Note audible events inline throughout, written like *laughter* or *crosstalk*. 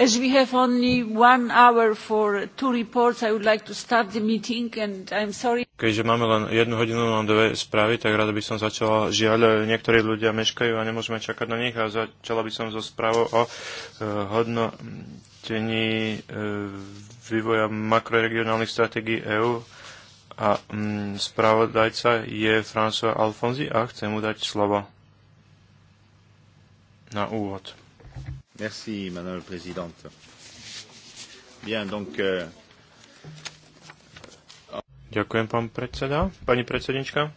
As we have only one hour for two reports, I would like to start the meeting and I'm sorry. Keďže máme len jednu hodinu na dve správy, tak rada by som začala. Žiaľ, niektorí ľudia meškajú a nemôžeme čakať na nich a začala by som so správou o uh, hodnotení uh, vývoja makroregionálnych stratégií EÚ a um, spravodajca je François Alfonzi a chcem mu dať slovo na úvod. Madame la Présidente. Bien, donc, euh, Ďakujem, pán predseda. Pani predsednička.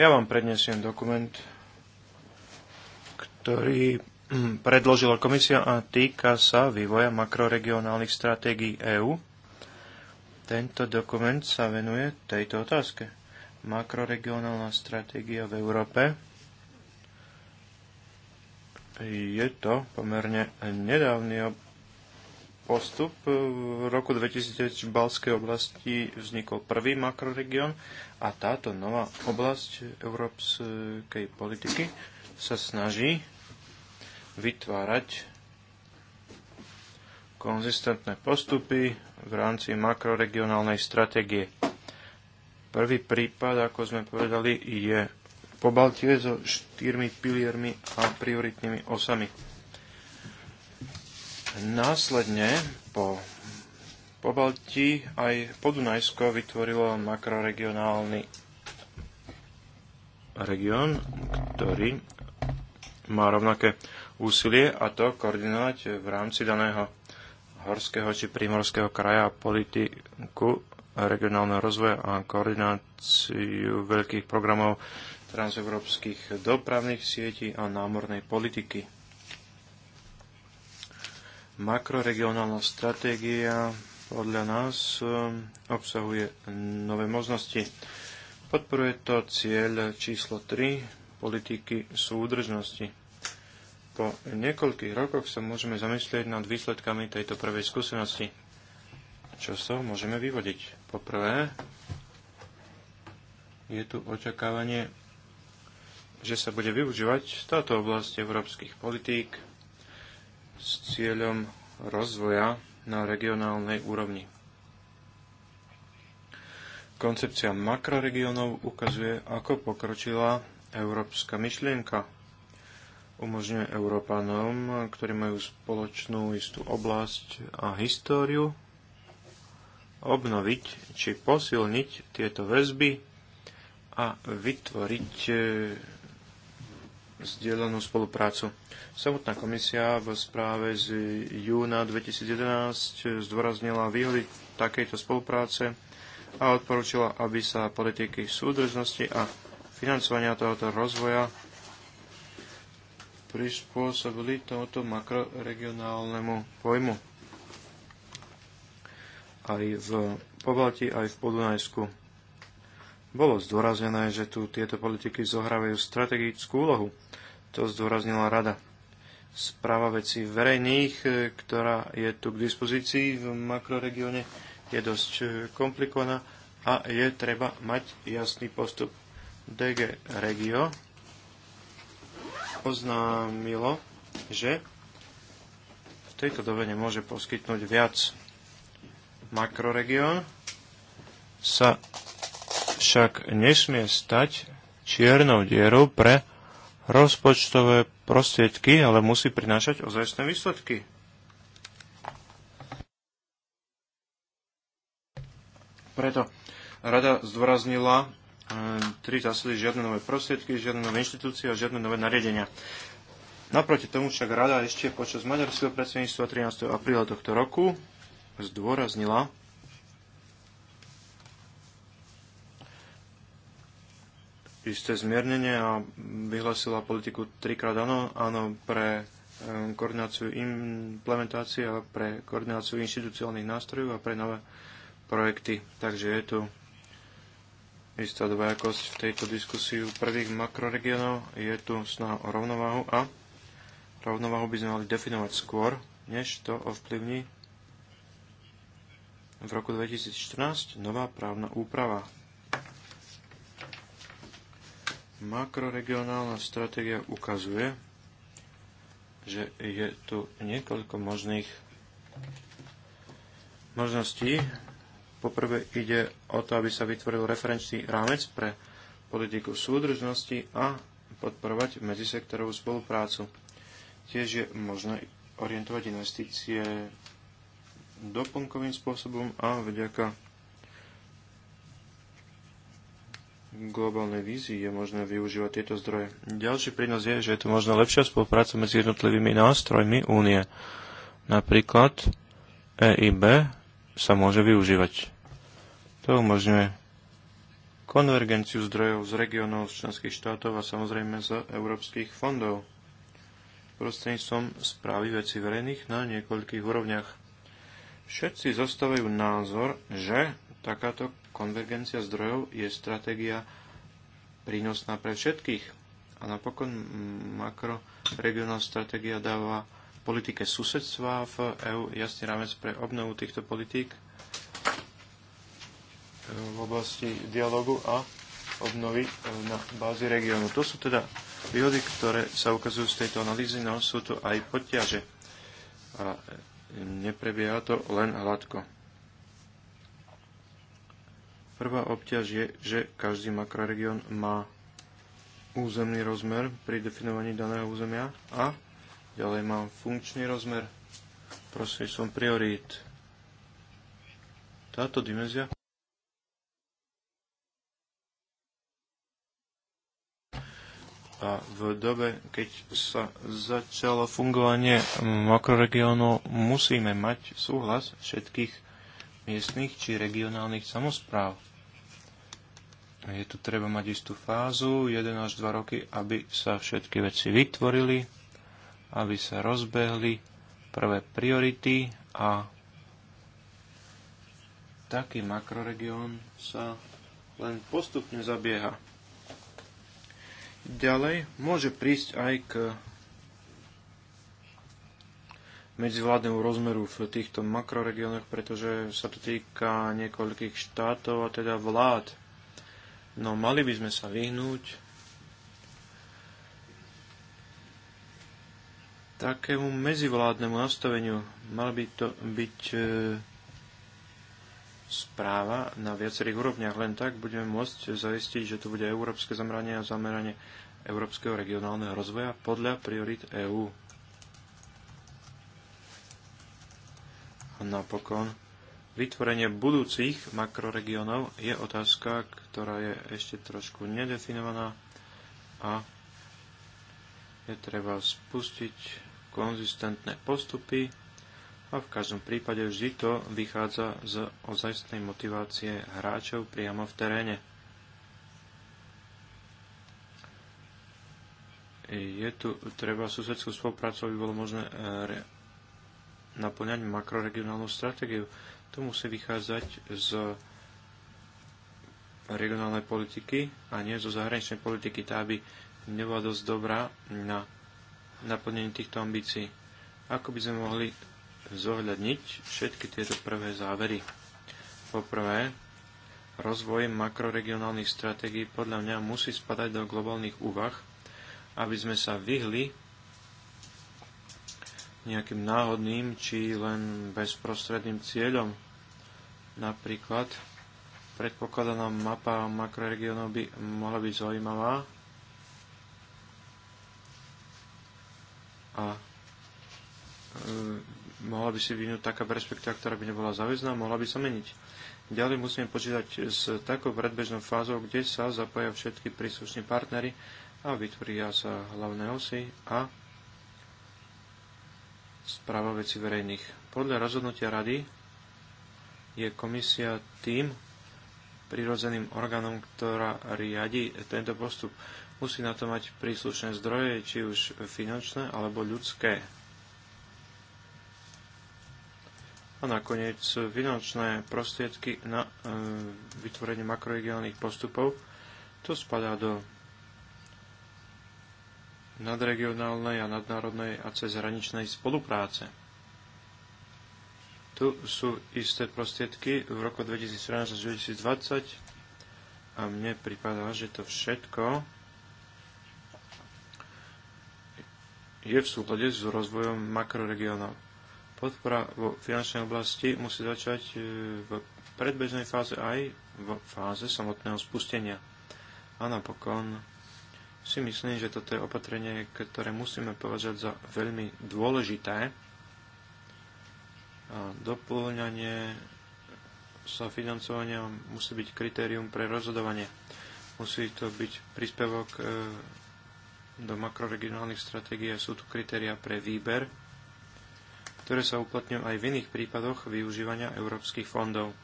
Ja vám prednesiem dokument, ktorý hm, predložila komisia a týka sa vývoja makroregionálnych stratégií EÚ. Tento dokument sa venuje tejto otázke. Makroregionálna stratégia v Európe je to pomerne nedávny postup. V roku 2009 v Balskej oblasti vznikol prvý makroregión a táto nová oblasť európskej politiky sa snaží vytvárať konzistentné postupy v rámci makroregionálnej stratégie. Prvý prípad, ako sme povedali, je po Baltie so štyrmi piliermi a prioritnými osami. Následne po balti aj Podunajsko vytvorilo makroregionálny region, ktorý má rovnaké úsilie a to koordinovať v rámci daného horského či primorského kraja politiku regionálneho rozvoja a koordináciu veľkých programov transeurópskych dopravných sietí a námornej politiky. Makroregionálna stratégia podľa nás um, obsahuje nové možnosti. Podporuje to cieľ číslo 3 politiky súdržnosti. Po niekoľkých rokoch sa môžeme zamyslieť nad výsledkami tejto prvej skúsenosti. Čo sa môžeme vyvodiť? Poprvé, je tu očakávanie že sa bude využívať táto oblasť európskych politík s cieľom rozvoja na regionálnej úrovni. Koncepcia makroregionov ukazuje, ako pokročila európska myšlienka. Umožňuje Európanom, ktorí majú spoločnú istú oblasť a históriu, obnoviť či posilniť tieto väzby a vytvoriť zdieľanú spoluprácu. Samotná komisia v správe z júna 2011 zdôraznila výhody takejto spolupráce a odporúčila, aby sa politiky súdržnosti a financovania tohoto rozvoja prispôsobili tomuto makroregionálnemu pojmu aj v Pobalti, aj v Podunajsku bolo zdôraznené, že tu tieto politiky zohrávajú strategickú úlohu. To zdôraznila rada. Správa vecí verejných, e, ktorá je tu k dispozícii v makroregióne, je dosť e, komplikovaná a je treba mať jasný postup. DG Regio oznámilo, že v tejto dobe nemôže poskytnúť viac. Makroregión sa však nesmie stať čiernou dierou pre rozpočtové prostriedky, ale musí prinášať ozajstné výsledky. Preto rada zdôraznila e, tri zásady, žiadne nové prostriedky, žiadne nové inštitúcie a žiadne nové nariadenia. Naproti tomu však rada ešte počas maďarského predsedníctva 13. apríla tohto roku zdôraznila isté zmiernenie a vyhlasila politiku trikrát áno, áno pre eh, koordináciu implementácie a pre koordináciu inštitúciálnych nástrojov a pre nové projekty. Takže je tu istá dvojakosť v tejto diskusii prvých makroregiónov. Je tu snaha o rovnováhu a rovnováhu by sme mali definovať skôr, než to ovplyvní v roku 2014 nová právna úprava Makroregionálna stratégia ukazuje, že je tu niekoľko možných možností. Poprvé ide o to, aby sa vytvoril referenčný rámec pre politiku súdržnosti a podporovať medzisektorovú spoluprácu. Tiež je možné orientovať investície doplnkovým spôsobom a vďaka globálnej vízii je možné využívať tieto zdroje. Ďalší prínos je, že je tu možno lepšia spolupráca medzi jednotlivými nástrojmi únie. Napríklad EIB sa môže využívať. To umožňuje konvergenciu zdrojov z regionov, z členských štátov a samozrejme z európskych fondov prostredníctvom správy veci verejných na niekoľkých úrovniach. Všetci zostávajú názor, že takáto konvergencia zdrojov je stratégia prínosná pre všetkých. A napokon mm, makroregionálna stratégia dáva politike susedstva v EÚ jasný rámec pre obnovu týchto politík e, v oblasti dialogu a obnovy e, na bázi regiónu. To sú teda výhody, ktoré sa ukazujú z tejto analýzy, no sú tu aj potiaže. A neprebieha to len hladko. Prvá obťaž je, že každý makroregión má územný rozmer pri definovaní daného územia a ďalej mám funkčný rozmer prostredstvom priorít. Táto dimenzia A v dobe, keď sa začalo fungovanie makroregiónu, musíme mať súhlas všetkých miestnych či regionálnych samozpráv je tu treba mať istú fázu, 1 až 2 roky, aby sa všetky veci vytvorili, aby sa rozbehli prvé priority a taký makroregión sa len postupne zabieha. Ďalej môže prísť aj k medzivládnemu rozmeru v týchto makroregiónoch, pretože sa to týka niekoľkých štátov a teda vlád No mali by sme sa vyhnúť takému medzivládnemu nastaveniu. Mala by to byť e, správa na viacerých úrovniach. Len tak budeme môcť zaistiť, že to bude európske zameranie a zameranie európskeho regionálneho rozvoja podľa priorit EÚ. A napokon Vytvorenie budúcich makroregiónov je otázka, ktorá je ešte trošku nedefinovaná a je treba spustiť konzistentné postupy a v každom prípade vždy to vychádza z ozajstnej motivácie hráčov priamo v teréne. Je tu treba susedskú spoluprácu, aby bolo možné eh, naplňať makroregionálnu stratégiu. To musí vychádzať z regionálnej politiky a nie zo zahraničnej politiky, tá by nebola dosť dobrá na naplnenie týchto ambícií. Ako by sme mohli zohľadniť všetky tieto prvé závery. Poprvé, rozvoj makroregionálnych stratégií podľa mňa musí spadať do globálnych úvah, aby sme sa vyhli nejakým náhodným či len bezprostredným cieľom. Napríklad predpokladaná mapa makroregionov by mohla byť zaujímavá a e, mohla by si vynúť taká perspektíva, ktorá by nebola záväzná, mohla by sa meniť. Ďalej musíme počítať s takou predbežnou fázou, kde sa zapoja všetky príslušní partnery a vytvoria sa hlavné osy a správa veci verejných. Podľa rozhodnutia rady je komisia tým prirodzeným orgánom, ktorá riadi tento postup. Musí na to mať príslušné zdroje, či už finančné alebo ľudské. A nakoniec finančné prostriedky na e, vytvorenie makroregionálnych postupov. To spadá do nadregionálnej a nadnárodnej a cezhraničnej spolupráce. Tu sú isté prostriedky v roku 2017 2020 a mne pripadá, že to všetko je v súhľade s rozvojom makroregionov. Podpora vo finančnej oblasti musí začať e, v predbežnej fáze aj v fáze samotného spustenia. A napokon si myslím, že toto je opatrenie, ktoré musíme považať za veľmi dôležité. A doplňanie sa financovania musí byť kritérium pre rozhodovanie. Musí to byť príspevok e, do makroregionálnych stratégií a sú tu kritéria pre výber, ktoré sa uplatňujú aj v iných prípadoch využívania európskych fondov.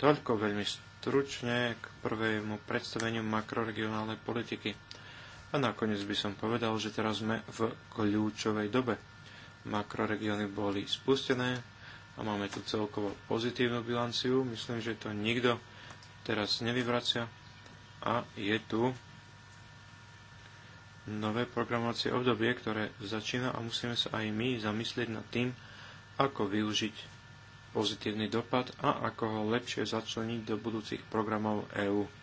Toľko veľmi stručne k prvému predstaveniu makroregionálnej politiky a nakoniec by som povedal, že teraz sme v kľúčovej dobe. Makroregióny boli spustené a máme tu celkovo pozitívnu bilanciu. Myslím, že to nikto teraz nevyvracia. A je tu nové programovacie obdobie, ktoré začína a musíme sa aj my zamyslieť nad tým, ako využiť pozitívny dopad a ako ho lepšie začleniť do budúcich programov EÚ.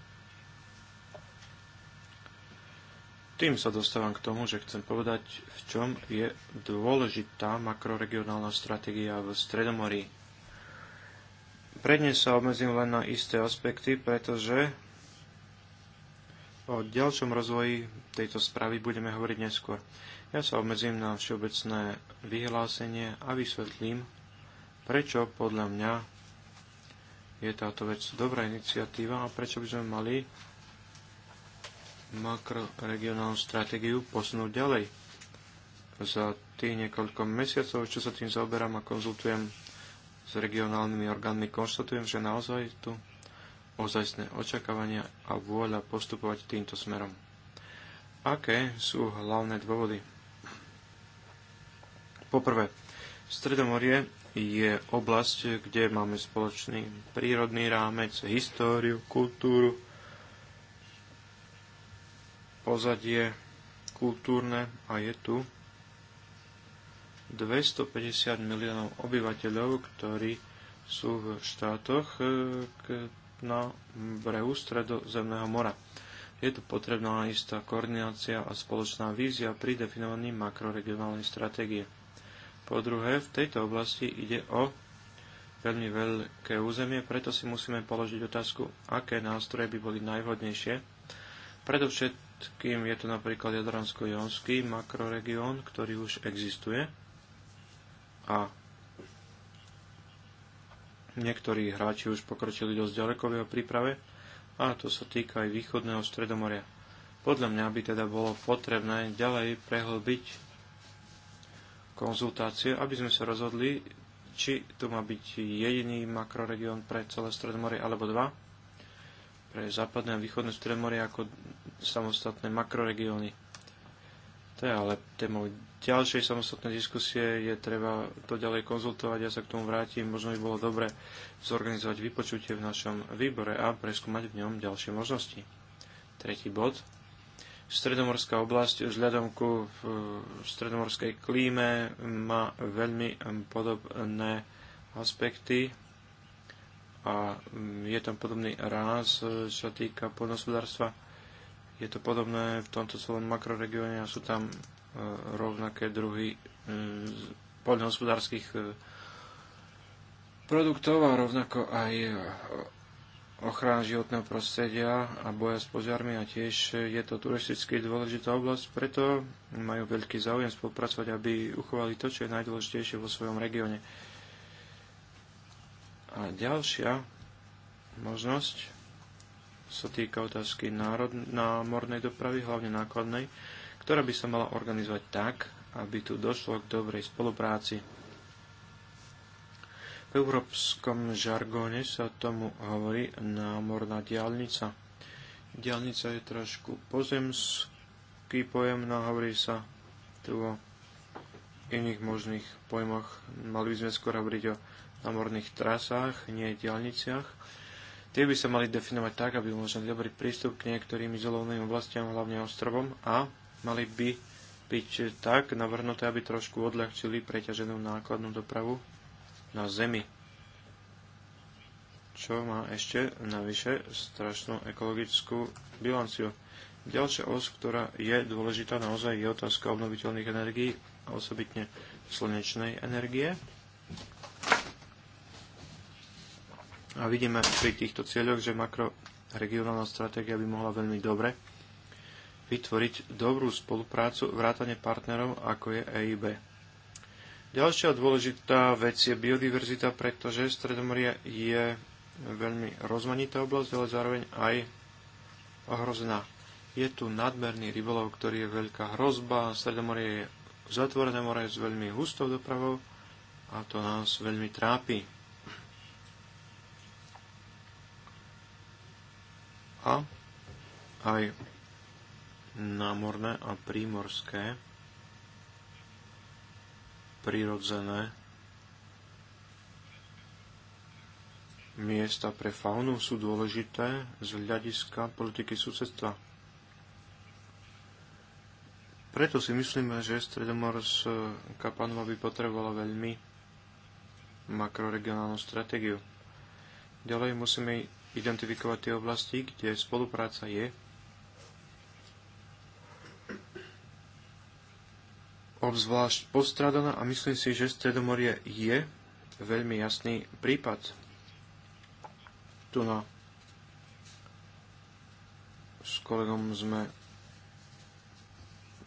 Tým sa dostávam k tomu, že chcem povedať, v čom je dôležitá makroregionálna stratégia v Stredomorí. Predne sa obmedzím len na isté aspekty, pretože o ďalšom rozvoji tejto správy budeme hovoriť neskôr. Ja sa obmedzím na všeobecné vyhlásenie a vysvetlím, prečo podľa mňa je táto vec dobrá iniciatíva a prečo by sme mali makroregionálnu stratégiu posunúť ďalej. Za tých niekoľko mesiacov, čo sa tým zaoberám a konzultujem s regionálnymi orgánmi, konštatujem, že naozaj tu ozajstné očakávania a vôľa postupovať týmto smerom. Aké sú hlavné dôvody? Poprvé, Stredomorie je oblasť, kde máme spoločný prírodný rámec, históriu, kultúru, pozadie kultúrne a je tu 250 miliónov obyvateľov, ktorí sú v štátoch e, na brehu stredozemného mora. Je tu potrebná istá koordinácia a spoločná vízia pri definovaní makroregionálnej stratégie. Po druhé, v tejto oblasti ide o veľmi veľké územie, preto si musíme položiť otázku, aké nástroje by boli najvhodnejšie, predovšetkým Všetkým je to napríklad Jadransko-Jonský makroregión, ktorý už existuje a niektorí hráči už pokročili dosť ďaleko v jeho príprave a to sa týka aj východného stredomoria. Podľa mňa by teda bolo potrebné ďalej prehlbiť konzultácie, aby sme sa rozhodli, či tu má byť jediný makroregión pre celé stredomorie alebo dva, pre západné a východné stredomorie ako samostatné makroregióny. To je ale témou ďalšej samostatnej diskusie, je treba to ďalej konzultovať, ja sa k tomu vrátim, možno by bolo dobre zorganizovať vypočutie v našom výbore a preskúmať v ňom ďalšie možnosti. Tretí bod. Stredomorská oblasť vzhľadom ku stredomorskej klíme má veľmi podobné aspekty a mm, je tam podobný ráz, čo týka podnospodárstva je to podobné v tomto celom makroregióne a sú tam e, rovnaké druhy e, poľnohospodárskych e, produktov a rovnako aj ochrana životného prostredia a boja s požiarmi a tiež je to turisticky dôležitá oblasť, preto majú veľký záujem spolupracovať, aby uchovali to, čo je najdôležitejšie vo svojom regióne. A ďalšia možnosť sa týka otázky národ, námornej dopravy, hlavne nákladnej, ktorá by sa mala organizovať tak, aby tu došlo k dobrej spolupráci. V európskom žargóne sa tomu hovorí námorná diálnica. Diálnica je trošku pozemský pojem, no hovorí sa tu o iných možných pojmoch. Mali by sme skôr hovoriť o námorných trasách, nie diálniciach Tie by sa mali definovať tak, aby umožnili dobrý prístup k niektorým izolovaným oblastiam, hlavne ostrovom, a mali by byť tak navrhnuté, aby trošku odľahčili preťaženú nákladnú dopravu na Zemi. Čo má ešte navyše strašnú ekologickú bilanciu. Ďalšia os, ktorá je dôležitá naozaj, je otázka obnoviteľných energií, osobitne slnečnej energie. A vidíme pri týchto cieľoch, že makroregionálna stratégia by mohla veľmi dobre vytvoriť dobrú spoluprácu vrátane partnerov, ako je EIB. Ďalšia dôležitá vec je biodiverzita, pretože Stredomorie je veľmi rozmanitá oblasť, ale zároveň aj ohrozená. Je tu nadmerný rybolov, ktorý je veľká hrozba. Stredomorie je zatvorené more s veľmi hustou dopravou a to nás veľmi trápi. a aj námorné a prímorské prírodzené miesta pre faunu sú dôležité z hľadiska politiky susedstva. Preto si myslíme, že Stredomors kapanova by potrebovala veľmi makroregionálnu stratégiu. Ďalej musíme identifikovať tie oblasti, kde spolupráca je obzvlášť postradaná a myslím si, že Stredomorie je veľmi jasný prípad. Tu na s kolegom sme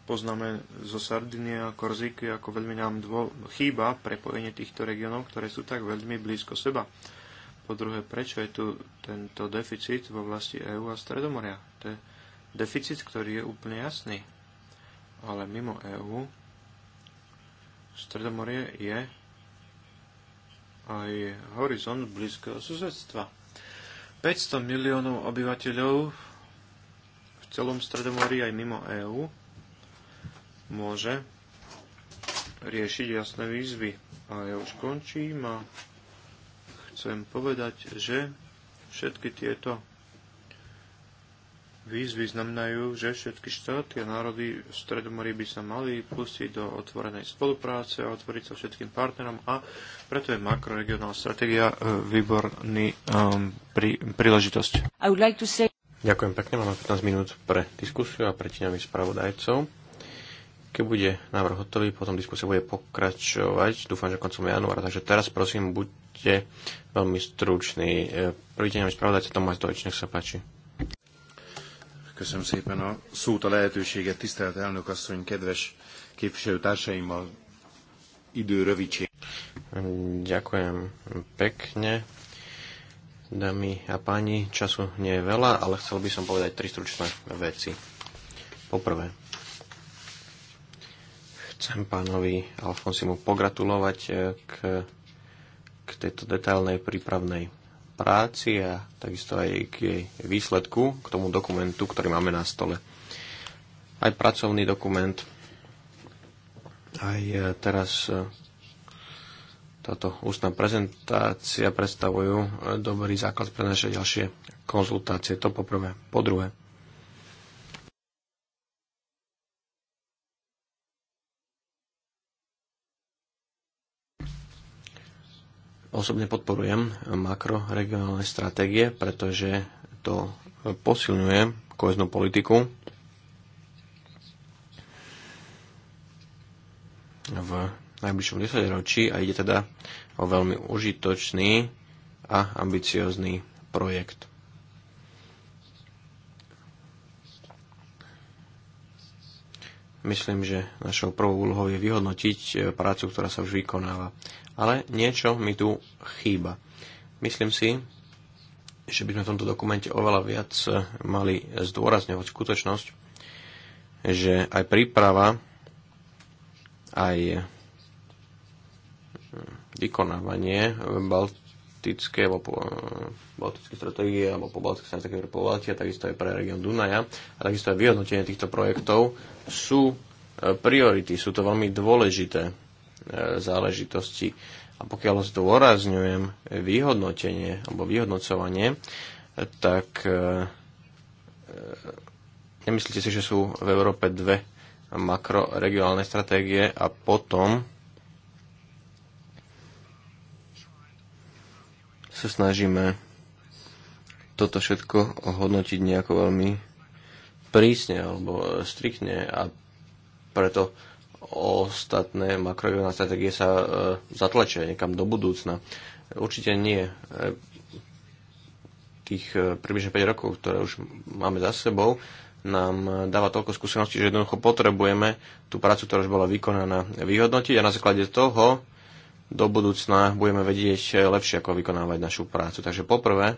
poznáme zo Sardinie a Korziky, ako veľmi nám dvo, chýba prepojenie týchto regiónov, ktoré sú tak veľmi blízko seba po druhé, prečo je tu tento deficit v oblasti EÚ a Stredomoria? To je deficit, ktorý je úplne jasný. Ale mimo EÚ Stredomorie je aj horizont blízkeho susedstva. 500 miliónov obyvateľov v celom Stredomorí aj mimo EÚ môže riešiť jasné výzvy. A ja už končím a chcem povedať, že všetky tieto výzvy znamenajú, že všetky štáty a národy v Stredomorí by sa mali pustiť do otvorenej spolupráce a otvoriť sa všetkým partnerom a preto je makroregionálna stratégia e, výborný um, prí, príležitosť. Like say... Ďakujem pekne, máme 15 minút pre diskusiu a pretiňami spravodajcov. Keď bude návrh hotový, potom diskusia bude pokračovať, dúfam, že koncom januára, takže teraz prosím, buď ste veľmi stručný. Prvý deň, aby spravodajte Tomáš Dojč, nech sa páči. Köszönöm szépen a szót, a lehetőséget, tisztelt elnök asszony, kedves képviselőtársaim, a idő rövidség. Ďakujem pekne. Dámy a páni, času nie je veľa, ale chcel by som povedať tri stručné veci. Poprvé, chcem pánovi Alfonsimu pogratulovať k tejto detailnej prípravnej práci a takisto aj k jej výsledku, k tomu dokumentu, ktorý máme na stole. Aj pracovný dokument, aj e, teraz e, táto ústna prezentácia predstavujú e, dobrý základ pre naše ďalšie konzultácie. To poprvé. Po druhé, Osobne podporujem makroregionálne stratégie, pretože to posilňuje koheznú politiku v najbližšom 10 ročí a ide teda o veľmi užitočný a ambiciózny projekt. Myslím, že našou prvou úlohou je vyhodnotiť prácu, ktorá sa už vykonáva ale niečo mi tu chýba. Myslím si, že by sme v tomto dokumente oveľa viac eh, mali zdôrazňovať skutočnosť, že aj príprava, aj eh, vykonávanie baltické, alebo po, eh, baltické stratégie alebo po baltické stratégie pre Povaltia, takisto aj pre región Dunaja a takisto aj vyhodnotenie týchto projektov sú priority, sú to veľmi dôležité E, záležitosti. A pokiaľ zdôrazňujem vyhodnotenie alebo vyhodnocovanie, tak e, e, nemyslíte si, že sú v Európe dve makroregionálne stratégie a potom sa snažíme toto všetko hodnotiť nejako veľmi prísne alebo striktne a preto ostatné makroregionálne stratégie sa e, zatlačia niekam do budúcna. Určite nie. E, tých e, približne 5 rokov, ktoré už máme za sebou, nám e, dáva toľko skúseností, že jednoducho potrebujeme tú prácu, ktorá už bola vykonaná, vyhodnotiť a na základe toho do budúcna budeme vedieť e, lepšie, ako vykonávať našu prácu. Takže poprvé,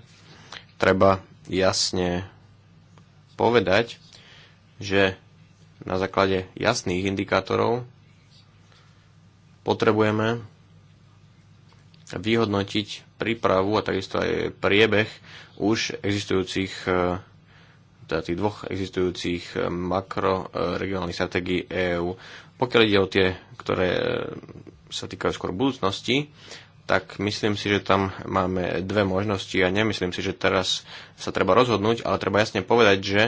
treba jasne povedať, že na základe jasných indikátorov potrebujeme vyhodnotiť prípravu a takisto aj priebeh už existujúcich e, teda tých dvoch existujúcich e, makroregionálnych stratégií EÚ. Pokiaľ ide o tie, ktoré e, sa týkajú skôr budúcnosti, tak myslím si, že tam máme dve možnosti a nemyslím si, že teraz sa treba rozhodnúť, ale treba jasne povedať, že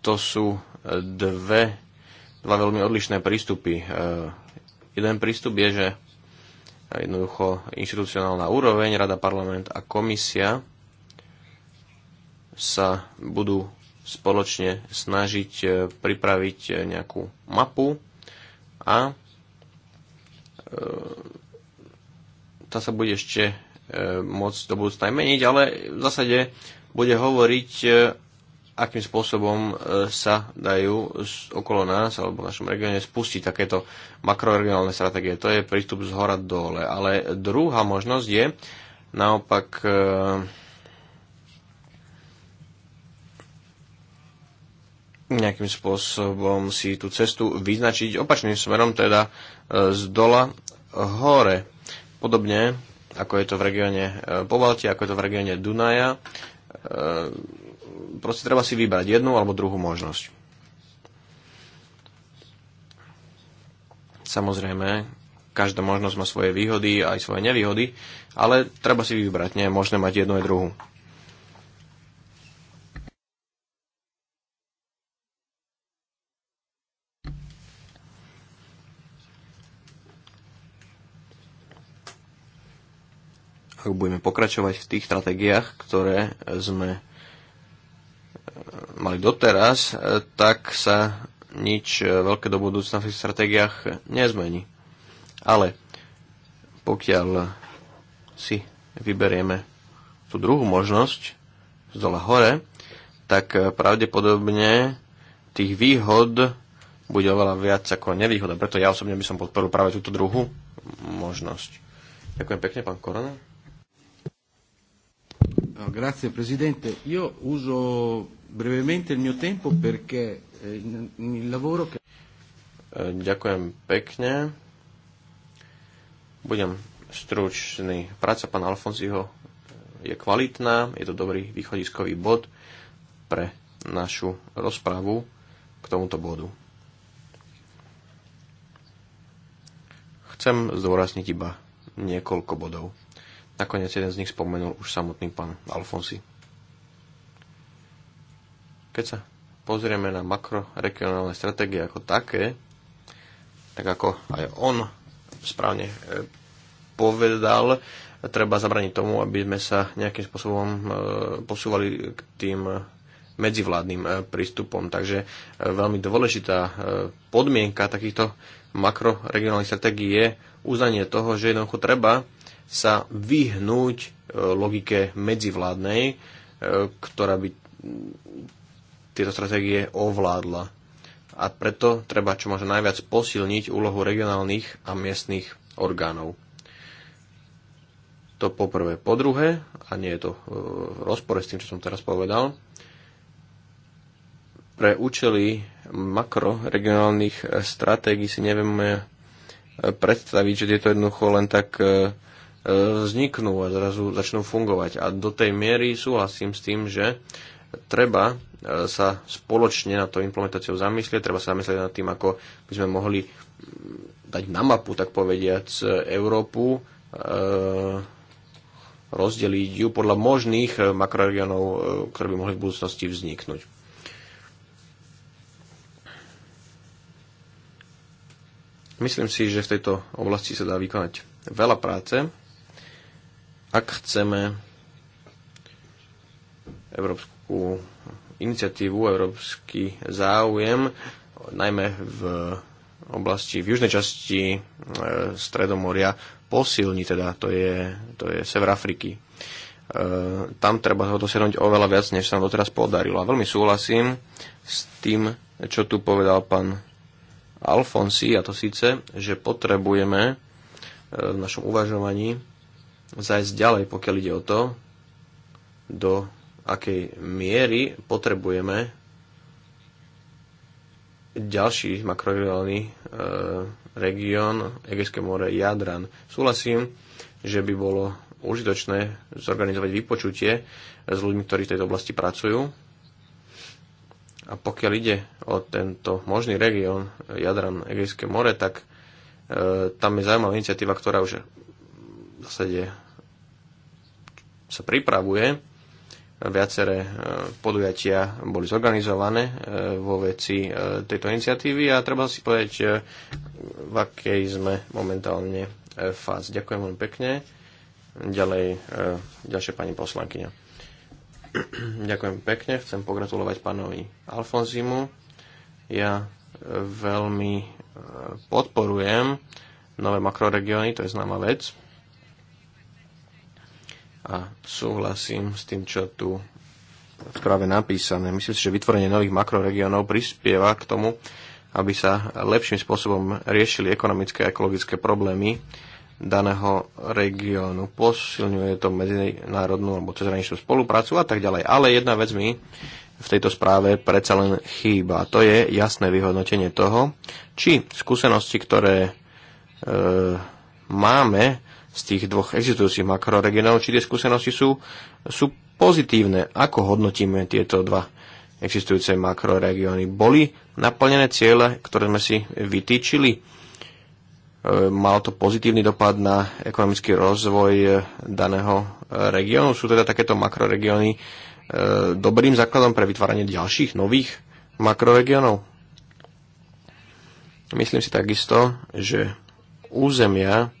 to sú e, dve, dva veľmi odlišné prístupy. E, jeden prístup je, že jednoducho inštitucionálna úroveň, Rada, parlament a komisia sa budú spoločne snažiť e, pripraviť nejakú mapu a tá sa bude ešte môcť do budúcna meniť, ale v zásade bude hovoriť akým spôsobom e, sa dajú okolo nás alebo v našom regióne spustiť takéto makroregionálne stratégie. To je prístup z hora dole. Ale druhá možnosť je naopak e, nejakým spôsobom si tú cestu vyznačiť opačným smerom, teda e, z dola hore. Podobne ako je to v regióne Pobaltia, ako je to v regióne Dunaja proste treba si vybrať jednu alebo druhú možnosť. Samozrejme, každá možnosť má svoje výhody aj svoje nevýhody, ale treba si vybrať, nie je možné mať jednu aj druhú. Ak budeme pokračovať v tých stratégiách, ktoré sme mali doteraz, e, tak sa nič e, veľké do budúcna v tých stratégiách nezmení. Ale pokiaľ si vyberieme tú druhú možnosť z dola hore, tak e, pravdepodobne tých výhod bude oveľa viac ako nevýhoda. Preto ja osobne by som podporil práve túto druhú možnosť. Ďakujem pekne, pán Korona. No, grazie Presidente. Io uso brevemente il mio tempo perché eh, il lavoro che... Eh, ďakujem pekne. Budem stručný. Práca pána Alfonziho eh, je kvalitná, je to dobrý východiskový bod pre našu rozpravu k tomuto bodu. Chcem zdôrazniť iba niekoľko bodov. Nakoniec jeden z nich spomenul už samotný pán Alfonsi. Keď sa pozrieme na makroregionálne stratégie ako také, tak ako aj on správne e, povedal, treba zabraniť tomu, aby sme sa nejakým spôsobom e, posúvali k tým medzivládnym e, prístupom. Takže veľmi dôležitá podmienka takýchto makroregionálnych stratégií je uznanie toho, že jednoducho treba sa vyhnúť e, logike medzivládnej, e, ktorá by tieto stratégie ovládla. A preto treba čo možno najviac posilniť úlohu regionálnych a miestnych orgánov. To poprvé. Po druhé, a nie je to e, v rozpore s tým, čo som teraz povedal, pre účely makroregionálnych stratégií si nevieme predstaviť, že tieto jednoducho len tak vzniknú a zrazu začnú fungovať. A do tej miery súhlasím s tým, že treba e, sa spoločne na to implementáciou zamyslieť, treba sa zamyslieť nad tým, ako by sme mohli dať na mapu, tak povediať, Európu, e, rozdeliť ju podľa možných e, makroregionov, e, ktoré by mohli v budúcnosti vzniknúť. Myslím si, že v tejto oblasti sa dá vykonať veľa práce ak chceme európsku iniciatívu, európsky záujem, najmä v oblasti, v južnej časti e, Stredomoria posilní, teda to je, to je Sever Afriky. E, tam treba ho dosiahnuť oveľa viac, než sa nám doteraz podarilo. A veľmi súhlasím s tým, čo tu povedal pán Alfonsi, a to síce, že potrebujeme e, v našom uvažovaní zajsť ďalej, pokiaľ ide o to, do akej miery potrebujeme ďalší makroregionálny e, región Egejské more Jadran. Súhlasím, že by bolo užitočné zorganizovať vypočutie s ľuďmi, ktorí v tejto oblasti pracujú. A pokiaľ ide o tento možný región Jadran Egejské more, tak e, tam je zaujímavá iniciatíva, ktorá už v zásade sa pripravuje. Viaceré e, podujatia boli zorganizované e, vo veci e, tejto iniciatívy a treba si povedať, v akej sme momentálne fáze. Ďakujem veľmi pekne. Ďalej, ďalšia pani poslankyňa. *clears throat* Ďakujem pekne, chcem pogratulovať pánovi Alfonzimu. Ja veľmi podporujem nové makroregióny, to je známa vec a súhlasím s tým, čo tu práve napísané. Myslím si, že vytvorenie nových makroregiónov prispieva k tomu, aby sa lepším spôsobom riešili ekonomické a ekologické problémy daného regiónu. Posilňuje to medzinárodnú alebo cezhraničnú spoluprácu a tak ďalej. Ale jedna vec mi v tejto správe predsa len chýba. To je jasné vyhodnotenie toho, či skúsenosti, ktoré e, máme z tých dvoch existujúcich makroregionov, či tie skúsenosti sú, sú pozitívne. Ako hodnotíme tieto dva existujúce makroregióny? Boli naplnené ciele, ktoré sme si vytýčili? E, Mal to pozitívny dopad na ekonomický rozvoj daného regiónu? Sú teda takéto makroregióny e, dobrým základom pre vytváranie ďalších nových makroregiónov? Myslím si takisto, že územia,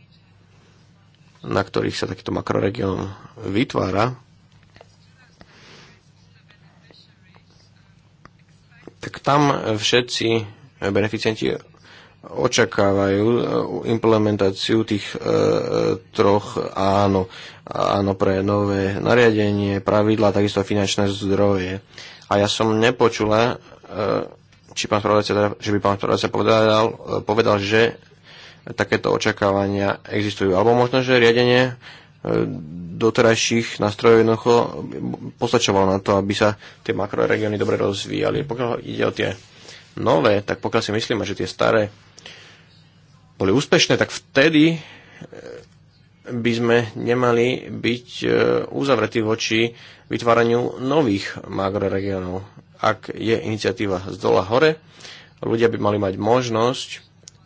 na ktorých sa takýto makroregión vytvára, tak tam všetci beneficienti očakávajú eh, implementáciu tých e, troch áno, áno pre nové nariadenie, pravidla, takisto finančné zdroje. A ja som nepočula, e, či pán teda, že by pán spravodajca povedal, povedal, že takéto očakávania existujú. Alebo možno, že riadenie e, doterajších nástrojov jednoducho postačovalo na to, aby sa tie makroregióny dobre rozvíjali. Pokiaľ ide o tie nové, tak pokiaľ si myslíme, že tie staré boli úspešné, tak vtedy e, by sme nemali byť e, uzavretí voči vytváraniu nových makroregiónov. Ak je iniciatíva z dola hore, ľudia by mali mať možnosť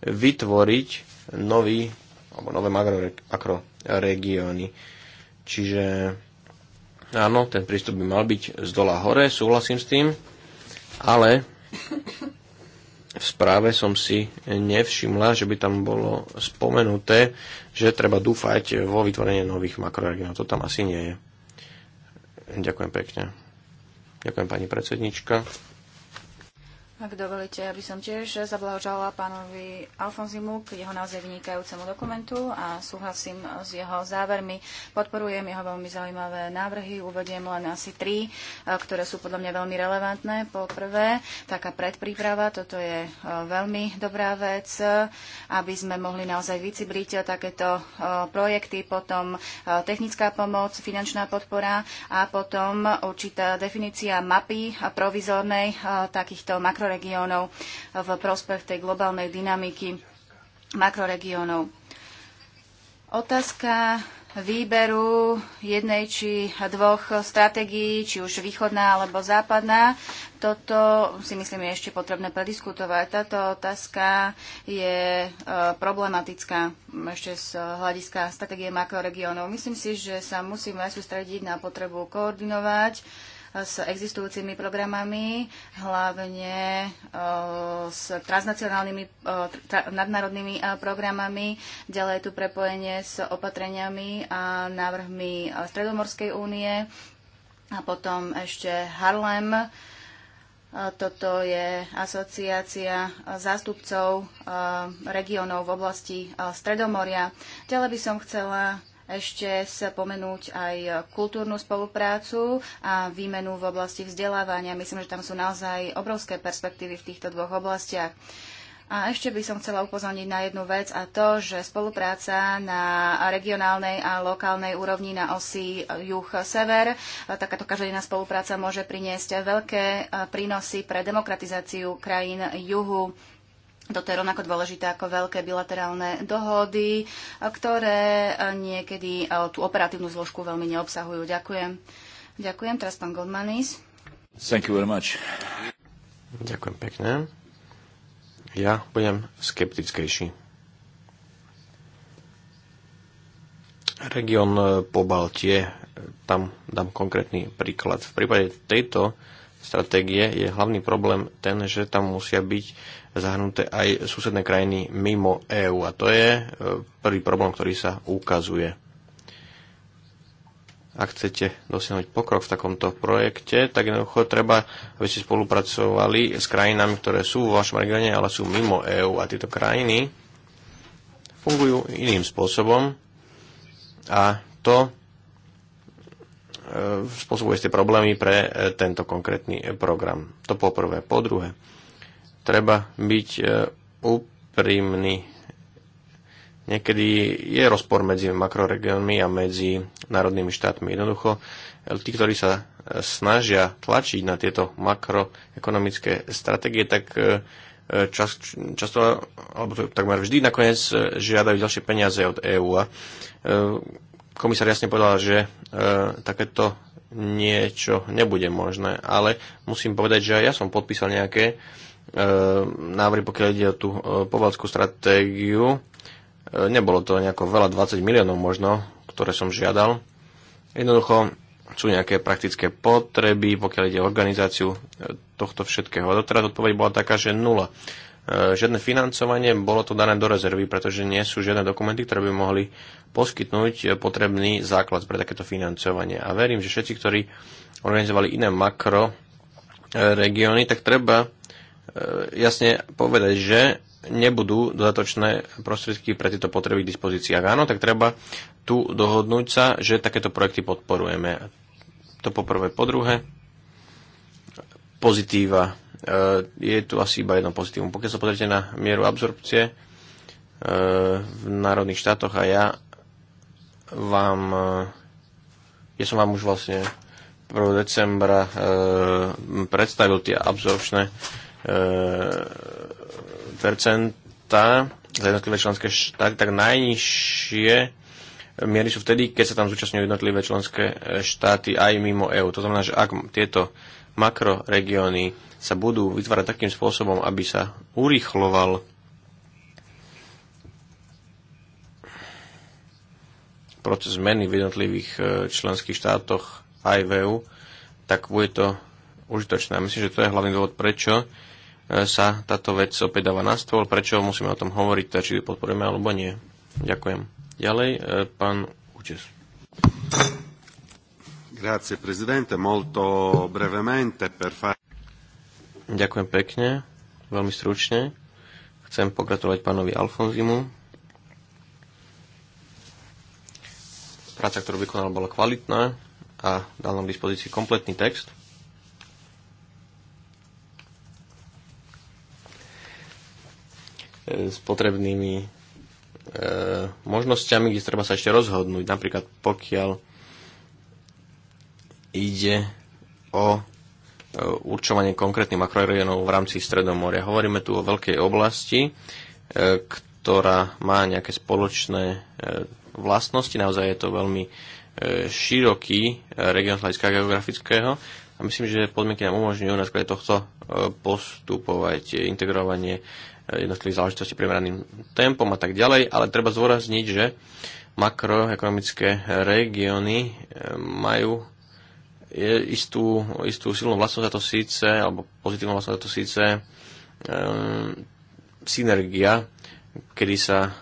vytvoriť nový, alebo nové makroregióny. Čiže áno, ten prístup by mal byť z dola hore, súhlasím s tým, ale v správe som si nevšimla, že by tam bolo spomenuté, že treba dúfať vo vytvorenie nových makroregiónov. To tam asi nie je. Ďakujem pekne. Ďakujem pani predsednička. Ak dovolíte, aby som tiež zablahožala pánovi Alfonzimu k jeho naozaj vynikajúcemu dokumentu a súhlasím s jeho závermi. Podporujem jeho veľmi zaujímavé návrhy, uvediem len asi tri, e, ktoré sú podľa mňa veľmi relevantné. Po prvé, taká predpríprava, toto je e, veľmi dobrá vec, e, aby sme mohli naozaj vycibriť takéto projekty, potom technická pomoc, finančná podpora a potom určitá definícia mapy provizornej takýchto makro makroregiónov v prospech tej globálnej dynamiky makroregiónov. Otázka výberu jednej či dvoch stratégií, či už východná alebo západná. Toto si myslím je ešte potrebné prediskutovať. Táto otázka je e, problematická ešte z hľadiska stratégie makroregiónov. Myslím si, že sa musíme sústrediť na potrebu koordinovať s existujúcimi programami, hlavne eh, s transnacionálnymi, eh, nadnárodnými eh, programami. Ďalej je tu prepojenie s opatreniami a návrhmi Stredomorskej únie a potom ešte Harlem. Toto je asociácia zástupcov regiónov v oblasti Stredomoria. Ďalej by som chcela ešte spomenúť aj kultúrnu spoluprácu a výmenu v oblasti vzdelávania. Myslím, že tam sú naozaj obrovské perspektívy v týchto dvoch oblastiach. A ešte by som chcela upozorniť na jednu vec a to, že spolupráca na regionálnej a lokálnej úrovni na osi juh-sever, takáto každodenná spolupráca môže priniesť veľké prínosy pre demokratizáciu krajín juhu toto je rovnako dôležité ako veľké bilaterálne dohody, ktoré eh, niekedy eh, tú operatívnu zložku veľmi neobsahujú. Ďakujem. Ďakujem. Teraz pán Goldmanis. Thank you very much. Ďakujem pekne. Ja budem skeptickejší. Región eh, po Baltie, tam dám konkrétny príklad. V prípade tejto stratégie je hlavný problém ten, že tam musia byť zahrnuté aj susedné krajiny mimo EÚ. A to je e, prvý problém, ktorý sa ukazuje. Ak chcete dosiahnuť pokrok v takomto projekte, tak jednoducho treba, aby ste spolupracovali s krajinami, ktoré sú vo vašom regióne, ale sú mimo EÚ. A tieto krajiny fungujú iným spôsobom a to e, spôsobuje ste problémy pre e, tento konkrétny program. To poprvé. Po druhé, treba byť e, úprimný. Niekedy je rozpor medzi makroregiónmi a medzi národnými štátmi. Jednoducho, e, tí, ktorí sa e, snažia tlačiť na tieto makroekonomické stratégie, tak čas, často, alebo takmer vždy nakoniec žiadajú ďalšie peniaze od EÚ. komisár jasne povedal, že takéto niečo nebude možné, ale musím povedať, že ja som podpísal nejaké E, návrhy, pokiaľ ide o tú e, povalskú stratégiu. E, nebolo to nejako veľa, 20 miliónov možno, ktoré som žiadal. Jednoducho sú nejaké praktické potreby, pokiaľ ide o organizáciu tohto všetkého. A doteraz odpoveď bola taká, že nula. Žiadne financovanie, bolo to dané do rezervy, pretože nie sú žiadne dokumenty, ktoré by mohli poskytnúť potrebný základ pre takéto financovanie. A verím, že všetci, ktorí organizovali iné makro regióny, tak treba E, jasne povedať, že nebudú dodatočné prostriedky pre tieto potreby k dispozícii. Ak áno, tak treba tu dohodnúť sa, že takéto projekty podporujeme. To poprvé. Po druhé, pozitíva. E, je tu asi iba jedno pozitívum. Pokiaľ sa pozrite na mieru absorpcie e, v národných štátoch a ja vám, ja som vám už vlastne 1. decembra predstavil tie absorpčné E, percenta za jednotlivé členské štáty, tak najnižšie miery sú vtedy, keď sa tam zúčastňujú jednotlivé členské e, štáty aj mimo EÚ. To znamená, že ak tieto makroregióny sa budú vytvárať takým spôsobom, aby sa urýchloval proces zmeny v jednotlivých e, členských štátoch aj v EU, tak bude to užitočné. Myslím, že to je hlavný dôvod, prečo sa táto vec opäť dáva na stôl, prečo musíme o tom hovoriť, či ju podporujeme alebo nie. Ďakujem. Ďalej, e, pán Učes. Grazie, prezidente, molto brevemente per fare... Ďakujem pekne, veľmi stručne. Chcem pogratulovať pánovi Alfonzimu. Práca, ktorú vykonal, bola kvalitná a dal nám k dispozícii kompletný text. E, s potrebnými e, možnosťami, kde treba sa ešte rozhodnúť. Napríklad pokiaľ ide o e, určovanie konkrétnych makroregionov v rámci Stredomoria. Hovoríme tu o veľkej oblasti, e, ktorá má nejaké spoločné e, vlastnosti. Naozaj je to veľmi e, široký e, region hľadiska geografického a myslím, že podmienky nám umožňujú na základe tohto e, postupovať integrovanie Eh, jednotlivých záležitostí primeraným tempom a tak ďalej, ale treba zdôrazniť, že makroekonomické regióny eh, majú eh, istú, istú silnú vlastnosť a to síce, alebo pozitívnu vlastnosť a to síce um, synergia, kedy sa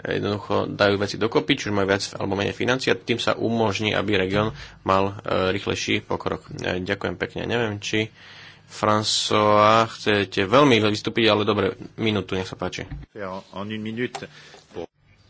jednoducho dajú veci dokopy, čiže majú viac alebo menej financií a tým sa umožní, aby región mal e, rýchlejší pokrok. E, ďakujem pekne. Neviem, či François, chcete veľmi rýchlo vystúpiť, ale dobre, minútu, nech sa páči.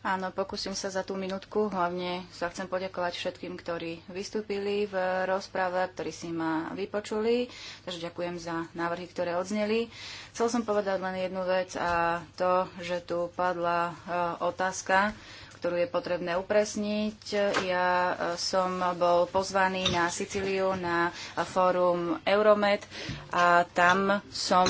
Áno, pokúsim sa za tú minútku. Hlavne sa chcem poďakovať všetkým, ktorí vystúpili v rozprave, ktorí si ma vypočuli. Takže ďakujem za návrhy, ktoré odzneli. Chcel som povedať len jednu vec a to, že tu padla e, otázka, ktorú je potrebné upresniť. Ja e, som bol pozvaný na Sicíliu na fórum Euromed a tam som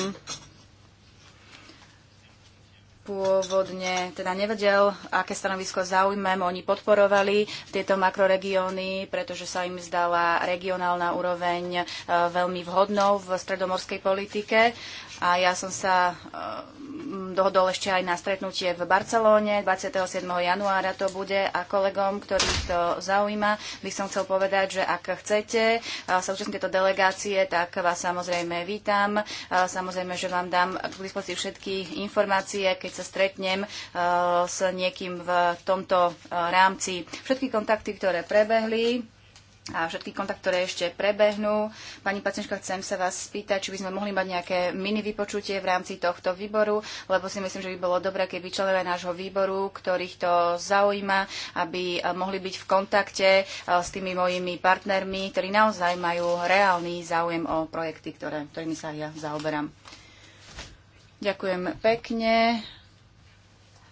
pôvodne teda nevedel, aké stanovisko zaujímam. Oni podporovali tieto makroregióny, pretože sa im zdala regionálna úroveň e, veľmi vhodnou v stredomorskej politike. A ja som sa e, dohodol ešte aj na stretnutie v Barcelóne. 27. januára to bude a kolegom, ktorých to zaujíma, by som chcel povedať, že ak chcete sa účastniť tejto delegácie, tak vás samozrejme vítam. Samozrejme, že vám dám k dispozícii všetky informácie, keď sa stretnem s niekým v tomto rámci. Všetky kontakty, ktoré prebehli, a všetky kontakt, ktoré ešte prebehnú. Pani pacientka, chcem sa vás spýtať, či by sme mohli mať nejaké mini vypočutie v rámci tohto výboru, lebo si myslím, že by bolo dobré, keby členovia nášho výboru, ktorých to zaujíma, aby eh, mohli byť v kontakte eh, s tými mojimi partnermi, ktorí naozaj majú reálny záujem o projekty, ktoré, ktorými sa ja zaoberám. Ďakujem pekne.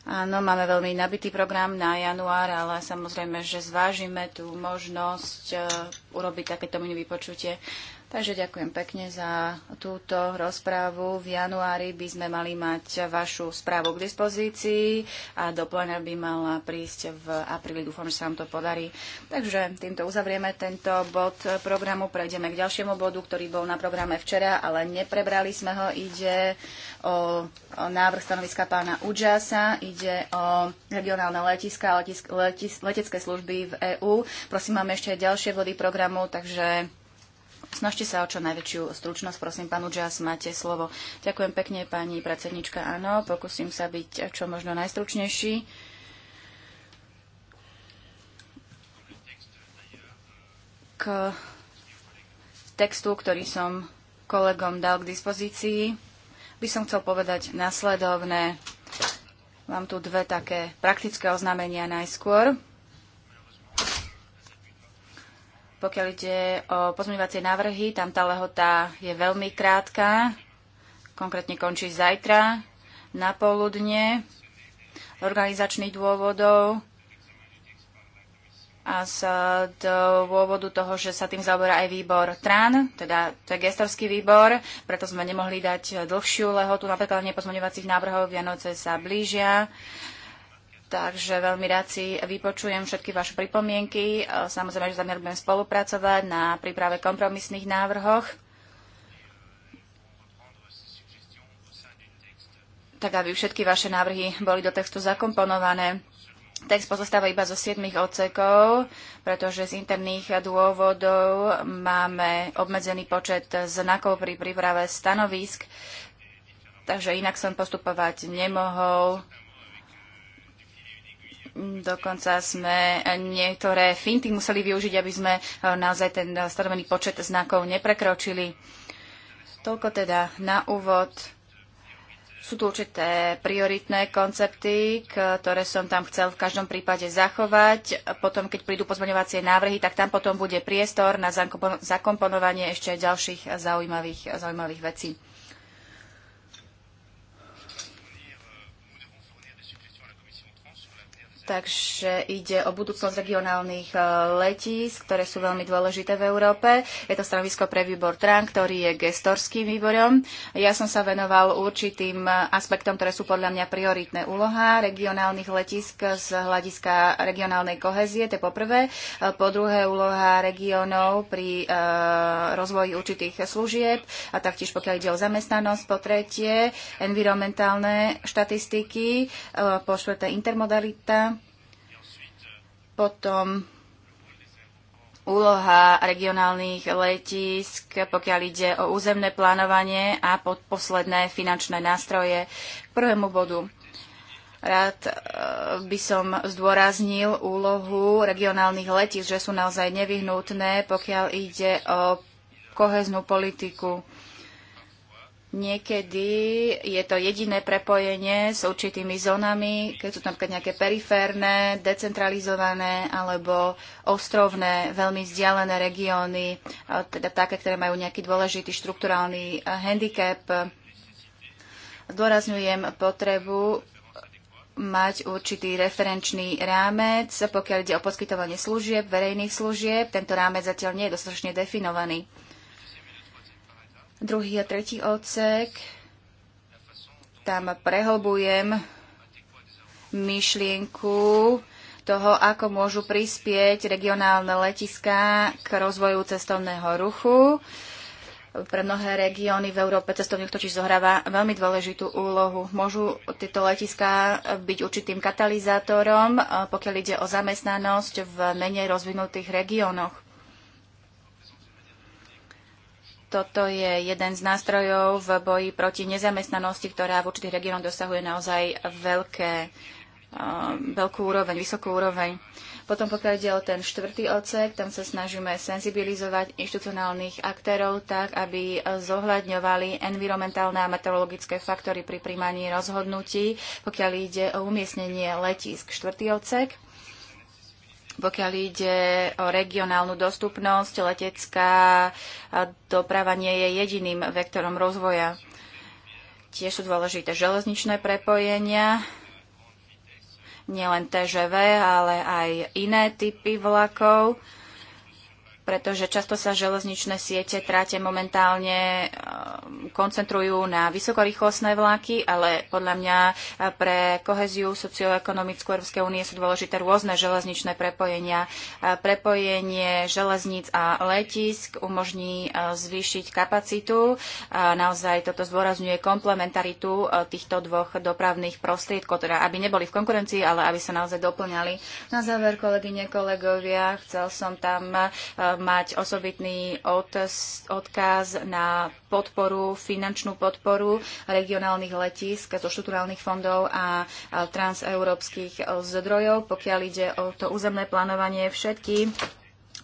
Áno, máme veľmi nabitý program na január, ale samozrejme, že zvážime tú možnosť eh, urobiť takéto mini vypočutie Takže ďakujem pekne za túto rozprávu. V januári by sme mali mať vašu správu k dispozícii a doplňa by mala prísť v apríli. Dúfam, že sa vám to podarí. Takže týmto uzavrieme tento bod programu. Prejdeme k ďalšiemu bodu, ktorý bol na programe včera, ale neprebrali sme ho. Ide o, návrh stanoviska pána Udžasa, ide o regionálne letiska a letecké služby v EÚ. Prosím, máme ešte ďalšie body programu, takže Snažte sa o čo najväčšiu stručnosť. Prosím, pán Udžas, máte slovo. Ďakujem pekne, pani predsednička. Áno, pokúsim sa byť čo možno najstručnejší. K textu, ktorý som kolegom dal k dispozícii, by som chcel povedať následovné. Mám tu dve také praktické oznámenia najskôr. Pokiaľ ide o pozmeňovacie návrhy, tam tá lehota je veľmi krátka, konkrétne končí zajtra na poludne, organizačných dôvodov a z dôvodu toho, že sa tým zaoberá aj výbor TRAN, teda to je gestorský výbor, preto sme nemohli dať dlhšiu lehotu, napríklad nepozmeňovacích návrhov, Vianoce sa blížia, takže veľmi rád si vypočujem všetky vaše pripomienky. E, Samozrejme, že zamiar budem spolupracovať na príprave kompromisných návrhoch, tak aby všetky vaše návrhy boli do textu zakomponované. Text pozostáva iba zo 7 odsekov, pretože z interných dôvodov máme obmedzený počet znakov pri príprave stanovisk, takže inak som postupovať nemohol. Dokonca sme niektoré finty museli využiť, aby sme eh, naozaj ten eh, stanovený počet znakov neprekročili. Toľko teda na úvod. Sú tu určité prioritné koncepty, ktoré som tam chcel v každom prípade zachovať. Potom, keď prídu pozmeňovacie návrhy, tak tam potom bude priestor na zakomponovanie ešte ďalších zaujímavých, zaujímavých vecí. Takže ide o budúcnosť regionálnych e, letísk, ktoré sú veľmi dôležité v Európe. Je to stanovisko pre výbor TRAN, ktorý je gestorským výborom. Ja som sa venoval určitým e, aspektom, ktoré sú podľa mňa prioritné úloha regionálnych letísk z hľadiska regionálnej kohezie, to je poprvé. E, po druhé úloha regionov pri rozvoji určitých služieb a taktiež pokiaľ ide o zamestnanosť. Po tretie environmentálne štatistiky, po štvrté intermodalita potom úloha regionálnych letísk, pokiaľ ide o územné plánovanie a pod posledné finančné nástroje. K prvému bodu. Rád e, by som zdôraznil úlohu regionálnych letísk, že sú naozaj nevyhnutné, pokiaľ ide o koheznú politiku. Niekedy je to jediné prepojenie s určitými zónami, keď sú tam nejaké periférne, decentralizované alebo ostrovné, veľmi vzdialené regióny, teda také, ktoré majú nejaký dôležitý štrukturálny eh, handicap. Zdôrazňujem potrebu mať určitý referenčný rámec, pokiaľ ide o poskytovanie služieb, verejných služieb. Tento rámec zatiaľ nie je dostatočne definovaný. Druhý a tretí odsek. Tam prehlbujem myšlienku toho, ako môžu prispieť regionálne letiská k rozvoju cestovného ruchu. Pre mnohé regióny v Európe cestovných totiž zohráva veľmi dôležitú úlohu. Môžu tieto letiská byť určitým katalizátorom, pokiaľ ide o zamestnanosť v menej rozvinutých regiónoch. Toto je jeden z nástrojov v boji proti nezamestnanosti, ktorá v určitých regiónoch dosahuje naozaj veľké, um, veľkú úroveň, vysokú úroveň. Potom pokiaľ ide o ten štvrtý odsek, tam sa snažíme senzibilizovať inštitucionálnych aktérov tak, aby zohľadňovali environmentálne a meteorologické faktory pri príjmaní rozhodnutí, pokiaľ ide o umiestnenie letísk. Štvrtý odsek pokiaľ ide o regionálnu dostupnosť, letecká doprava nie je jediným vektorom rozvoja. Tiež sú dôležité železničné prepojenia, nielen TŽV, ale aj iné typy vlakov pretože často sa železničné siete tráte momentálne um, koncentrujú na vysokorýchlostné vlaky, ale podľa mňa uh, pre koheziu socioekonomickú Európskej únie sú dôležité rôzne železničné prepojenia. Uh, prepojenie železníc a letisk umožní uh, zvýšiť kapacitu. Naozaj toto zdôrazňuje komplementaritu týchto dvoch dopravných prostriedkov, teda aby neboli v konkurencii, ale aby sa naozaj doplňali. Na záver, kolegyne, kolegovia, chcel som tam mať osobitný odkaz na podporu, finančnú podporu regionálnych letísk zo štruktúrálnych fondov a transeurópskych zdrojov, pokiaľ ide o to územné plánovanie všetky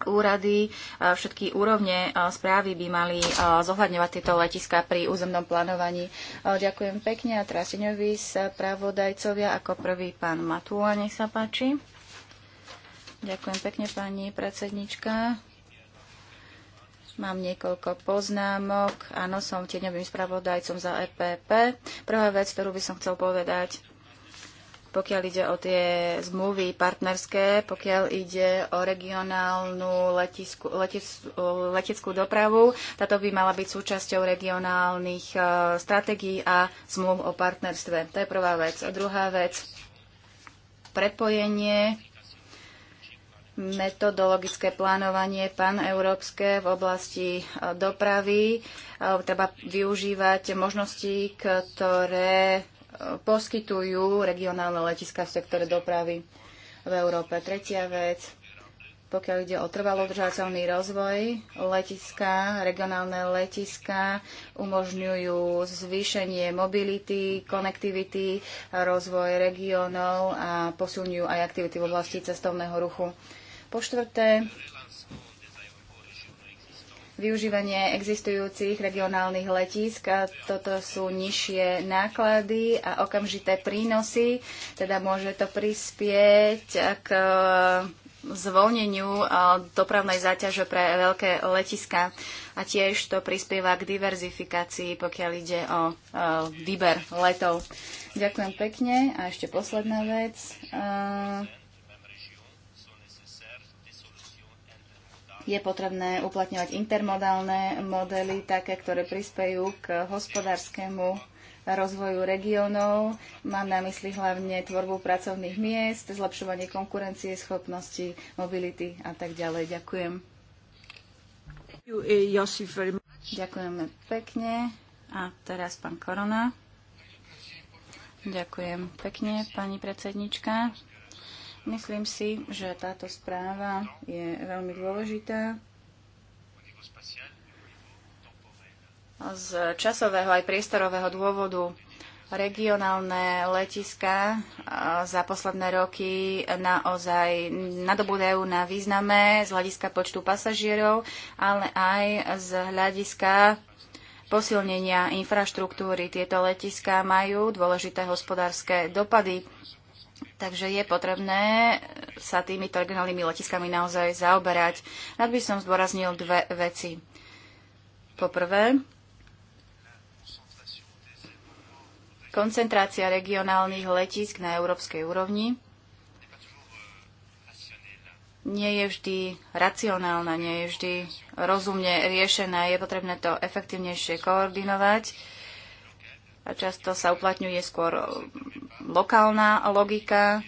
úrady, všetky úrovne správy by mali zohľadňovať tieto letiska pri územnom plánovaní. Ďakujem pekne a teraz z spravodajcovia ako prvý pán Matula, nech sa páči. Ďakujem pekne pani predsednička. Mám niekoľko poznámok. Áno, som tieňovým spravodajcom za EPP. Prvá vec, ktorú by som chcel povedať, pokiaľ ide o tie zmluvy partnerské, pokiaľ ide o regionálnu letisku, letis, leteckú dopravu, táto by mala byť súčasťou regionálnych uh, stratégií a zmluv o partnerstve. To je prvá vec. A druhá vec, prepojenie metodologické plánovanie paneurópske v oblasti e, dopravy. E, treba využívať možnosti, ktoré e, poskytujú regionálne letiska v sektore dopravy v Európe. Tretia vec, pokiaľ ide o trvalo udržateľný rozvoj, letiska, regionálne letiska umožňujú zvýšenie mobility, konektivity, rozvoj regiónov a posilňujú aj aktivity v oblasti cestovného ruchu. Po štvrté, využívanie existujúcich regionálnych letísk. Toto sú nižšie náklady a okamžité prínosy, teda môže to prispieť k zvolneniu dopravnej záťaže pre veľké letiska a tiež to prispieva k diverzifikácii, pokiaľ ide o výber letov. Ďakujem pekne a ešte posledná vec je potrebné uplatňovať intermodálne modely, také, ktoré prispejú k hospodárskému rozvoju regiónov. Mám na mysli hlavne tvorbu pracovných miest, zlepšovanie konkurencie, schopnosti, mobility a tak ďalej. Ďakujem. Ďakujeme pekne. A teraz pán Korona. Ďakujem pekne, pani predsednička. Myslím si, že táto správa je veľmi dôležitá. Z časového aj priestorového dôvodu regionálne letiska za posledné roky naozaj nadobudajú na význame z hľadiska počtu pasažierov, ale aj z hľadiska posilnenia infraštruktúry. Tieto letiská majú dôležité hospodárske dopady Takže je potrebné sa tými regionálnymi letiskami naozaj zaoberať. Rád by som zdôraznil dve veci. Poprvé, koncentrácia regionálnych letisk na európskej úrovni nie je vždy racionálna, nie je vždy rozumne riešená. Je potrebné to efektívnejšie koordinovať a často sa uplatňuje skôr lokálna logika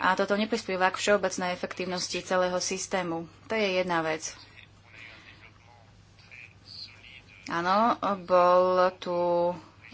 a toto neprispieva k všeobecnej efektívnosti celého systému. To je jedna vec. Áno, bol tu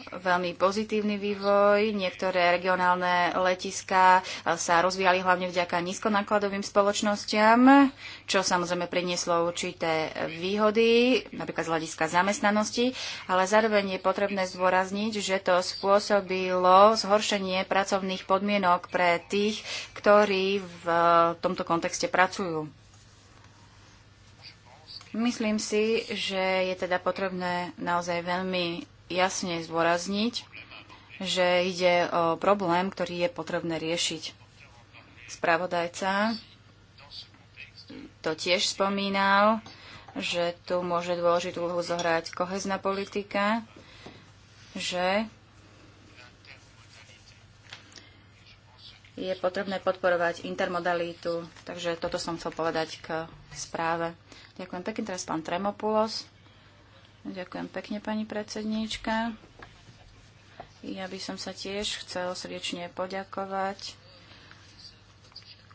veľmi pozitívny vývoj. Niektoré regionálne letiska eh, sa rozvíjali hlavne vďaka nízkonákladovým spoločnosťam, čo samozrejme prinieslo určité výhody, napríklad z hľadiska zamestnanosti, ale zároveň je potrebné zdôrazniť, že to spôsobilo zhoršenie pracovných podmienok pre tých, ktorí v eh, tomto kontexte pracujú. Myslím si, že je teda potrebné naozaj veľmi jasne zdôrazniť, že ide o problém, ktorý je potrebné riešiť. Spravodajca to tiež spomínal, že tu môže dôležitú úlohu zohrať kohezná politika, že je potrebné podporovať intermodalitu. Takže toto som chcel povedať k správe. Ďakujem pekne. Teraz pán Tremopulos. Ďakujem pekne, pani predsedníčka. Ja by som sa tiež chcel srdečne poďakovať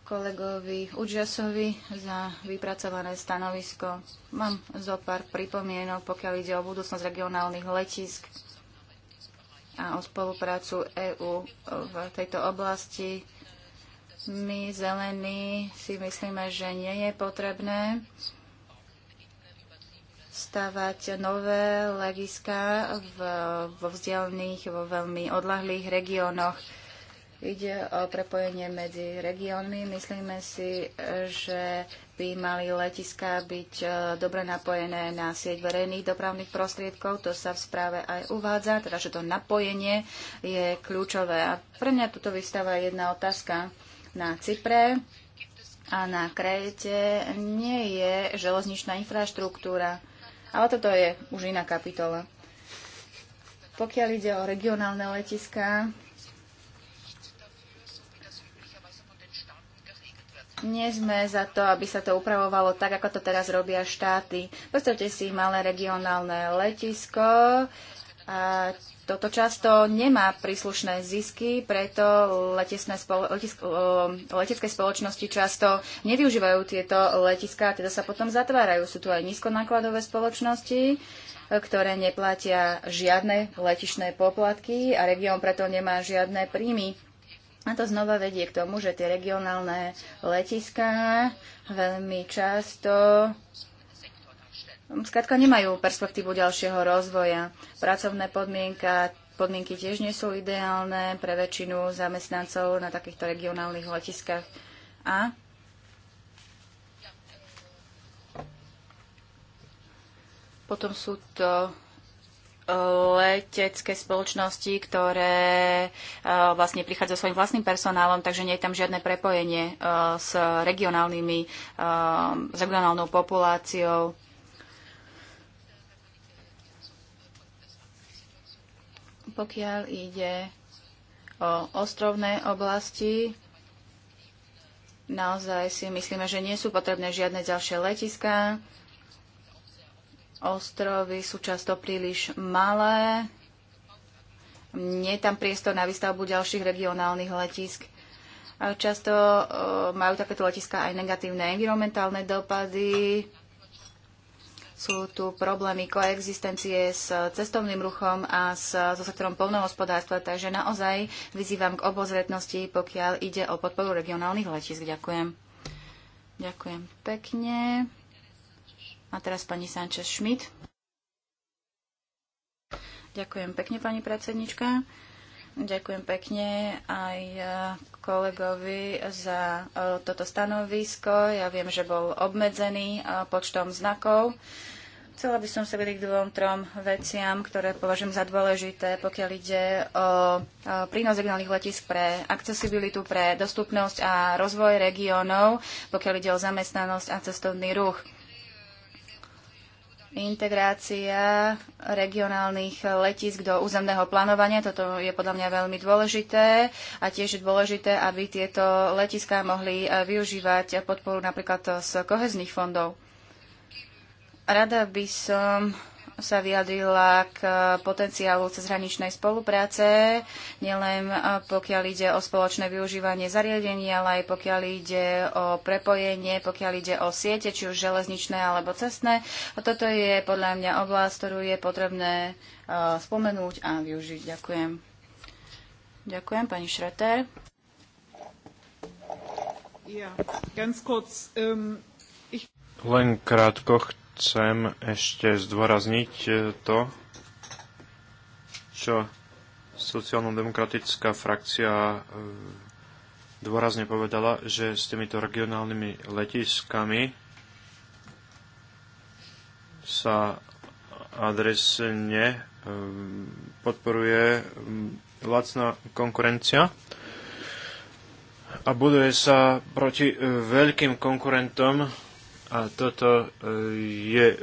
kolegovi Udžasovi za vypracované stanovisko. Mám zo pár pripomienok, pokiaľ ide o budúcnosť regionálnych letisk a o spoluprácu EÚ v tejto oblasti. My, zelení, si myslíme, že nie je potrebné stavať nové legiska v, vo vzdialených, vo veľmi odlahlých regiónoch. Ide o prepojenie medzi regiónmi. Myslíme si, že by mali letiská byť e, dobre napojené na sieť verejných dopravných prostriedkov. To sa v správe aj uvádza, teda že to napojenie je kľúčové. A pre mňa tuto vystáva jedna otázka na Cypre a na Krajete. Nie je železničná infraštruktúra ale toto je už iná kapitola. Pokiaľ ide o regionálne letiská, nie sme za to, aby sa to upravovalo tak, ako to teraz robia štáty. Postavte si malé regionálne letisko, a toto často nemá príslušné zisky, preto spolo, letecké spoločnosti často nevyužívajú tieto letiská, teda sa potom zatvárajú. Sú tu aj nízkonákladové spoločnosti, e, ktoré neplatia žiadne letišné poplatky a región preto nemá žiadne príjmy. A to znova vedie k tomu, že tie regionálne letiská veľmi často skrátka nemajú perspektívu ďalšieho rozvoja. Pracovné podmienka, podmienky tiež nie sú ideálne pre väčšinu zamestnancov na takýchto regionálnych letiskách. A potom sú to e, letecké spoločnosti, ktoré e, vlastne prichádzajú svojim vlastným personálom, takže nie je tam žiadne prepojenie e, s regionálnymi, s regionálnou populáciou. Pokiaľ ide o ostrovné oblasti, naozaj si myslíme, že nie sú potrebné žiadne ďalšie letiská. Ostrovy sú často príliš malé. Nie je tam priestor na výstavbu ďalších regionálnych letisk. Často e, majú takéto letiska aj negatívne environmentálne dopady. Sú tu problémy koexistencie s cestovným ruchom a s, so sektorom polnohospodárstva, takže naozaj vyzývam k obozretnosti, pokiaľ ide o podporu regionálnych letisk. Ďakujem. Ďakujem pekne. A teraz pani Sánchez Schmidt. Ďakujem pekne, pani predsednička. Ďakujem pekne aj e, kolegovi za e, toto stanovisko. Ja viem, že bol obmedzený e, počtom znakov. Chcela by som sa vedieť k dvom, trom veciam, ktoré považujem za dôležité, pokiaľ ide o prínos regionálnych letisk pre akcesibilitu, pre dostupnosť a rozvoj regiónov, pokiaľ ide o zamestnanosť a cestovný ruch. Integrácia regionálnych letisk do územného plánovania, toto je podľa mňa veľmi dôležité a tiež je dôležité, aby tieto letiská mohli e, využívať podporu napríklad z kohezných fondov. Rada by som sa vyjadrila k potenciálu cezhraničnej spolupráce, nielen pokiaľ ide o spoločné využívanie zariadení, ale aj pokiaľ ide o prepojenie, pokiaľ ide o siete, či už železničné alebo cestné. Toto je podľa mňa oblasť, ktorú je potrebné e, spomenúť a využiť. Ďakujem. Ďakujem, pani Šreter. Ja, ganz kurz, um, Len krátko chcem ešte zdôrazniť e, to, čo sociálno-demokratická frakcia e, dôrazne povedala, že s týmito regionálnymi letiskami sa adresne e, podporuje lacná konkurencia a buduje sa proti veľkým konkurentom a toto e, je e,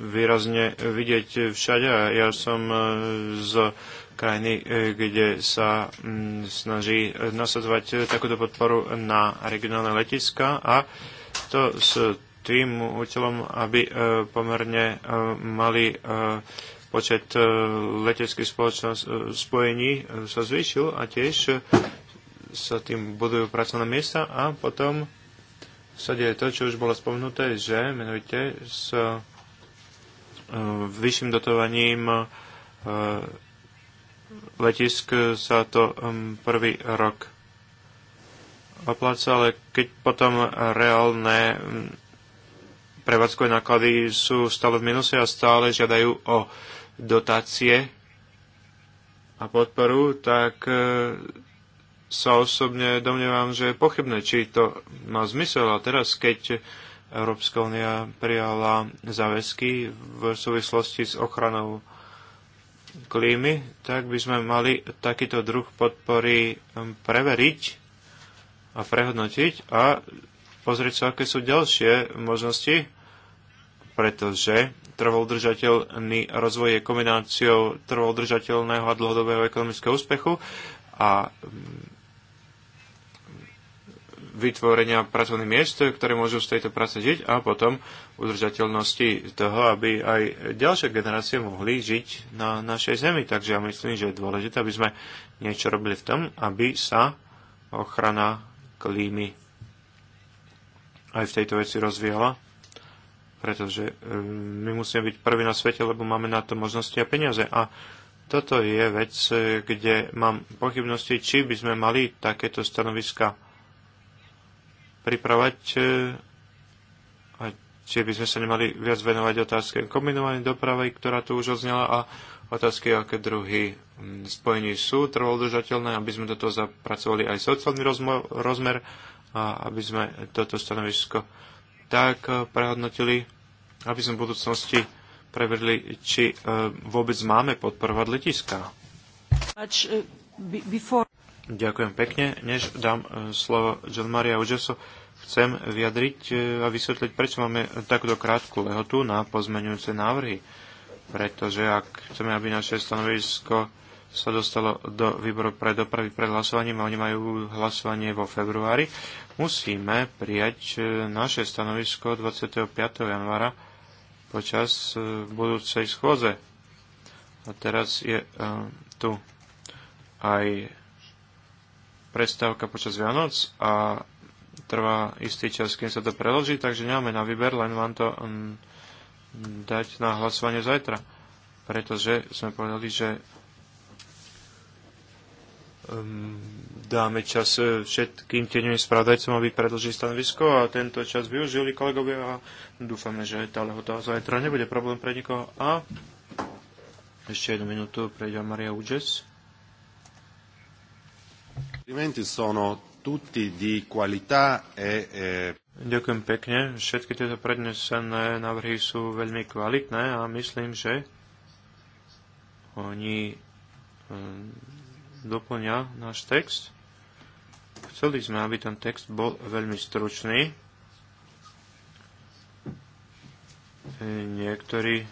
výrazne vidieť všade. Ja som e, z krajiny, kde sa snaží nasadzovať takúto podporu na regionálne letiska a to s tým účelom, aby pomerne mali počet leteckých spojení sa zvýšil a tiež sa tým budujú pracovné miesta a potom sa deje to, čo už bolo spomenuté, že menovite s e, vyšším dotovaním e, letisk sa to prvý rok opláca, ale keď potom reálne prevádzkové náklady sú stále v minuse a stále žiadajú o dotácie a podporu, tak e, sa osobne domnievam, že je pochybné, či to má zmysel. A teraz, keď Európska únia prijala záväzky v súvislosti s ochranou klímy, tak by sme mali takýto druh podpory um, preveriť a prehodnotiť a pozrieť sa, aké sú ďalšie možnosti, pretože trvoudržateľný rozvoj je kombináciou trvalodržateľného a dlhodobého ekonomického úspechu a um, vytvorenia pracovných miest, ktoré môžu z tejto práce žiť a potom udržateľnosti toho, aby aj ďalšie generácie mohli žiť na našej zemi. Takže ja myslím, že je dôležité, aby sme niečo robili v tom, aby sa ochrana klímy aj v tejto veci rozvíjala, pretože ehm, my musíme byť prví na svete, lebo máme na to možnosti a peniaze. A toto je vec, kde mám pochybnosti, či by sme mali takéto stanoviska pripravať e, a či by sme sa nemali viac venovať otázke kombinovanej dopravy, ktorá tu už odznela a otázky, aké druhy spojení sú trvalodržateľné, aby sme do toho zapracovali aj sociálny rozmer a aby sme toto stanovisko tak e, prehodnotili, aby sme v budúcnosti preverili, či e, vôbec máme podporovať letiska. Ďakujem pekne. Než dám slovo John Maria Ugeso, chcem vyjadriť e, a vysvetliť, prečo máme takúto krátku lehotu na pozmeňujúce návrhy. Pretože ak chceme, aby naše stanovisko sa dostalo do výboru pre dopravy pred hlasovaním a oni majú hlasovanie vo februári, musíme prijať e, naše stanovisko 25. januára počas e, budúcej schôze. A teraz je tu aj prestávka počas Vianoc a trvá istý čas, kým sa to preloží, takže nemáme na výber, len vám to mm, dať na hlasovanie zajtra. Pretože sme povedali, že mm, dáme čas e, všetkým tieňovým spravodajcom, aby predlžili stanovisko a tento čas využili kolegovia a dúfame, že tá lehota zajtra nebude problém pre nikoho. A ešte jednu minútu prejde Maria Uges. Sono tutti di qualità e, e... Ďakujem pekne. Všetky tieto prednesené návrhy sú veľmi kvalitné a myslím, že oni ehm, doplňa náš text. Chceli sme, aby ten text bol veľmi stručný. Niektorí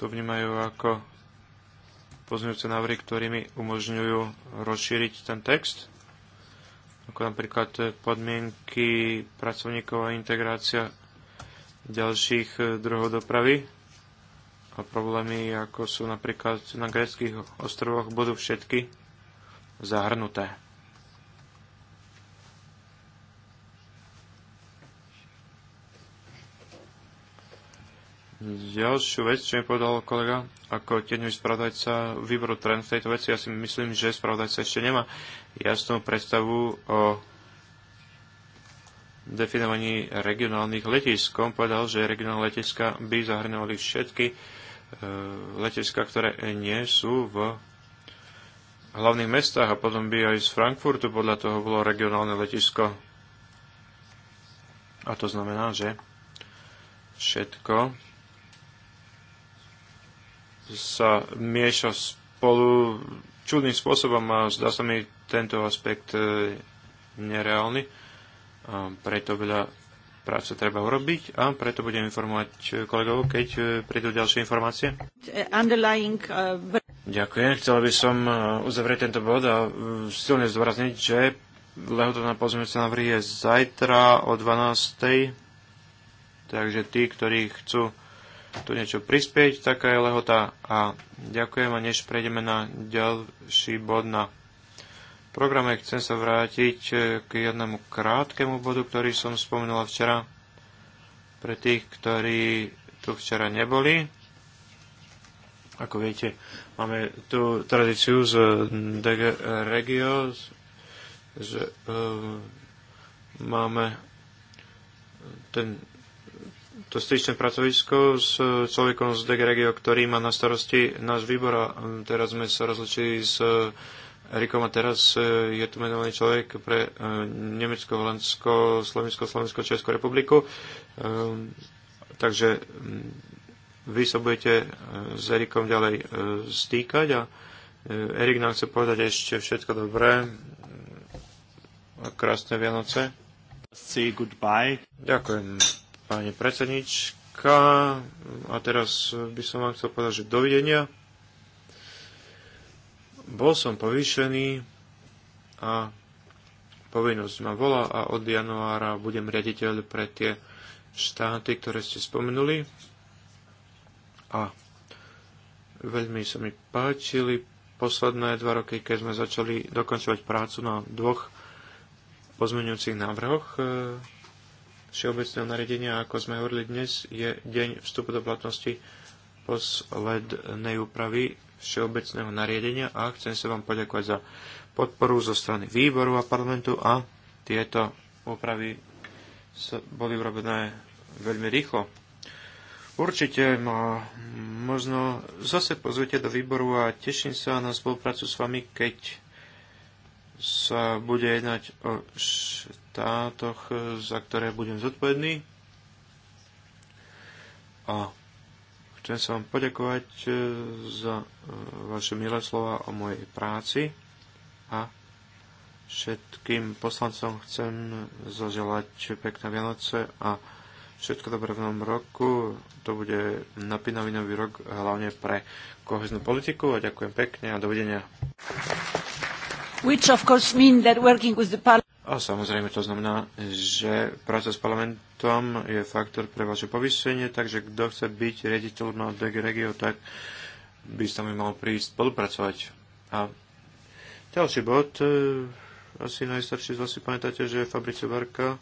to vnímajú ako pozmeňujúce návrhy, ktorými umožňujú rozšíriť ten text, ako napríklad podmienky pracovníkov a integrácia ďalších e, druhov dopravy a problémy, ako sú napríklad na greckých ostrovoch, budú všetky zahrnuté. Ďalšiu vec, čo mi povedal kolega, ako tieňový spravodajca výboru trend v tejto veci, ja si myslím, že spravodajca ešte nemá jasnú predstavu o definovaní regionálnych letisk. On povedal, že regionálne letiska by zahrňovali všetky e, letiska, ktoré nie sú v hlavných mestách a potom by aj z Frankfurtu podľa toho bolo regionálne letisko. A to znamená, že všetko sa mieša spolu čudným spôsobom a zdá sa mi tento aspekt e, nereálny. A preto veľa práce treba urobiť a preto budem informovať kolegov, keď e, prídu ďalšie informácie. Underlying... E, Ďakujem. Chcela by som uzavrieť tento bod a silne zdôrazniť, že lehoto na pozmeňujúce návrhy je zajtra o 12. Takže tí, ktorí chcú tu niečo prispieť, taká je lehota. A ďakujem a než prejdeme na ďalší bod na programe, chcem sa vrátiť eh, k jednému krátkemu bodu, ktorý som spomenula včera pre tých, ktorí tu včera neboli. Ako viete, máme tu tradíciu z eh, DG Regio, že eh, um, máme ten to styčné pracovisko s človekom z DG Regio, ktorý má na starosti náš výbor a mm, teraz sme sa rozlučili s eh, Erikom a teraz eh, je tu menovaný človek pre eh, Nemecko, Holandsko, Slovensko, Slovensko, Českú republiku. Ehm, takže mm, vy sa budete s Erikom ďalej stýkať a Erik nám chce povedať ešte všetko dobré a krásne Vianoce. goodbye. Ďakujem pani predsednička. A teraz by som vám chcel povedať, že dovidenia. Bol som povýšený a povinnosť ma volá a od januára budem riaditeľ pre tie štáty, ktoré ste spomenuli. A veľmi sa mi páčili posledné dva roky, keď sme začali dokončovať prácu na dvoch pozmeňujúcich návrhoch všeobecného naredenia, ako sme hovorili dnes, je deň vstupu do platnosti poslednej úpravy všeobecného nariadenia a chcem sa vám poďakovať za podporu zo strany výboru a parlamentu a tieto úpravy boli urobené veľmi rýchlo. Určite ma možno zase pozvete do výboru a teším sa na spoluprácu s vami, keď sa bude jednať o štátoch, e, za ktoré budem zodpovedný. A chcem sa vám poďakovať e, za e, vaše milé slova o mojej práci a všetkým poslancom chcem zaželať pekné Vianoce a všetko dobré v novom roku. To bude napínavý nový rok hlavne pre koheznú politiku a ďakujem pekne a dovidenia. Which of course mean that working with the a samozrejme to znamená, že práca s parlamentom je faktor pre vaše povýšenie, takže kto chce byť riaditeľom na DG Regio, tak by sa mi mal prísť spolupracovať. A ďalší bod, e, asi najstarší z vás si pamätáte, že Fabrice Varka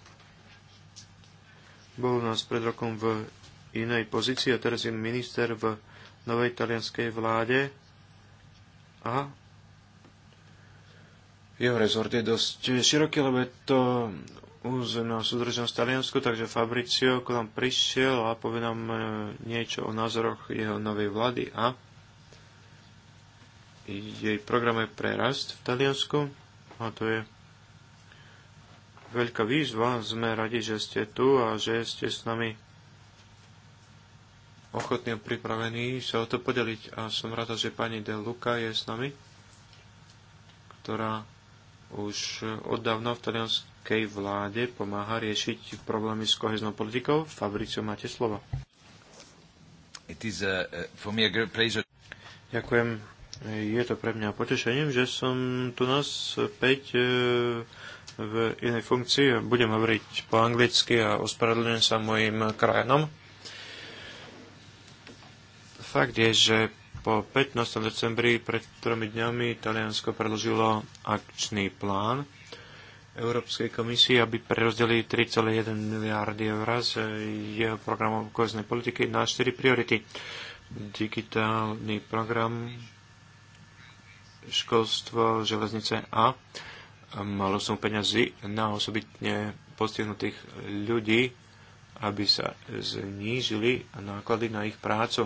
bol u nás pred rokom v inej pozícii a teraz je minister v novej talianskej vláde a jeho rezort je dosť široký, lebo je to územná súdržnosť Taliansku, takže Fabricio k nám prišiel a povie nám e, niečo o názoroch jeho novej vlády a jej programe pre rast v Taliansku. A to je veľká výzva. Sme radi, že ste tu a že ste s nami ochotní a pripravení sa o to podeliť. A som rada, že pani De Luca je s nami, ktorá už od dávna v talianskej vláde pomáha riešiť problémy s koheznou politikou. Fabricio, máte slovo. It is a, uh, uh, for me a great pleasure. Ďakujem. Je to pre mňa potešením, že som tu nás späť uh, v inej funkcii. Budem hovoriť po anglicky a ospravedlňujem sa mojim krajanom. Fakt je, že po 15. decembri pred tromi dňami Taliansko predložilo akčný plán Európskej komisii, aby prerozdeli 3,1 miliardy eur z jeho programov koheznej politiky na 4 priority. Digitálny program, školstvo, železnice a malo som peniazy na osobitne postihnutých ľudí, aby sa znížili náklady na ich prácu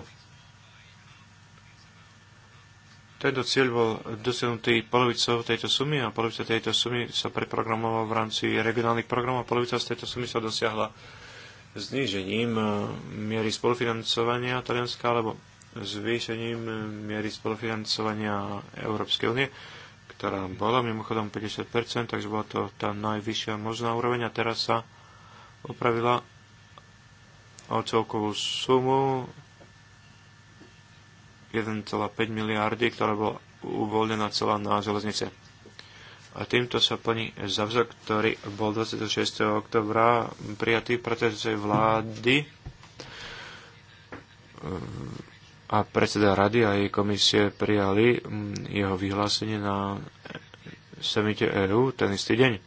tento cieľ bol dosiahnutý polovicou tejto sumy a polovica tejto sumy sa preprogramovala v rámci regionálnych programov a polovica z tejto sumy sa dosiahla znížením e, miery spolufinancovania Talianska alebo zvýšením e, miery spolufinancovania Európskej únie, ktorá bola mimochodom 50%, takže bola to tá najvyššia možná úroveň a teraz sa upravila o celkovú sumu 1,5 miliardy, ktorá bola uvoľnená celá na železnice. A týmto sa plní zavzor, ktorý bol 26. oktobra prijatý pretože vlády a predseda rady a jej komisie prijali jeho vyhlásenie na samite EU ten istý deň.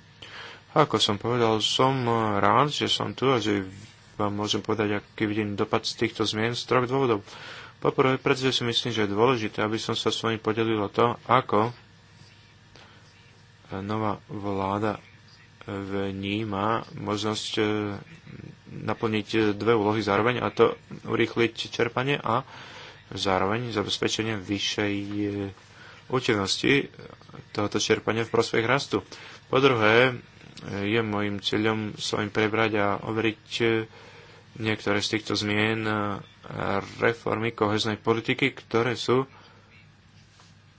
A ako som povedal, som rád, že som tu a že vám môžem povedať, aký vidím dopad z týchto zmien z troch dôvodov. Poprvé, pretože si myslím, že je dôležité, aby som sa s vami podelil o to, ako nová vláda vníma možnosť e, naplniť e, dve úlohy zároveň, a to urýchliť čerpanie a zároveň zabezpečenie vyššej e, účinnosti tohoto čerpania v prospech rastu. Po druhé, je môjim cieľom s vami prebrať a overiť niektoré z týchto zmien reformy koheznej politiky, ktoré sú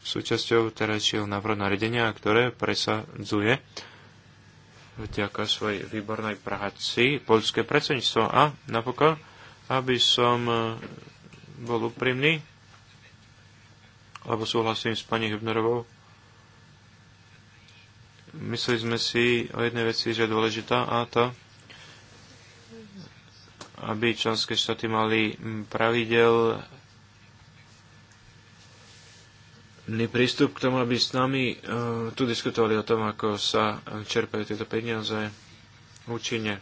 súčasťou terajšieho návrhu nariadenia, ktoré presadzuje vďaka svojej výbornej práci poľské predsedníctvo. A napokon, aby som e, bol úprimný, alebo súhlasím s pani Hübnerovou, mysleli sme si o jednej veci, že je dôležitá a to aby členské štáty mali mm, pravidel prístup k tomu, aby s nami e, tu diskutovali o tom, ako sa e, čerpajú tieto peniaze účinne.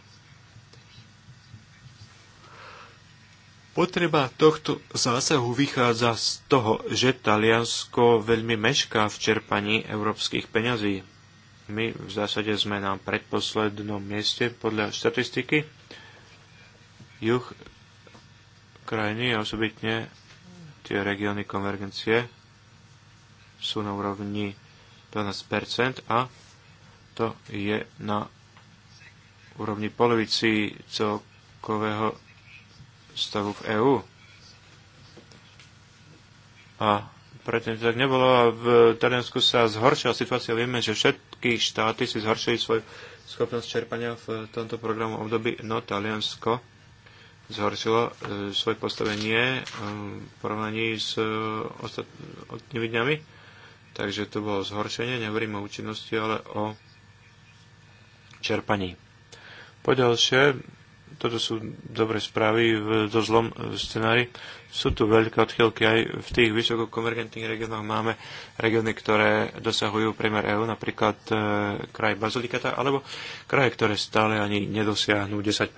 Potreba tohto zásahu vychádza z toho, že Taliansko veľmi mešká v čerpaní európskych peňazí. My v zásade sme na predposlednom mieste podľa štatistiky juh krajiny, a osobitne tie regióny konvergencie sú na úrovni 12% a to je na úrovni polovici celkového stavu v EÚ. A predtým to tak nebolo a v Taliansku sa zhoršila situácia. Vieme, že všetky štáty si zhoršili svoju schopnosť čerpania v tomto programu období, no Taliansko zhoršilo e, svoje postavenie e, v porovnaní s e, ostatnými dňami. Takže to bolo zhoršenie, nehovorím o účinnosti, ale o čerpaní. Poďalšie, toto sú dobré správy v to zlom scenári. Sú tu veľké odchylky aj v tých vysokokonvergentných regiónoch. Máme regióny, ktoré dosahujú priemer EU, napríklad e, kraj Bazilikata, alebo kraje, ktoré stále ani nedosiahnu 10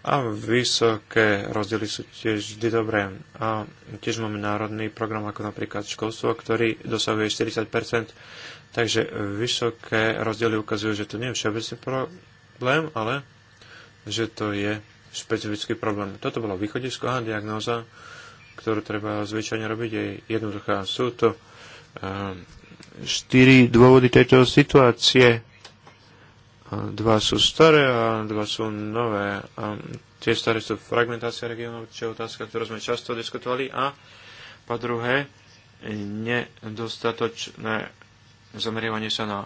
a vysoké rozdiely sú tiež vždy dobré. A tiež máme národný program, ako napríklad školstvo, ktorý dosahuje 40 Takže vysoké rozdiely ukazujú, že to nie je všeobecný problém, ale že to je špecifický problém. Toto bolo východisko a diagnóza, ktorú treba zvyčajne robiť, je jednoduchá. Sú to um, štyri dôvody tejto situácie dva sú staré a dva sú nové. A tie staré sú fragmentácia regionov, čo je otázka, ktorú sme často diskutovali. A po druhé, nedostatočné zameriavanie sa na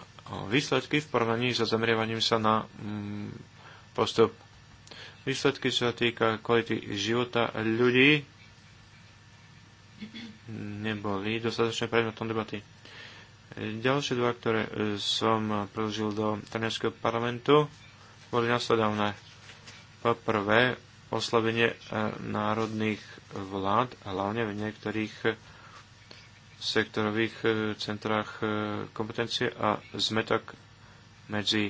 výsledky v porovnaní so zameriavaním sa na mm, postup. Výsledky sa týka kvality života ľudí neboli dostatočne predmetom debaty. Ďalšie dva, ktoré e, som predložil do Taniarského parlamentu, boli nasledovné. Poprvé, oslavenie e, národných vlád, hlavne v niektorých e, sektorových centrách kompetencie a zmetok medzi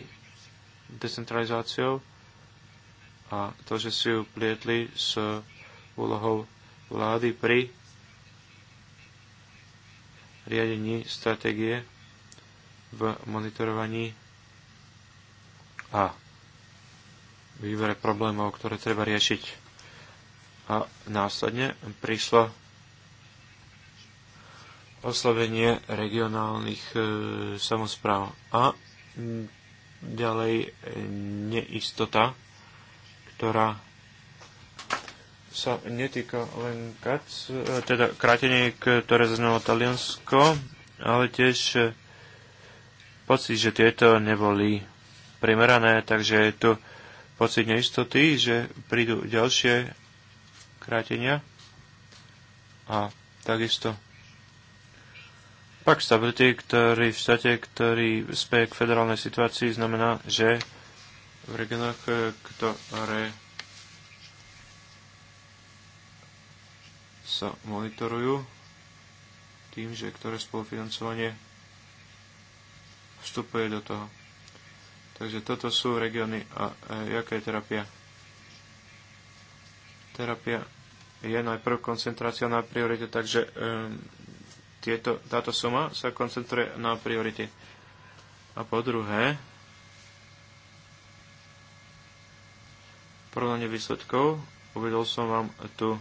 decentralizáciou a to, že si ju plietli s úlohou vlády pri riadení stratégie, v monitorovaní a výbere problémov, ktoré treba riešiť. A následne prišlo oslovenie regionálnych e, samozpráv a ďalej neistota, ktorá sa netýka len kac, e, teda krátenie, ktoré zaznalo Taliansko, ale tiež e, pocit, že tieto neboli primerané, takže je tu pocit neistoty, že prídu ďalšie krátenia a takisto Pak stability, ktorý v štáte, ktorý spie k federálnej situácii, znamená, že v regionách, e, ktoré sa monitorujú tým, že ktoré spolufinancovanie vstupuje do toho. Takže toto sú regióny a e, jaká je terapia? Terapia je najprv koncentrácia na priorite, takže e, tieto, táto suma sa koncentruje na priority. A po druhé, porovnanie výsledkov, uvedol som vám tu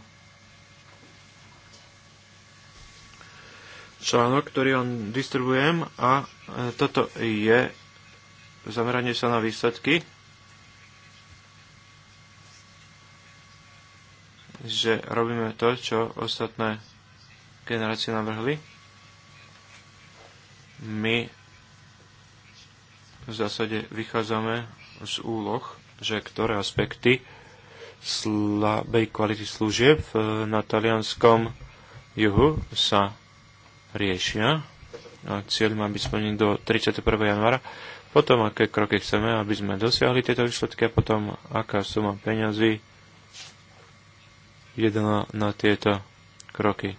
článok, ktorý vám distribujem a e, toto je zameranie sa na výsledky, že robíme to, čo ostatné generácie navrhli. My v zásade vychádzame z úloh, že ktoré aspekty slabej kvality služieb na talianskom juhu sa riešia a cieľ má byť splnený do 31. januára. Potom, aké kroky chceme, aby sme dosiahli tieto výsledky a potom, aká suma peňazí jedla na tieto kroky.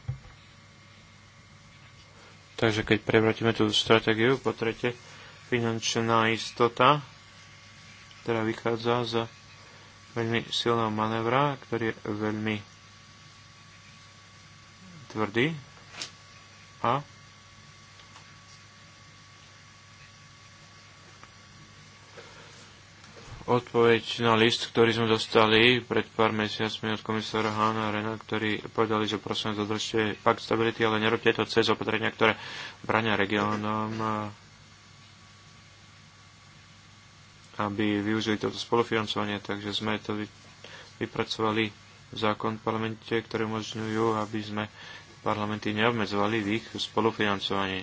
Takže keď prevrátime tú stratégiu, po tretie, finančná istota, ktorá vychádza z veľmi silného manévra, ktorý je veľmi tvrdý, a odpoveď na list, ktorý sme dostali pred pár mesiacmi od komisára Hána a Rena, ktorí povedali, že prosím dodržte pakt stability, ale nerobte to cez opatrenia, ktoré brania regiónom, aby využili toto spolufinancovanie. Takže sme to vypracovali zákon v parlamente, ktoré umožňujú, aby sme parlamenty neobmedzovali v ich spolufinancovaní.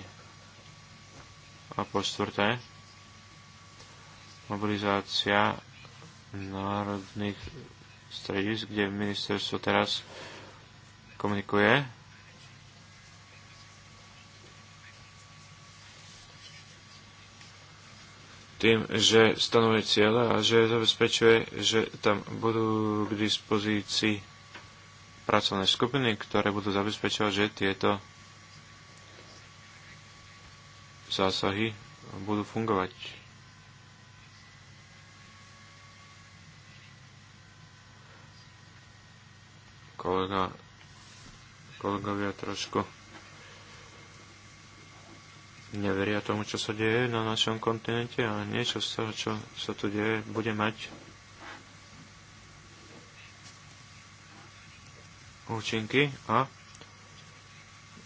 A po štvrté, mobilizácia národných stredisk, kde ministerstvo teraz komunikuje. tým, že stanovuje cieľa a že zabezpečuje, že tam budú k dispozícii pracovné skupiny, ktoré budú zabezpečovať, že tieto zásahy budú fungovať. Kolega, kolegovia trošku neveria tomu, čo sa deje na našom kontinente a niečo z toho, čo sa tu deje, bude mať účinky a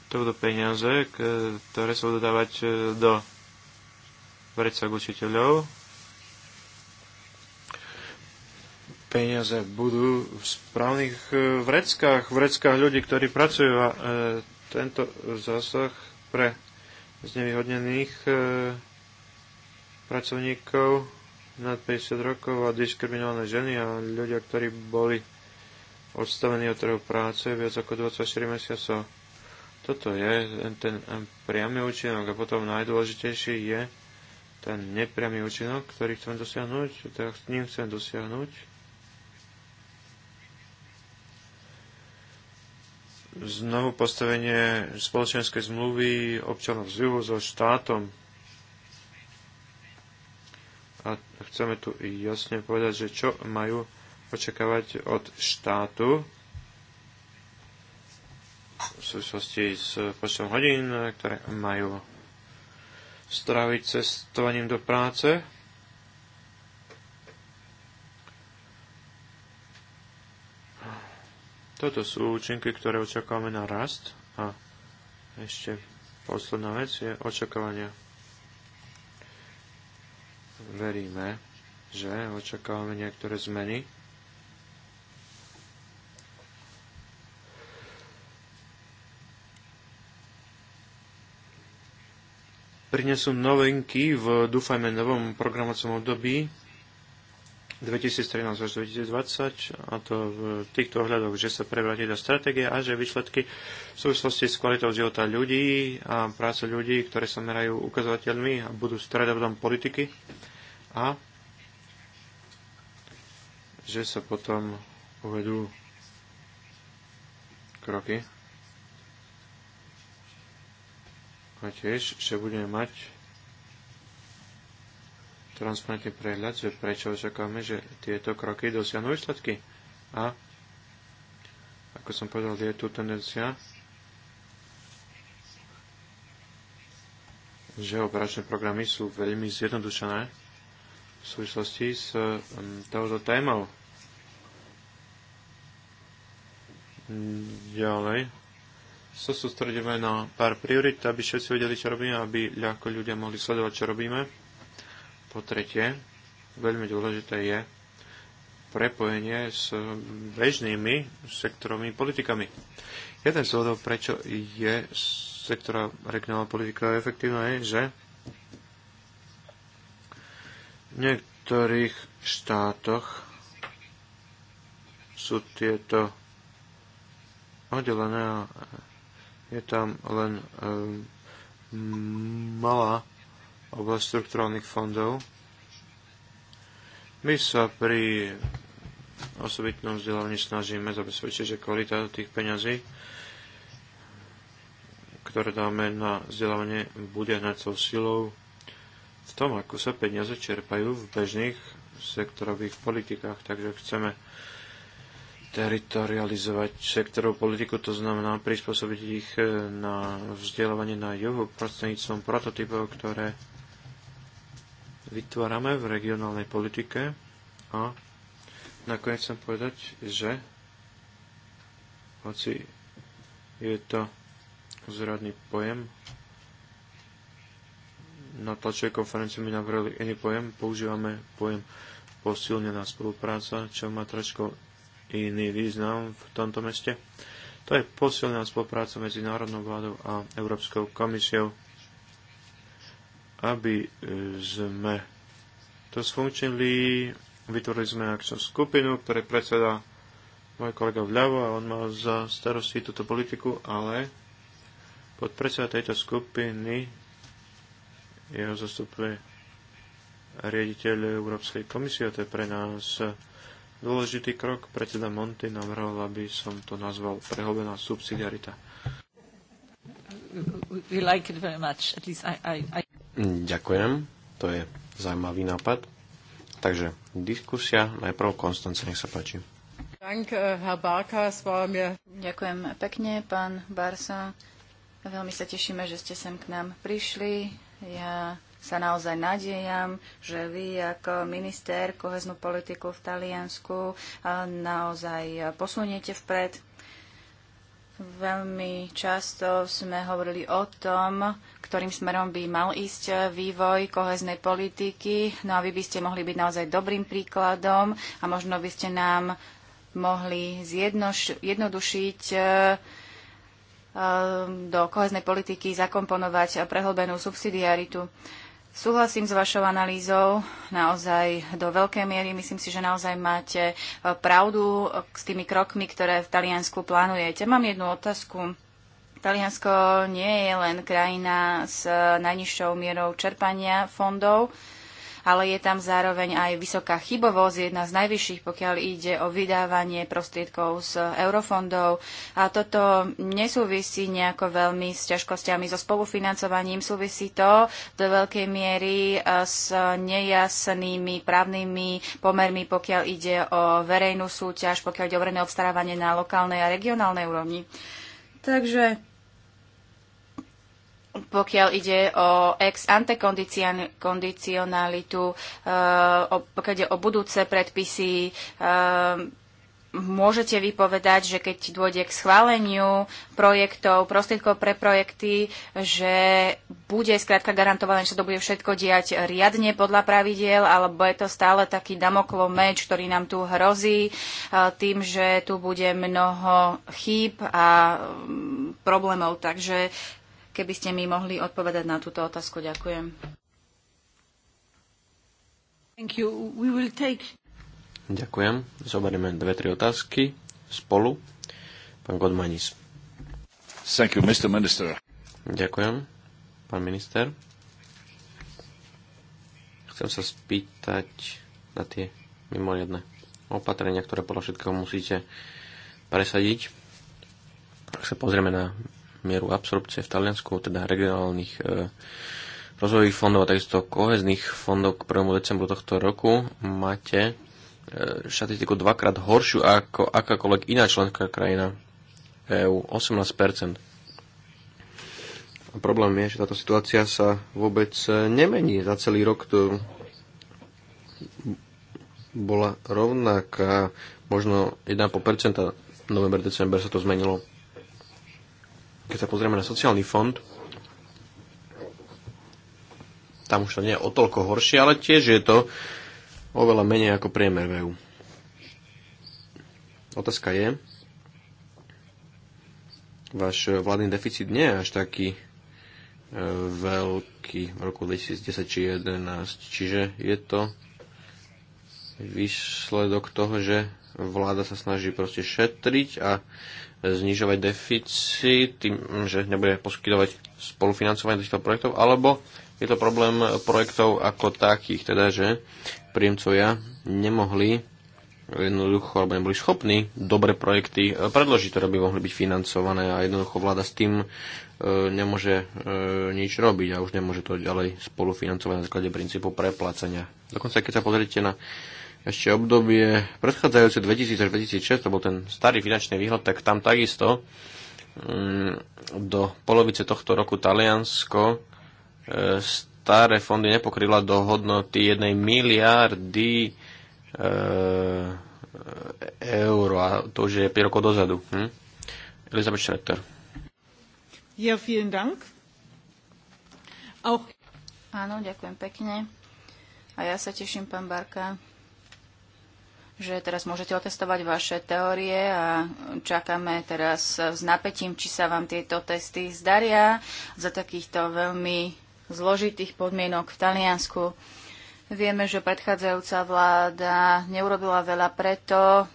to budú peniaze, ktoré sa budú dávať e, do vrecok učiteľov. Peniaze budú v správnych e, vreckách, vreckách ľudí, ktorí pracujú a e, tento zásah pre znevýhodnených pracovníkov nad 50 rokov a diskriminované ženy a ľudia, ktorí boli odstavený od trhu práce viac ako 24 mesiacov. Toto je ten priamy účinok a potom najdôležitejší je ten nepriamy účinok, ktorý chcem dosiahnuť, tak teda s ním chcem dosiahnuť znovu postavenie spoločenskej zmluvy občanov z so štátom. A chceme tu jasne povedať, že čo majú očakávať od štátu v súvislosti s počtom hodín, ktoré majú stráviť cestovaním do práce. Toto sú účinky, ktoré očakávame na rast a ešte posledná vec je očakávania. Veríme, že očakávame niektoré zmeny prinesú novinky v, dúfajme, novom programovacom období 2013 až 2020, a to v týchto ohľadoch, že sa prevráti do stratégie a že výsledky v súvislosti s kvalitou života ľudí a práce ľudí, ktoré sa merajú ukazovateľmi a budú stredobodom politiky a že sa potom uvedú kroky a tiež, že budeme mať transparentný prehľad, že prečo očakávame, že tieto kroky dosiahnu výsledky. A ako som povedal, je tu tendencia, že operačné programy sú veľmi zjednodušené v súvislosti s um, touto témou. Mm, ďalej sa sústredíme na pár priorit, aby všetci vedeli, čo robíme, aby ľahko ľudia mohli sledovať, čo robíme. Po tretie, veľmi dôležité je prepojenie s bežnými sektorovými politikami. Jeden z dôvodov, prečo je sektora regionálna politika efektívna, je, že v niektorých štátoch sú tieto oddelené a je tam len ehm, malá oblasť strukturálnych fondov. My sa pri osobitnom vzdelávaní snažíme zabezpečiť, že kvalita tých peňazí, ktoré dáme na vzdelávanie, bude hnacou silou v tom, ako sa peniaze čerpajú v bežných sektorových politikách. Takže chceme teritorializovať sektorovú politiku, to znamená prispôsobiť ich e, na vzdelávanie na juhu prostredníctvom prototypov, ktoré vytvárame v regionálnej politike. A nakoniec chcem povedať, že hoci je to zradný pojem, na tlačovej konferencii mi navrhli iný pojem, používame pojem posilnená spolupráca, čo ma trošku iný význam v tomto meste. To je posilná spolupráca medzi Národnou vládou a Európskou komisiou, aby e, sme to sfunkčnili. Vytvorili sme akčnú skupinu, ktoré predseda môj kolega vľavo a on mal za starosti túto politiku, ale podpredseda tejto skupiny jeho zastupuje riaditeľ Európskej komisie, to je pre nás dôležitý krok. Predseda Monty navrhol, aby som to nazval prehlbená subsidiarita. We like it very much. At least I, I, I... Ďakujem, to je zaujímavý nápad. Takže diskusia, najprv Konstance, nech sa páči. Eh, Ďakujem pekne, pán Barsa. Veľmi sa tešíme, že ste sem k nám prišli. Ja sa naozaj nadejam, že vy ako minister koheznú politiku v Taliansku naozaj posuniete vpred. Veľmi často sme hovorili o tom, ktorým smerom by mal ísť vývoj koheznej politiky. No a vy by ste mohli byť naozaj dobrým príkladom a možno by ste nám mohli zjednodušiť e, e, do koheznej politiky zakomponovať prehlbenú subsidiaritu. Súhlasím s vašou analýzou naozaj do veľkej miery. Myslím si, že naozaj máte e, pravdu e, s tými krokmi, ktoré v Taliansku plánujete. Mám jednu otázku. Taliansko nie je len krajina s e, najnižšou mierou čerpania fondov ale je tam zároveň aj vysoká chybovosť, jedna z najvyšších, pokiaľ ide o vydávanie prostriedkov z eurofondov. A toto nesúvisí nejako veľmi s ťažkosťami so spolufinancovaním, súvisí to do veľkej miery e, s nejasnými právnymi pomermi, pokiaľ ide o verejnú súťaž, pokiaľ ide o verejné obstarávanie na lokálnej a regionálnej úrovni. Takže pokiaľ ide o ex ante kondicionalitu, eh, pokiaľ ide o budúce predpisy, eh, môžete vypovedať, že keď dôjde k schváleniu projektov, prostriedkov pre projekty, že bude skrátka garantované, že sa to bude všetko diať riadne podľa pravidiel, alebo je to stále taký damoklov meč, ktorý nám tu hrozí eh, tým, že tu bude mnoho chýb a mm, problémov. Takže Keby ste mi mohli odpovedať na túto otázku, ďakujem. Take... Ďakujem. Zoberieme dve, tri otázky spolu. Pán Godmanis. Thank you, Mr. Minister. Ďakujem, pán minister. Chcem sa spýtať na tie mimoriadne opatrenia, ktoré podľa všetkého musíte presadiť. Ak sa pozrieme na mieru absorpcie v Taliansku, teda regionálnych e, rozvojových fondov a takisto kohezných fondov k 1. decembru tohto roku máte e, štatistiku dvakrát horšiu ako akákoľvek iná členská krajina EÚ, 18%. A problém je, že táto situácia sa vôbec e, nemení. Za celý rok to bola rovnaká, možno 1,5%, november, december sa to zmenilo keď sa pozrieme na sociálny fond, tam už to nie je o toľko horšie, ale tiež je to oveľa menej ako priemer v EU. Otázka je, váš vládny deficit nie je až taký e, veľký v roku 2010 či 2011, čiže je to výsledok toho, že vláda sa snaží proste šetriť a znižovať deficit tým, že nebude poskytovať spolufinancovanie týchto projektov, alebo je to problém projektov ako takých, teda že príjemcovia nemohli jednoducho, alebo neboli schopní dobre projekty e, predložiť, ktoré by mohli byť financované a jednoducho vláda s tým e, nemôže e, nič robiť a už nemôže to ďalej spolufinancovať na základe princípu preplácania. Dokonca keď sa pozrite na ešte obdobie predchádzajúce 2000 až 2006, to bol ten starý finančný výhľad, tak tam takisto mm, do polovice tohto roku Taliansko e, staré fondy nepokryla do hodnoty jednej miliardy e, eur a to už je 5 rokov dozadu. Hm? Elizabeth Schroeter. Ja, vielen Dank. Auch... Áno, ďakujem pekne. A ja sa teším, pán Barka, že teraz môžete otestovať vaše teórie a čakáme teraz s napätím, či sa vám tieto testy zdaria za takýchto veľmi zložitých podmienok v Taliansku. Vieme, že predchádzajúca vláda neurobila veľa preto,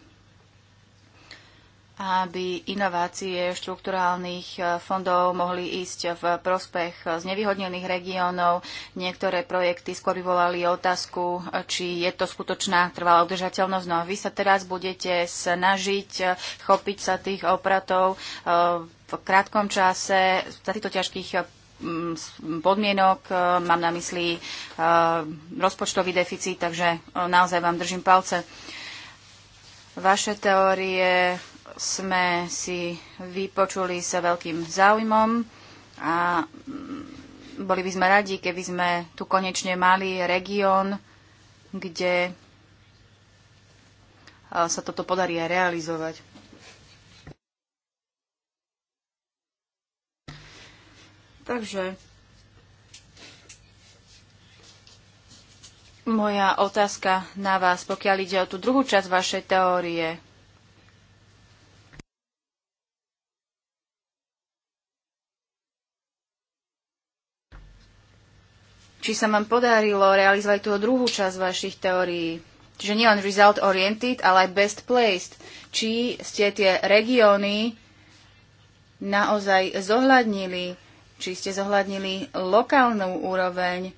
aby inovácie štrukturálnych e, fondov mohli ísť v prospech znevýhodnených regiónov. Niektoré projekty skôr vyvolali otázku, e, či je to skutočná trvalá udržateľnosť. No a vy sa teraz budete snažiť e, chopiť sa tých opratov v krátkom čase za týchto ťažkých podmienok, mám na mysli rozpočtový deficit, takže naozaj vám držím palce. Vaše teórie sme si vypočuli sa veľkým záujmom a boli by sme radi, keby sme tu konečne mali región, kde sa toto podarí aj realizovať. Takže moja otázka na vás, pokiaľ ide o tú druhú časť vašej teórie, či sa vám podarilo realizovať tú druhú časť vašich teórií. Čiže nielen result oriented, ale aj best placed. Či ste tie regióny naozaj zohľadnili, či ste zohľadnili lokálnu úroveň.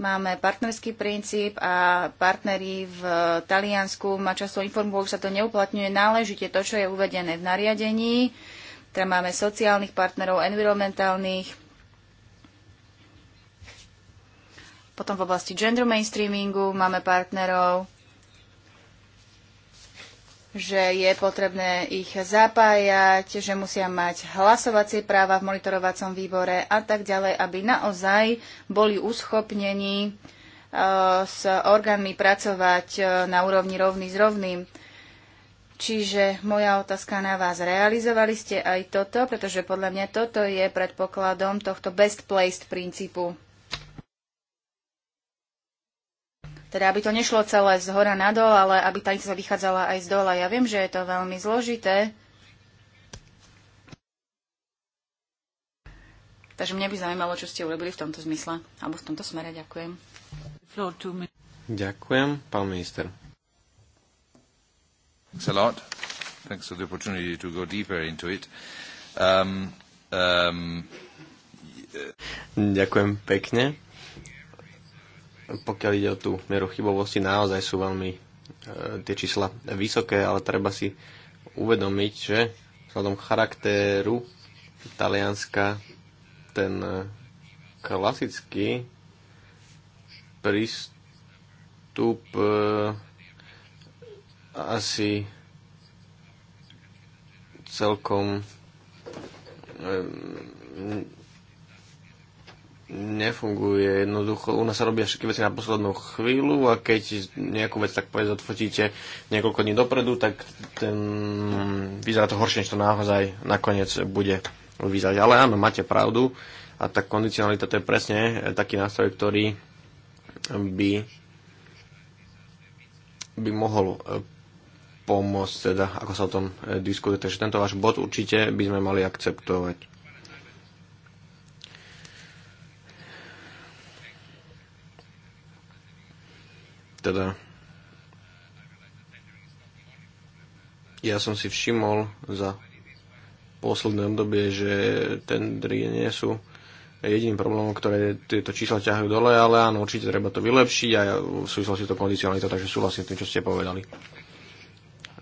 Máme partnerský princíp a partneri v Taliansku ma často informujú, že sa to neuplatňuje náležite to, čo je uvedené v nariadení. Teda máme sociálnych partnerov, environmentálnych Potom v oblasti gender mainstreamingu máme partnerov, že je potrebné ich zapájať, že musia mať hlasovacie práva v monitorovacom výbore a tak ďalej, aby naozaj boli uschopnení e, s orgánmi pracovať e, na úrovni rovný s rovným. Čiže moja otázka na vás, realizovali ste aj toto, pretože podľa mňa toto je predpokladom tohto best placed princípu. Teda, aby to nešlo celé z hora na dol, ale aby tá sa vychádzala aj z dola. Ja viem, že je to veľmi zložité. Takže mňa by zaujímalo, čo ste urobili v tomto zmysle, alebo v tomto smere. Ďakujem. Ďakujem, pán minister. Thanks a lot. Thanks for the opportunity to go deeper into it. Um, um, Ďakujem pekne pokiaľ ide o tú mieru chybovosti, naozaj sú veľmi e, tie čísla vysoké, ale treba si uvedomiť, že vzhľadom charakteru Talianska ten e, klasický prístup e, asi celkom e, nefunguje. Jednoducho, u nás sa robia všetky veci na poslednú chvíľu a keď nejakú vec, tak povedz, odfotíte niekoľko dní dopredu, tak ten, vyzerá to horšie, než to naozaj nakoniec bude vyzerať. Ale áno, máte pravdu a tá kondicionalita to je presne taký nástroj, ktorý by, by mohol eh, pomôcť, teda, ako sa o tom eh, diskutuje. Takže tento váš bod určite by sme mali akceptovať. teda ja som si všimol za posledné obdobie, že tendry nie sú jediným problémom, ktoré tieto čísla ťahajú dole, ale áno, určite treba to vylepšiť a v súvislosti to kondicionalita, takže súhlasím s tým, čo ste povedali.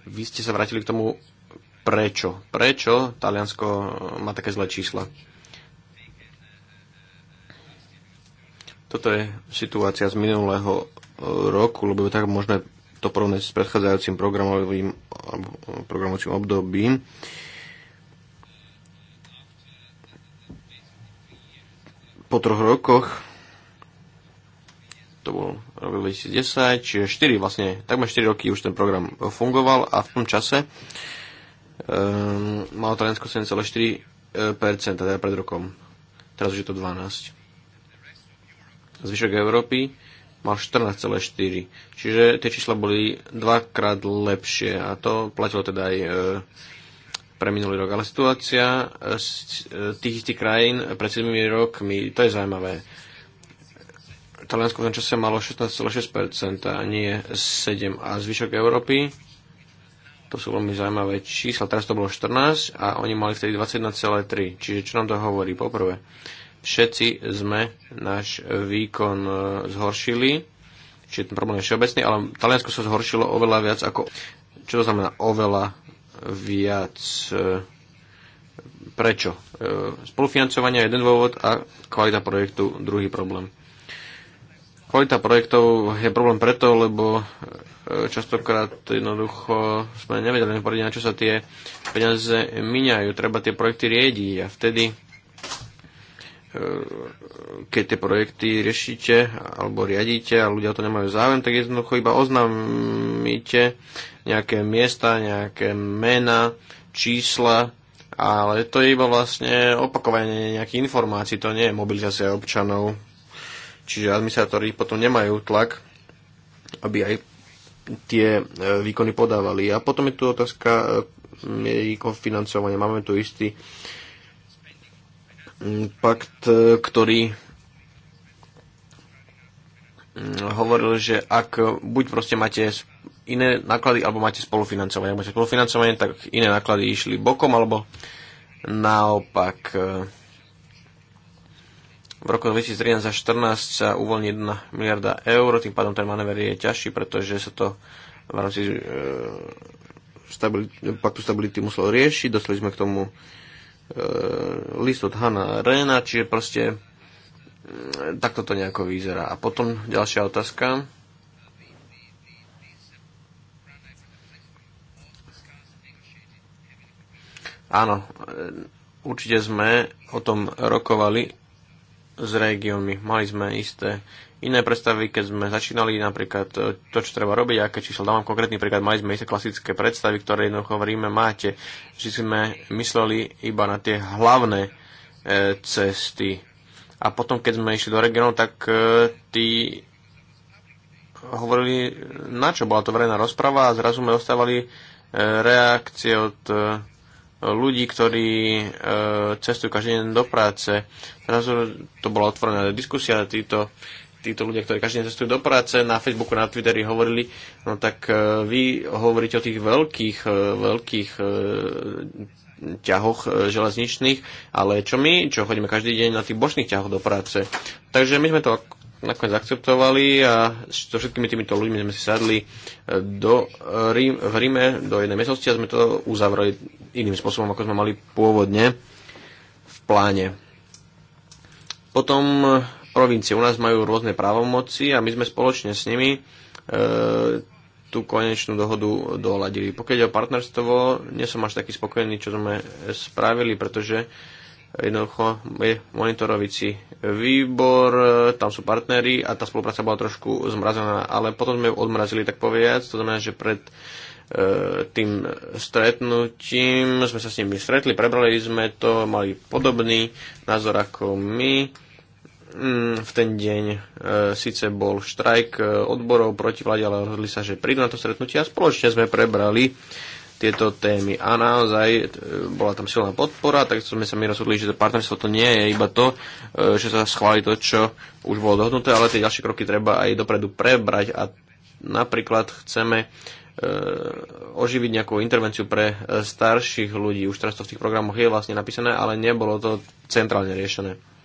Vy ste sa vrátili k tomu, prečo. Prečo Taliansko má také zlé čísla? Toto je situácia z minulého e, roku, lebo tak možné to porovnať s predchádzajúcim programovým e, programovacím obdobím. Po troch rokoch to bol rok 2010, čiže 4 vlastne, takmer 4 roky už ten program fungoval a v tom čase um, malo Taliansko 7,4%, teda pred rokom. Teraz už je to 12 zvyšok Európy mal 14,4. Čiže tie čísla boli dvakrát lepšie a to platilo teda aj e, pre minulý rok. Ale situácia z e, e, tých istých krajín pred 7 rokmi, to je zaujímavé. Taliansko v tom čase malo 16,6% a nie 7. A zvyšok Európy, to sú veľmi zaujímavé čísla, teraz to bolo 14 a oni mali vtedy 21,3. Čiže čo nám to hovorí? Poprvé, všetci sme náš výkon e, zhoršili, čiže ten problém je všeobecný, ale Taliansko sa zhoršilo oveľa viac ako... Čo to znamená oveľa viac? E, prečo? E, spolufinancovanie je jeden dôvod a kvalita projektu druhý problém. Kvalita projektov je problém preto, lebo častokrát jednoducho sme nevedeli poradiť, na čo sa tie peniaze miňajú. Treba tie projekty riediť a vtedy E, keď tie projekty riešite alebo riadíte a ľudia o to nemajú záujem, tak jednoducho iba oznámite nejaké miesta, nejaké mena, čísla, ale to je iba vlastne opakovanie nejakých informácií, to nie je mobilizácia občanov. Čiže administratóri potom nemajú tlak, aby aj tie e, výkony podávali. A potom je tu otázka e, jej financovania. Máme tu istý uh, pakt, e, ktorý hovoril, že ak buď proste máte iné náklady, alebo máte spolufinancovanie. Ak máte spolufinancovanie, tak iné náklady išli bokom, alebo naopak. E, v roku 2013 a sa uvoľní 1 miliarda eur, tým pádom ten manéver je ťažší, pretože sa to v rámci e, paktu stability muselo riešiť. Dostali sme k tomu E, list od Hanna Rena, čiže proste e, takto to nejako vyzerá. A potom ďalšia otázka. Áno, e, určite sme o tom rokovali s regiónmi. Mali sme isté iné predstavy, keď sme začínali napríklad e, to, čo treba robiť, aké číslo dávam konkrétny príklad, mali sme isté klasické predstavy, ktoré jednoducho v Ríme máte. že sme mysleli iba na tie hlavné e, cesty. A potom, keď sme išli do regionu, tak e, tí hovorili, na čo bola to verejná rozprava a zrazu sme dostávali e, reakcie od e, ľudí, ktorí e, cestujú každý deň do práce. Zrazu to bola otvorená diskusia, títo títo ľudia, ktorí každý deň cestujú do práce, na Facebooku, na Twitteri hovorili, no tak e, vy hovoríte o tých veľkých, e, veľkých e, ťahoch železničných, ale čo my, čo chodíme každý deň na tých bočných ťahoch do práce. Takže my sme to nakoniec akceptovali a so všetkými týmito ľuďmi sme si sadli do Rím, v Ríme do jednej miestnosti a sme to uzavreli iným spôsobom, ako sme mali pôvodne v pláne. Potom provincie. U nás majú rôzne právomoci a my sme spoločne s nimi e, tú konečnú dohodu doladili. Pokiaľ je o partnerstvo, nie som až taký spokojný, čo sme spravili, pretože jednoducho je monitorovici výbor, e, tam sú partnery a tá spolupráca bola trošku zmrazená, ale potom sme ju odmrazili, tak povediac, to znamená, že pred e, tým stretnutím sme sa s nimi stretli, prebrali sme to, mali podobný názor ako my Mm, v ten deň e, síce bol štrajk e, odborov proti vláde, ale rozhodli sa, že prídu na to stretnutie a spoločne sme prebrali tieto témy. A naozaj e, bola tam silná podpora, tak sme sa my rozhodli, že to partnerstvo to nie je iba to, e, že sa schváli to, čo už bolo dohodnuté, ale tie ďalšie kroky treba aj dopredu prebrať a napríklad chceme e, oživiť nejakú intervenciu pre e, starších ľudí. Už teraz to v tých programoch je vlastne napísané, ale nebolo to centrálne riešené.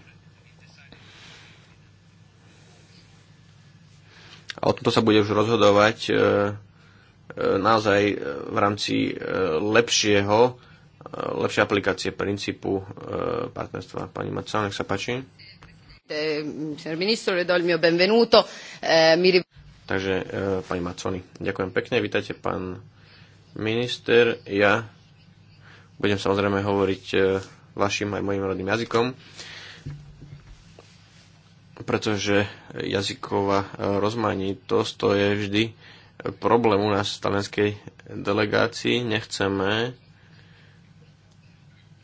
A o tomto sa bude už rozhodovať e, e, naozaj e, v rámci lepšieho, lepšej aplikácie princípu partnerstva. Pani Macau, nech sa páči. Takže, pani Maconi, ďakujem pekne, vítajte, pán minister. Ja budem samozrejme hovoriť vašim aj mojim rodným jazykom pretože jazyková e, rozmanitosť to je vždy problém u nás v talianskej delegácii. Nechceme,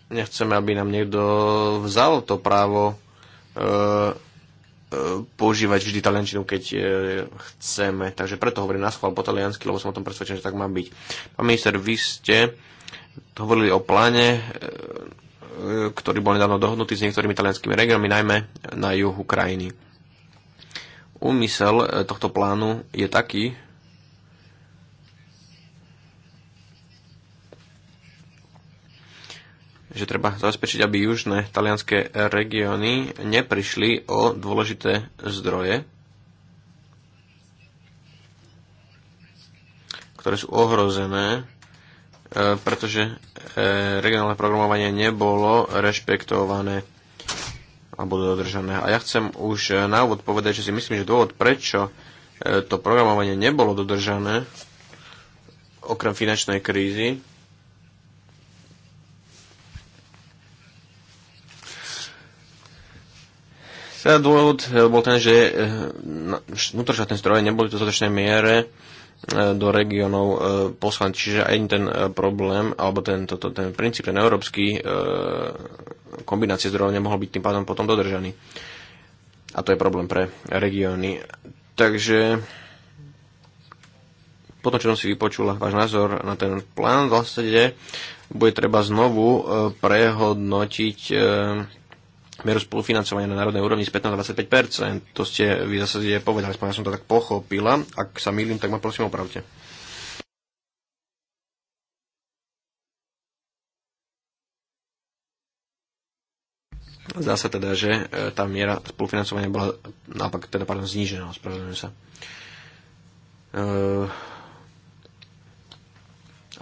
nechceme, aby nám niekto vzal to právo e, e, používať vždy taliančinu, keď e, chceme. Takže preto hovorím na schvál po taliansky, lebo som o tom presvedčený, že tak má byť. Pán minister, vy ste hovorili o pláne e, ktorý bol nedávno dohodnutý s niektorými talianskými regiónmi, najmä na juhu krajiny. Úmysel e, tohto plánu je taký, že treba zabezpečiť, aby južné talianské regióny neprišli o dôležité zdroje, ktoré sú ohrozené E, pretože e, regionálne programovanie nebolo rešpektované alebo dodržané. A ja chcem už e, na úvod povedať, že si myslím, že dôvod, prečo to programovanie nebolo dodržané, okrem finančnej krízy, Teda dôvod bol ten, že vnútroštátne zdroje neboli v dostatočnej miere E, do regiónov e, poslanci. Čiže aj ten e, problém, alebo ten, to, to, ten princíp, ten európsky kombinácie zdrojov nemohol byť tým pádom potom dodržaný. A to je problém pre regióny. Takže potom, čo som si vypočula váš názor na ten plán, vlastne bude treba znovu prehodnotiť mieru spolufinancovania na národnej úrovni z 15 na 25 To ste vy zase povedali, aspoň ja som to tak pochopila. Ak sa milím, tak ma prosím opravte. Zdá sa teda, že e, tá miera spolufinancovania bola naopak, teda pardon, znížená, ospravedlňujem sa. E,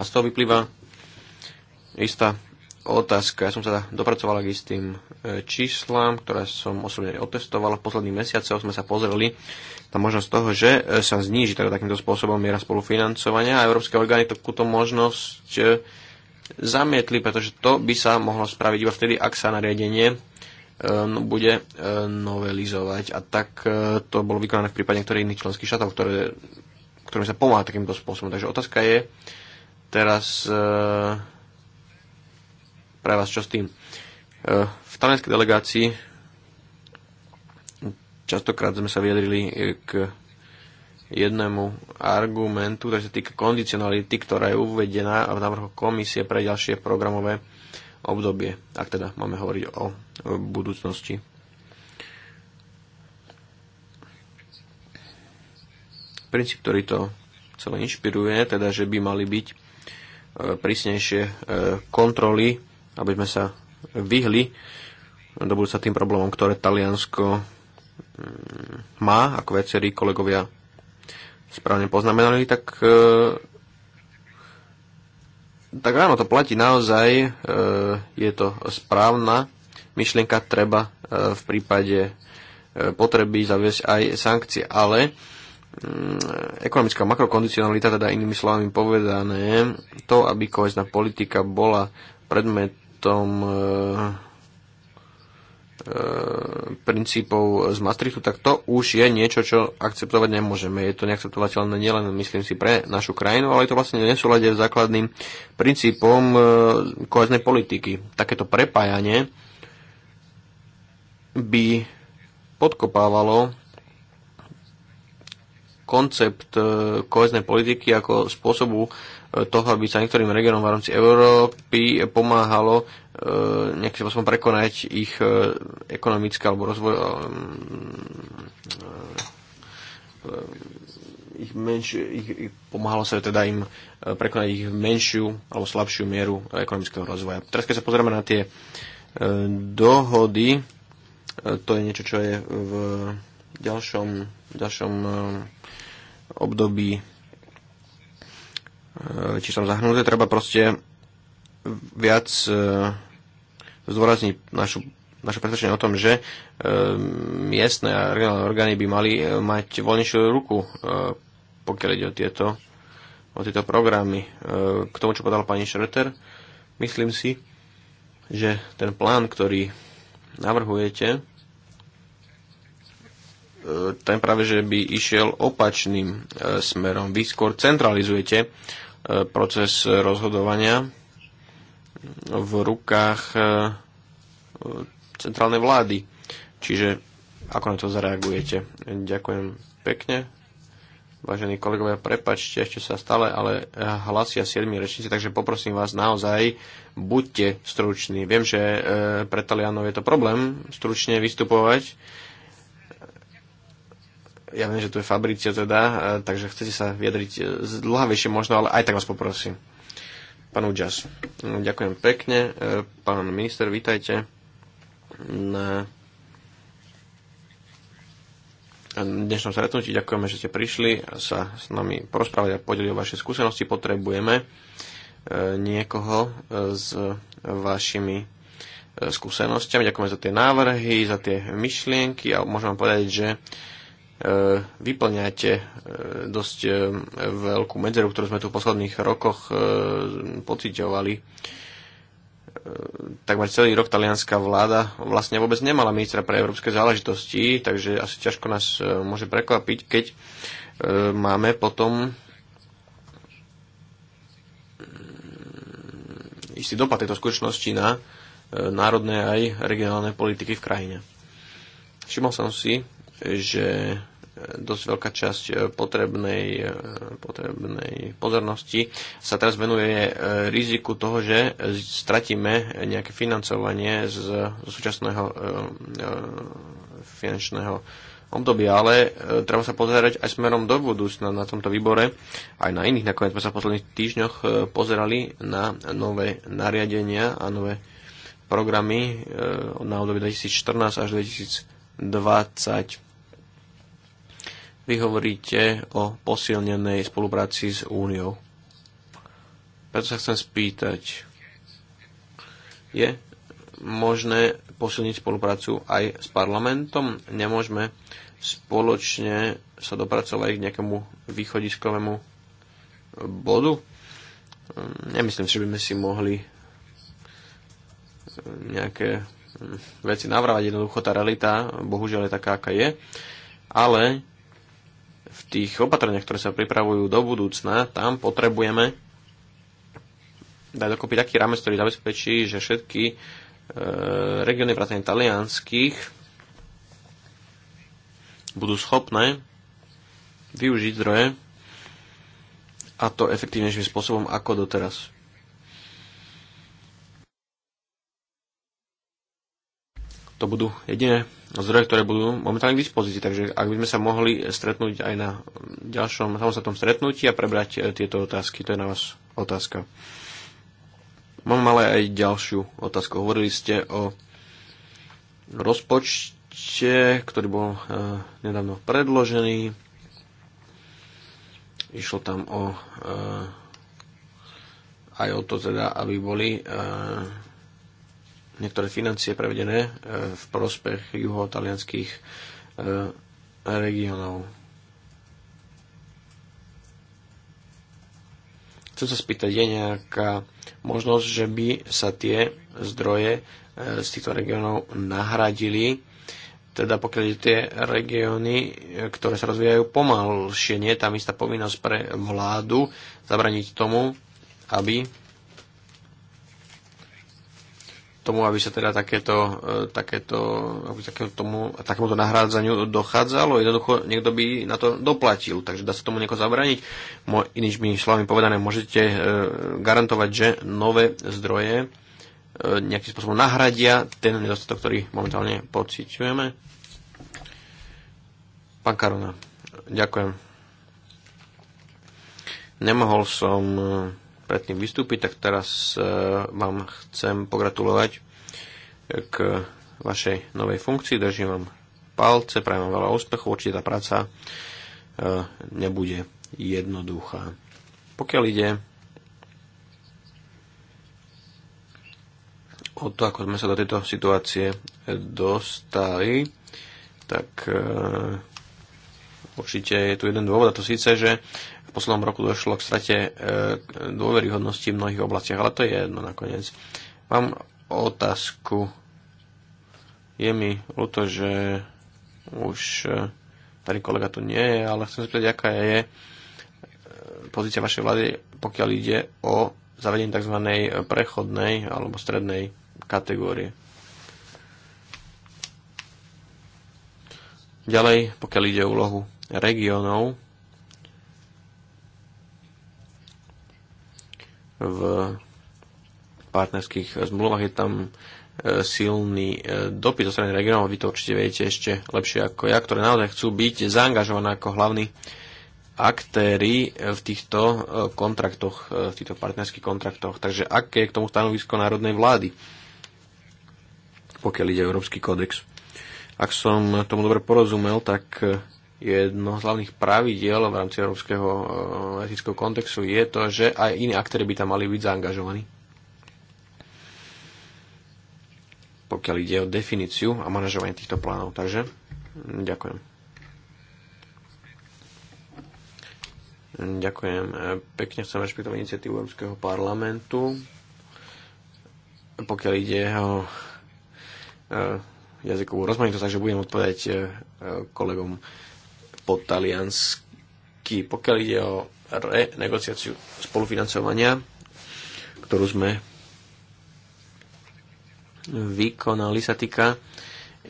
a z toho vyplýva istá otázka. Ja som sa dopracovala k istým e, číslam, ktoré som osobne otestoval. V posledných mesiacoch sme sa pozreli na možnosť toho, že e, sa zníži teda takýmto spôsobom miera spolufinancovania a európske orgány to túto možnosť e, zamietli, pretože to by sa mohlo spraviť iba vtedy, ak sa nariadenie no, bude novelizovať. A tak to bolo vykonané v prípade niektorých iných členských štátov, ktoré, ktorým sa pomáha takýmto spôsobom. Takže otázka je teraz pre vás, čo s tým. E, v talianskej delegácii častokrát sme sa vyjadrili k jednému argumentu, ktorý sa týka kondicionality, ktorá je uvedená v návrhu komisie pre ďalšie programové obdobie, ak teda máme hovoriť o budúcnosti. Princíp, ktorý to celé inšpiruje, teda, že by mali byť e, prísnejšie e, kontroly aby sme sa vyhli do budúca tým problémom, ktoré Taliansko mm, má, ako viacerí kolegovia správne poznamenali, tak e, tak áno, to platí naozaj, e, je to správna myšlienka, treba e, v prípade potreby zaviesť aj sankcie, ale mm, ekonomická makrokondicionalita, teda inými slovami povedané, to, aby kohezná politika bola predmet tom e, e, princípov z Maastrichtu, tak to už je niečo, čo akceptovať nemôžeme. Je to neakceptovateľné nielen, myslím si, pre našu krajinu, ale je to vlastne nesúlade s základným princípom e, koheznej politiky. Takéto prepájanie by podkopávalo koncept koheznej politiky ako spôsobu toho, aby sa niektorým regionom v rámci Európy pomáhalo e, nejakým spôsobom prekonať ich e, ekonomické alebo rozvoj e, ich, menš, ich, ich pomáhalo sa teda im prekonať ich menšiu alebo slabšiu mieru ekonomického rozvoja. Teraz keď sa pozrieme na tie dohody, to je niečo, čo je v ďalšom, ďalšom období Eh, či som zahnuté, treba proste viac eh, zdôrazniť našu naše presvedčenie o tom, že e, miestne a regionálne orgány by mali mať voľnejšiu ruku, e, pokiaľ ide o tieto, o tieto programy. E, k tomu, čo podal pani Šreter, myslím si, že ten plán, ktorý navrhujete, e, ten práve, že by išiel opačným e, smerom. Vy skôr centralizujete proces rozhodovania v rukách e, centrálnej vlády. Čiže ako na to zareagujete? Ďakujem pekne. Vážení kolegovia, prepačte, ešte sa stále, ale e, hlasia 7 rečníci, takže poprosím vás naozaj, buďte struční. Viem, že e, pre Talianov je to problém stručne vystupovať, ja viem, že tu je Fabricio teda, e, takže chcete sa vyjadriť e, dlhavejšie možno, ale aj tak vás poprosím. Pán Uďas, mm, ďakujem pekne. E, pán minister, vítajte na mm, dnešnom stretnutí. Ďakujeme, že ste prišli a sa s nami porozprávať a podeliť o vaše skúsenosti. Potrebujeme niekoho s vašimi skúsenostiami. Ďakujeme za tie návrhy, za tie myšlienky a môžem vám povedať, že E, vyplňate e, dosť e, veľkú medzeru, ktorú sme tu v posledných rokoch pociťovali. Takmer celý rok talianská vláda vlastne vôbec nemala ministra pre európske záležitosti, takže asi ťažko nás môže prekvapiť, keď máme potom mm, istý dopad tejto skutočnosti na národné aj regionálne politiky v krajine. Všimol som si, že dosť veľká časť e, potrebnej, e, potrebnej pozornosti sa teraz venuje e, riziku toho, že stratíme nejaké financovanie z súčasného finančného obdobia, ale treba sa pozerať aj smerom do budúcna na tomto výbore, aj na iných, nakoniec sme sa v posledných týždňoch pozerali na nové nariadenia a nové programy na obdobie 2014 až 2020 vy hovoríte o posilnenej spolupráci s Úniou. Preto sa chcem spýtať, je možné posilniť spoluprácu aj s parlamentom? Nemôžeme spoločne sa dopracovať k nejakému východiskovému bodu? Nemyslím, že by sme si mohli nejaké veci navrávať. Jednoducho tá realita, bohužiaľ, je taká, aká je. Ale v tých opatreniach, ktoré sa pripravujú do budúcna, tam potrebujeme dať dokopy taký rámec, ktorý zabezpečí, že všetky e, regióny vrátane talianských budú schopné využiť zdroje a to efektívnejším spôsobom ako doteraz. to budú jediné zdroje, ktoré budú momentálne k dispozícii. Takže ak by sme sa mohli stretnúť aj na ďalšom samostatnom stretnutí a prebrať e, tieto otázky, to je na vás otázka. Mám ale aj ďalšiu otázku. Hovorili ste o rozpočte, ktorý bol e, nedávno predložený. Išlo tam o e, aj o to teda, aby boli niektoré financie prevedené e, v prospech juhotalianských e, regionov. Chcem sa spýtať, je nejaká možnosť, že by sa tie zdroje e, z týchto regionov nahradili, teda pokiaľ tie regióny, ktoré sa rozvíjajú pomalšie, nie je tam istá povinnosť pre vládu zabraniť tomu, aby tomu, aby sa teda takéto, e, takéto, aby takéto tomu, takémuto nahrádzaniu dochádzalo. Jednoducho niekto by na to doplatil, takže dá sa tomu nieko zabraniť. Mo, inými slovami povedané, môžete e, garantovať, že nové zdroje e, nejakým spôsobom nahradia ten nedostatok, ktorý momentálne pociťujeme. Pán Karona, ďakujem. Nemohol som e, predtým vystúpiť, tak teraz e, vám chcem pogratulovať e, k vašej novej funkcii. Držím vám palce, prajem vám veľa úspechov, určite tá práca e, nebude jednoduchá. Pokiaľ ide o to, ako sme sa do tejto situácie dostali, tak určite je tu jeden dôvod a to síce, že poslednom roku došlo k strate e, dôveryhodnosti v mnohých oblastiach, ale to je jedno nakoniec. Mám otázku. Je mi ľúto, že už e, tady kolega tu nie je, ale chcem spýtať, aká je e, pozícia vašej vlády, pokiaľ ide o zavedenie tzv. prechodnej alebo strednej kategórie. Ďalej, pokiaľ ide o úlohu regionov, v partnerských zmluvách. Je tam e, silný e, dopyt zo strany regionálov. vy to určite viete ešte lepšie ako ja, ktoré naozaj chcú byť zaangažované ako hlavní aktéry e, v týchto kontraktoch, v týchto partnerských kontraktoch. Takže aké je k tomu stanovisko národnej vlády, pokiaľ ide o Európsky kódex? Ak som tomu dobre porozumel, tak jedno z hlavných pravidiel v rámci európskeho eh, etického kontextu je to, že aj iní aktéry by tam mali byť zaangažovaní. Pokiaľ ide o definíciu a manažovanie týchto plánov. Takže ďakujem. Ďakujem. Pekne chcem rešpektovať iniciatívu Európskeho parlamentu. Pokiaľ ide o eh, jazykovú rozmanitosť, takže budem odpovedať eh, kolegom po taliansky. Pokiaľ ide o renegociáciu spolufinancovania, ktorú sme vykonali, sa týka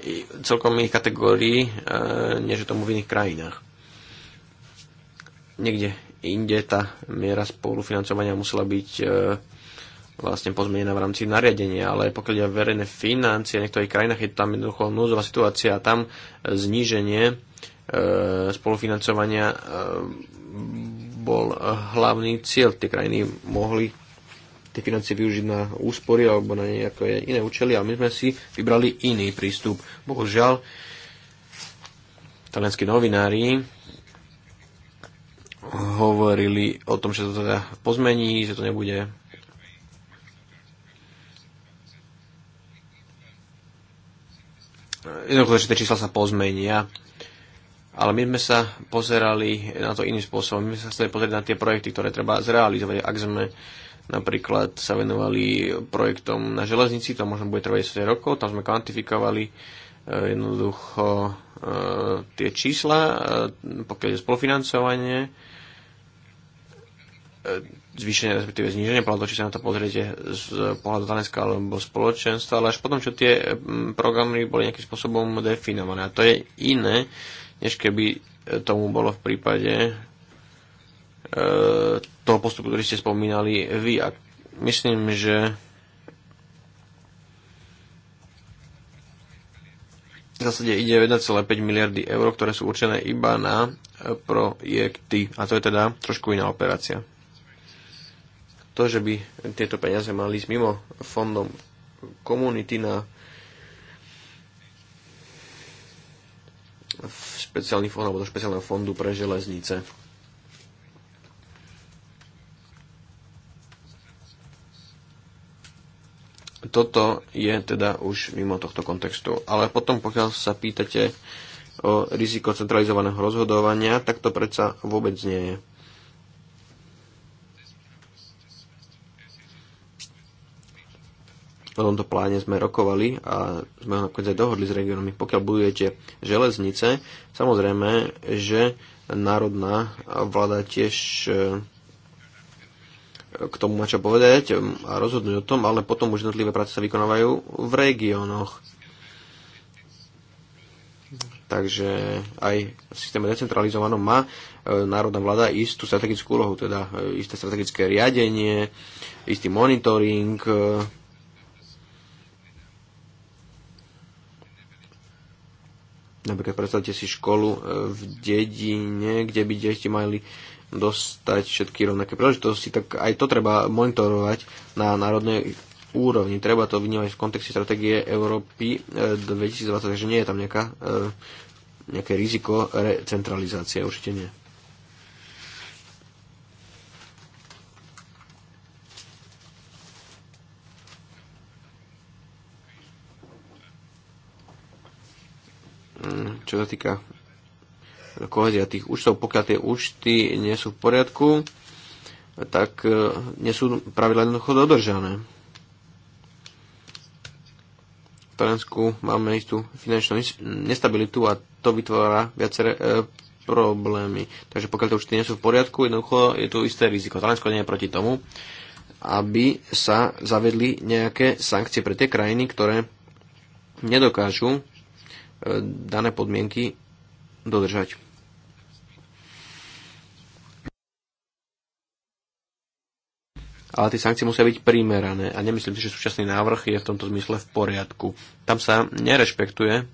e, celkom iných kategórií, e, než tomu v iných krajinách. Niekde inde tá miera spolufinancovania musela byť e, vlastne pozmenená v rámci nariadenia, ale pokiaľ ide verejné financie v niektorých krajinách, je tam jednoducho núzová situácia a tam zníženie Eh, spolufinancovania eh, bol hlavný cieľ. Tie krajiny mohli tie financie využiť na úspory alebo na nejaké iné účely, ale my sme si vybrali iný prístup. Bohužiaľ, talianskí novinári hovorili o tom, že to teda pozmení, že to nebude jednoducho, že tie čísla sa pozmenia ale my sme sa pozerali na to iným spôsobom. My sme sa chceli pozrieť na tie projekty, ktoré treba zrealizovať. Ak sme napríklad sa venovali projektom na železnici, to možno bude trvať 10 rokov, tam sme kvantifikovali e, jednoducho e, tie čísla, e, pokiaľ je spolufinancovanie, zvýšenie, respektíve zníženie pohľadu, či sa na to pozriete z pohľadu Taneska alebo spoločenstva, ale až potom, čo tie programy boli nejakým spôsobom definované. A to je iné, než keby e, tomu bolo v prípade e, toho postupu, ktorý ste spomínali vy. A myslím, že v zásade ide 1,5 miliardy eur, ktoré sú určené iba na e, projekty. A to je teda trošku iná operácia. To, že by tieto peniaze mali ísť mimo fondom komunity na v špeciálny fond alebo do špeciálneho fondu pre železnice. Toto je teda už mimo tohto kontextu. Ale potom, pokiaľ sa pýtate o riziko centralizovaného rozhodovania, tak to predsa vôbec nie je. O tomto pláne sme rokovali a sme ho nakoniec aj dohodli s regiónmi. Pokiaľ budujete železnice, samozrejme, že národná vláda tiež e, k tomu má čo povedať a rozhodnúť o tom, ale potom už jednotlivé práce sa vykonávajú v regiónoch. Takže aj v systéme decentralizovanom má e, národná vláda istú strategickú úlohu, teda e, isté strategické riadenie, istý monitoring, Napríklad predstavte si školu e, v dedine, kde by deti mali dostať všetky rovnaké príležitosti, tak aj to treba monitorovať na národnej úrovni. Treba to vnímať v kontexte stratégie Európy 2020, e, takže nie je tam nejaká, e, nejaké riziko centralizácie, určite nie. Mm, čo sa týka kohezia tých účtov, pokiaľ tie účty nie sú v poriadku, tak e, nie sú pravidla jednoducho dodržané. V Taliansku máme istú finančnú nestabilitu a to vytvára viaceré e, problémy. Takže pokiaľ tie účty nie sú v poriadku, jednoducho je tu isté riziko. Taliansko nie je proti tomu, aby sa zavedli nejaké sankcie pre tie krajiny, ktoré nedokážu E, dané podmienky dodržať. Ale tie sankcie musia byť primerané a nemyslím si, že súčasný návrh je v tomto zmysle v poriadku. Tam sa nerešpektuje e,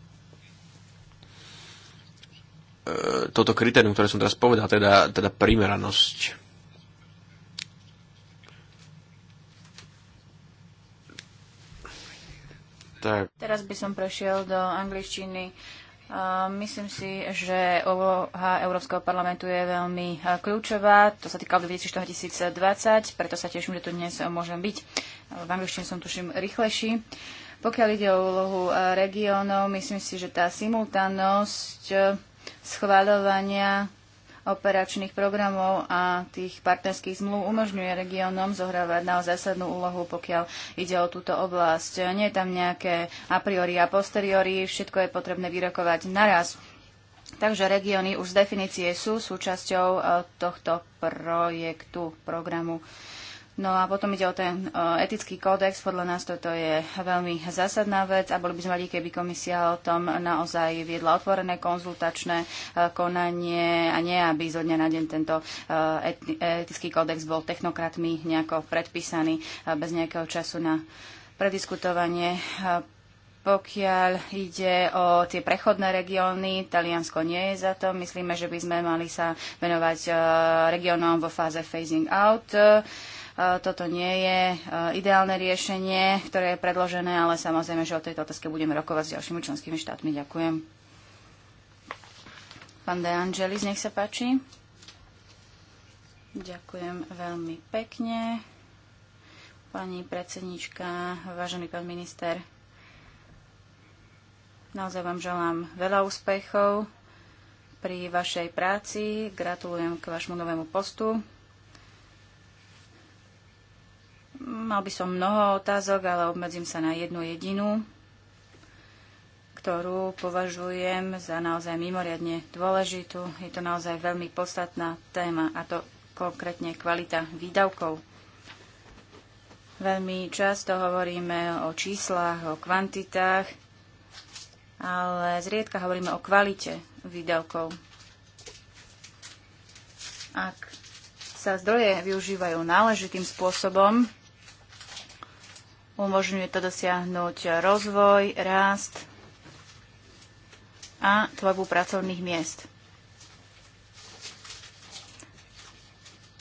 toto kritérium, ktoré som teraz povedal, teda, teda primeranosť. Tak. Teraz by som prešiel do angličtiny. Myslím si, že úloha Európskeho parlamentu je veľmi kľúčová. To sa týka obdobia 2020, preto sa teším, že tu dnes môžem byť. V angličtine som tuším rýchlejší. Pokiaľ ide o úlohu regiónov, myslím si, že tá simultánnosť schváľovania operačných programov a tých partnerských zmluv umožňuje regiónom zohrávať na zásadnú úlohu, pokiaľ ide o túto oblasť. Nie je tam nejaké a priori a posteriori, všetko je potrebné vyrokovať naraz. Takže regióny už z definície sú súčasťou eh, tohto projektu, programu. No a potom ide o ten e, etický kódex. Podľa nás toto je veľmi zásadná vec a boli by sme radi, keby komisia o tom naozaj viedla otvorené konzultačné e, konanie a nie, aby zo dňa na deň tento e, etický kódex bol technokratmi nejako predpísaný bez nejakého času na prediskutovanie. Pokiaľ ide o tie prechodné regióny, Taliansko nie je za to. Myslíme, že by sme mali sa venovať regiónom vo fáze phasing out. Eh, toto nie je eh, ideálne riešenie, ktoré je predložené, ale samozrejme, že o tejto otázke budeme rokovať s ďalšími členskými štátmi. Ďakujem. Pán De Angelis, nech sa páči. Ďakujem veľmi pekne. Pani predsednička, vážený pán minister, naozaj vám želám veľa úspechov pri vašej práci. Gratulujem k vašmu novému postu. Mal by som mnoho otázok, ale obmedzím sa na jednu jedinú, ktorú považujem za naozaj mimoriadne dôležitú. Je to naozaj veľmi podstatná téma, a to konkrétne kvalita výdavkov. Veľmi často hovoríme o číslach, o kvantitách, ale zriedka hovoríme o kvalite výdavkov. Ak sa zdroje využívajú náležitým spôsobom, Umožňuje to dosiahnuť rozvoj, rást a tvorbu pracovných miest.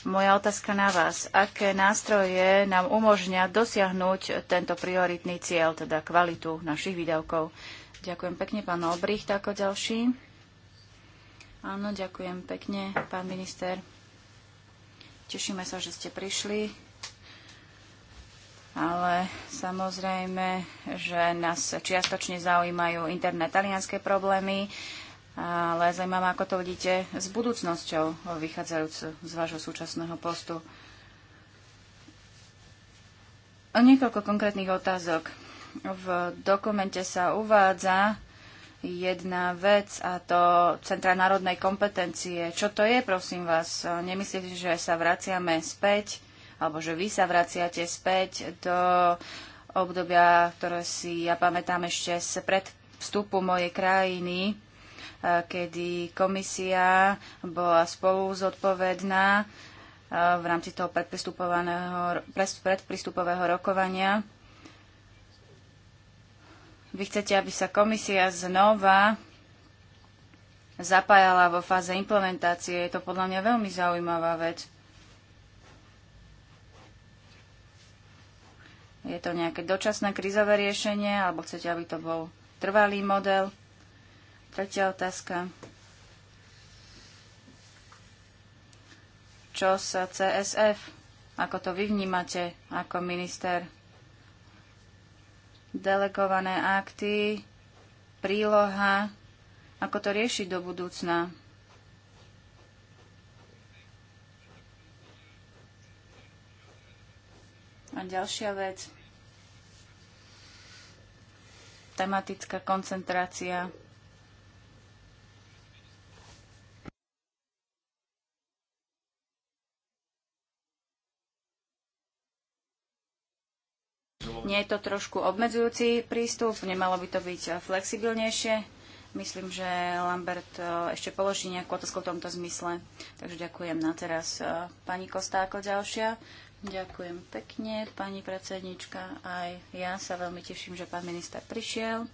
Moja otázka na vás. Aké nástroje nám umožňa dosiahnuť tento prioritný cieľ, teda kvalitu našich výdavkov? Ďakujem pekne, pán Obrich, ako ďalší. Áno, ďakujem pekne, pán minister. Tešíme sa, že ste prišli ale samozrejme, že nás čiastočne zaujímajú interné talianské problémy, ale zaujímavé, ako to vidíte s budúcnosťou, vychádzajúc z vášho súčasného postu. Niekoľko konkrétnych otázok. V dokumente sa uvádza jedna vec a to Centra národnej kompetencie. Čo to je, prosím vás? Nemyslíte, že sa vraciame späť? alebo že vy sa vraciate späť do obdobia, ktoré si ja pamätám ešte z pred vstupu mojej krajiny, e, kedy komisia bola spolu zodpovedná e, v rámci toho predpristupového rokovania. Vy chcete, aby sa komisia znova zapájala vo fáze implementácie. Je to podľa mňa veľmi zaujímavá vec. Je to nejaké dočasné krizové riešenie, alebo chcete, aby to bol trvalý model? Tretia otázka. Čo sa CSF? Ako to vy vnímate ako minister? Delegované akty, príloha, ako to riešiť do budúcna? A ďalšia vec, tematická koncentrácia. Nie je to trošku obmedzujúci prístup, nemalo by to byť flexibilnejšie. Myslím, že Lambert e, ešte položí nejakú otázku v tomto zmysle. Takže ďakujem na teraz e, pani Kosta ďalšia. Ďakujem pekne, pani predsednička. Aj ja sa veľmi teším, že pán minister prišiel.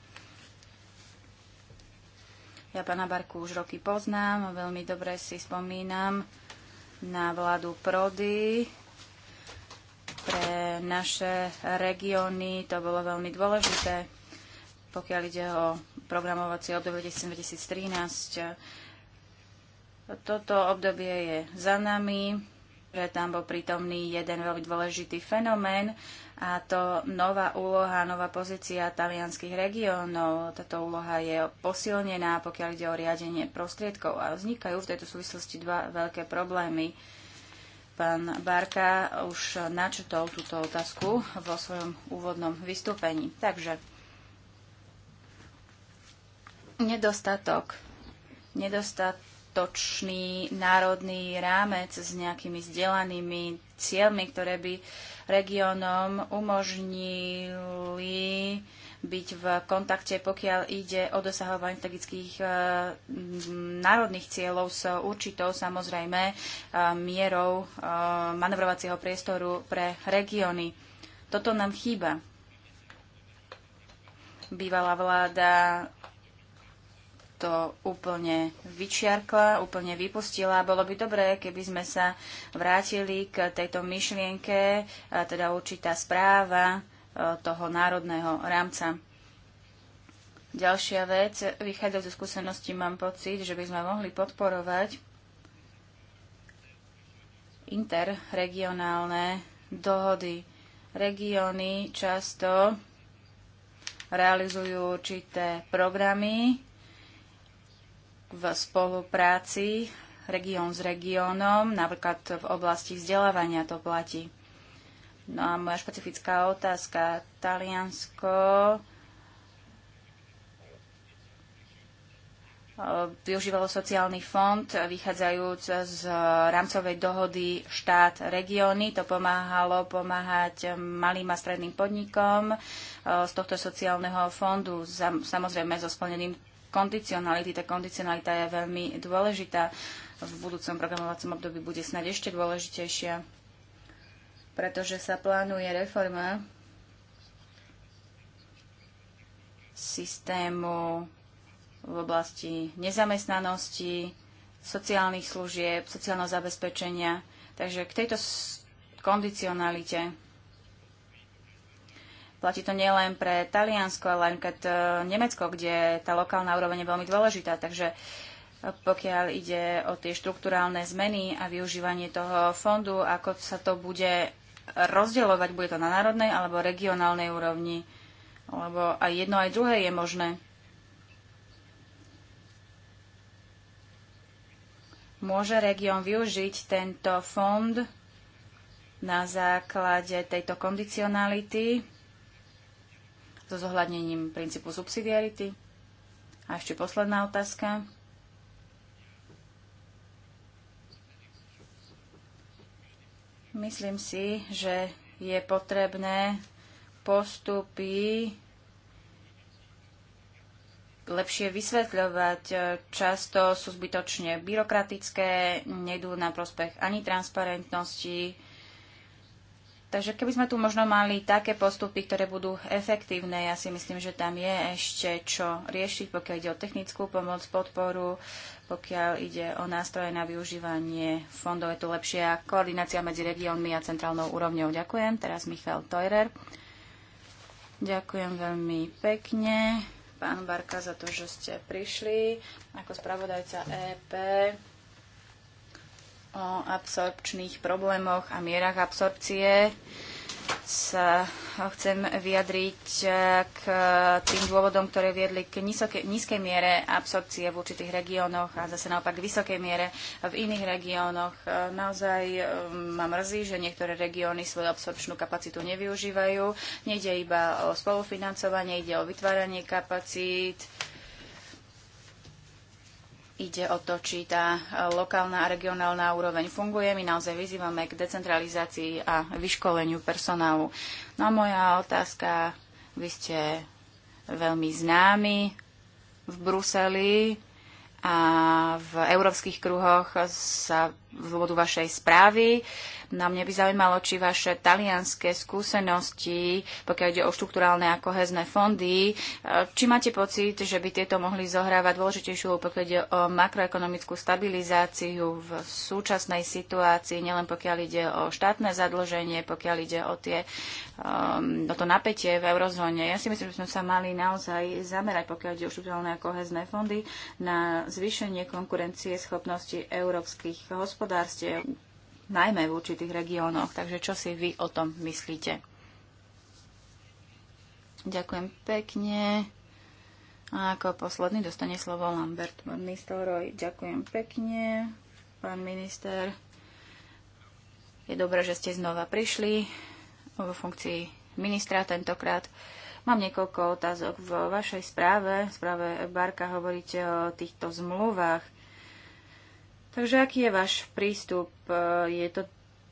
Ja pána Barku už roky poznám, veľmi dobre si spomínam na vládu Prody. Pre naše regióny to bolo veľmi dôležité, pokiaľ ide o programovacie obdobie 2013. Toto obdobie je za nami že tam bol prítomný jeden veľmi dôležitý fenomén a to nová úloha, nová pozícia talianských regiónov. Táto úloha je posilnená, pokiaľ ide o riadenie prostriedkov a vznikajú v tejto súvislosti dva veľké problémy. Pán Barka už načetol túto otázku vo svojom úvodnom vystúpení. Takže nedostatok nedostatok dostatočný národný rámec s nejakými vzdelanými cieľmi, ktoré by regiónom umožnili byť v kontakte, pokiaľ ide o dosahovanie strategických e, národných cieľov s určitou samozrejme e, mierou e, manevrovacieho priestoru pre regióny. Toto nám chýba. Bývalá vláda to úplne vyčiarkla, úplne vypustila. Bolo by dobré, keby sme sa vrátili k tejto myšlienke, teda určitá správa e, toho národného rámca. Ďalšia vec, vychádzajúc zo skúsenosti mám pocit, že by sme mohli podporovať interregionálne dohody. Regióny často realizujú určité programy, v spolupráci región s regiónom, napríklad v oblasti vzdelávania to platí. No a moja špecifická otázka. Taliansko eh, využívalo sociálny fond vychádzajúc z rámcovej dohody štát regióny. To pomáhalo pomáhať malým a stredným podnikom eh, z tohto sociálneho fondu, samozrejme so splneným kondicionality. Tá kondicionalita je veľmi dôležitá. V budúcom programovacom období bude snáď ešte dôležitejšia, pretože sa plánuje reforma systému v oblasti nezamestnanosti, sociálnych služieb, sociálneho zabezpečenia. Takže k tejto kondicionalite Platí to nielen pre Taliansko, ale aj pre Nemecko, kde tá lokálna úroveň je veľmi dôležitá. Takže e, pokiaľ ide o tie štruktúrálne zmeny a využívanie toho fondu, ako sa to bude rozdielovať, bude to na národnej alebo regionálnej úrovni, lebo aj jedno, aj druhé je možné. Môže región využiť tento fond na základe tejto kondicionality, so zohľadnením princípu subsidiarity. A ešte posledná otázka. Myslím si, že je potrebné postupy lepšie vysvetľovať. Často sú zbytočne byrokratické, nejdú na prospech ani transparentnosti, Takže keby sme tu možno mali také postupy, ktoré budú efektívne, ja si myslím, že tam je ešte čo riešiť, pokiaľ ide o technickú pomoc, podporu, pokiaľ ide o nástroje na využívanie fondov, je tu lepšia koordinácia medzi regiónmi a centrálnou úrovňou. Ďakujem. Teraz Michal Teurer. Ďakujem veľmi pekne, pán Barka, za to, že ste prišli ako spravodajca EP o absorpčných problémoch a mierach absorpcie sa chcem vyjadriť eh, k tým dôvodom, ktoré viedli k nízkej, nízkej miere absorpcie v určitých regiónoch a zase naopak k vysokej miere v iných regiónoch. Eh, naozaj eh, ma mrzí, že niektoré regióny svoju absorpčnú kapacitu nevyužívajú. Nejde iba o spolufinancovanie, ide o vytváranie kapacít Ide o to, či tá e, lokálna a regionálna úroveň funguje. My naozaj vyzývame k decentralizácii a vyškoleniu personálu. No a moja otázka, vy ste veľmi známi v Bruseli a v európskych kruhoch sa z dôvodu vašej správy. Na mne by zaujímalo, či vaše talianské skúsenosti, pokiaľ ide o štruktúrálne a kohezné fondy, e, či máte pocit, že by tieto mohli zohrávať dôležitejšiu, pokiaľ ide o makroekonomickú stabilizáciu v súčasnej situácii, nielen pokiaľ ide o štátne zadlženie, pokiaľ ide o, tie, um, o to napätie v eurozóne. Ja si myslím, že sme sa mali naozaj zamerať, pokiaľ ide o štruktúrálne a kohezné fondy, na zvýšenie konkurencie schopnosti európskych hospodárstv hospodárstiev, najmä v určitých regiónoch. Takže čo si vy o tom myslíte? Ďakujem pekne. A ako posledný dostane slovo Lambert van Ďakujem pekne, pán minister. Je dobré, že ste znova prišli vo funkcii ministra tentokrát. Mám niekoľko otázok. V vašej správe, správe Barka, hovoríte o týchto zmluvách. Takže aký je váš prístup? E, je to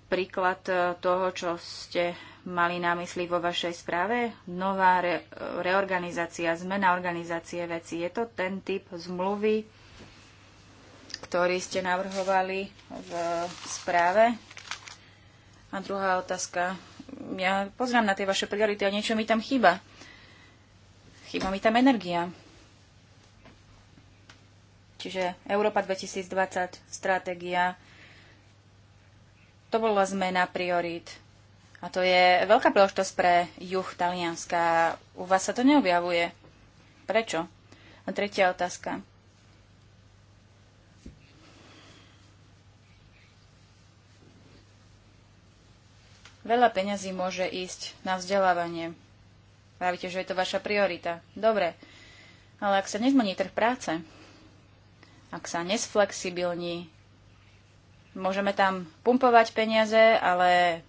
príklad e, toho, čo ste mali na mysli vo vašej správe? Nová re- reorganizácia, zmena organizácie veci. Je to ten typ zmluvy, ktorý ste navrhovali v správe? A druhá otázka. Ja pozrám na tie vaše priority a niečo mi tam chýba. Chýba mi tam energia. Čiže Európa 2020, stratégia, to bola zmena priorít. A to je veľká príležitosť pre juh Talianska. U vás sa to neobjavuje. Prečo? A tretia otázka. Veľa peňazí môže ísť na vzdelávanie. Pravíte, že je to vaša priorita. Dobre. Ale ak sa nezmení trh práce, ak sa nesflexibilní, môžeme tam pumpovať peniaze, ale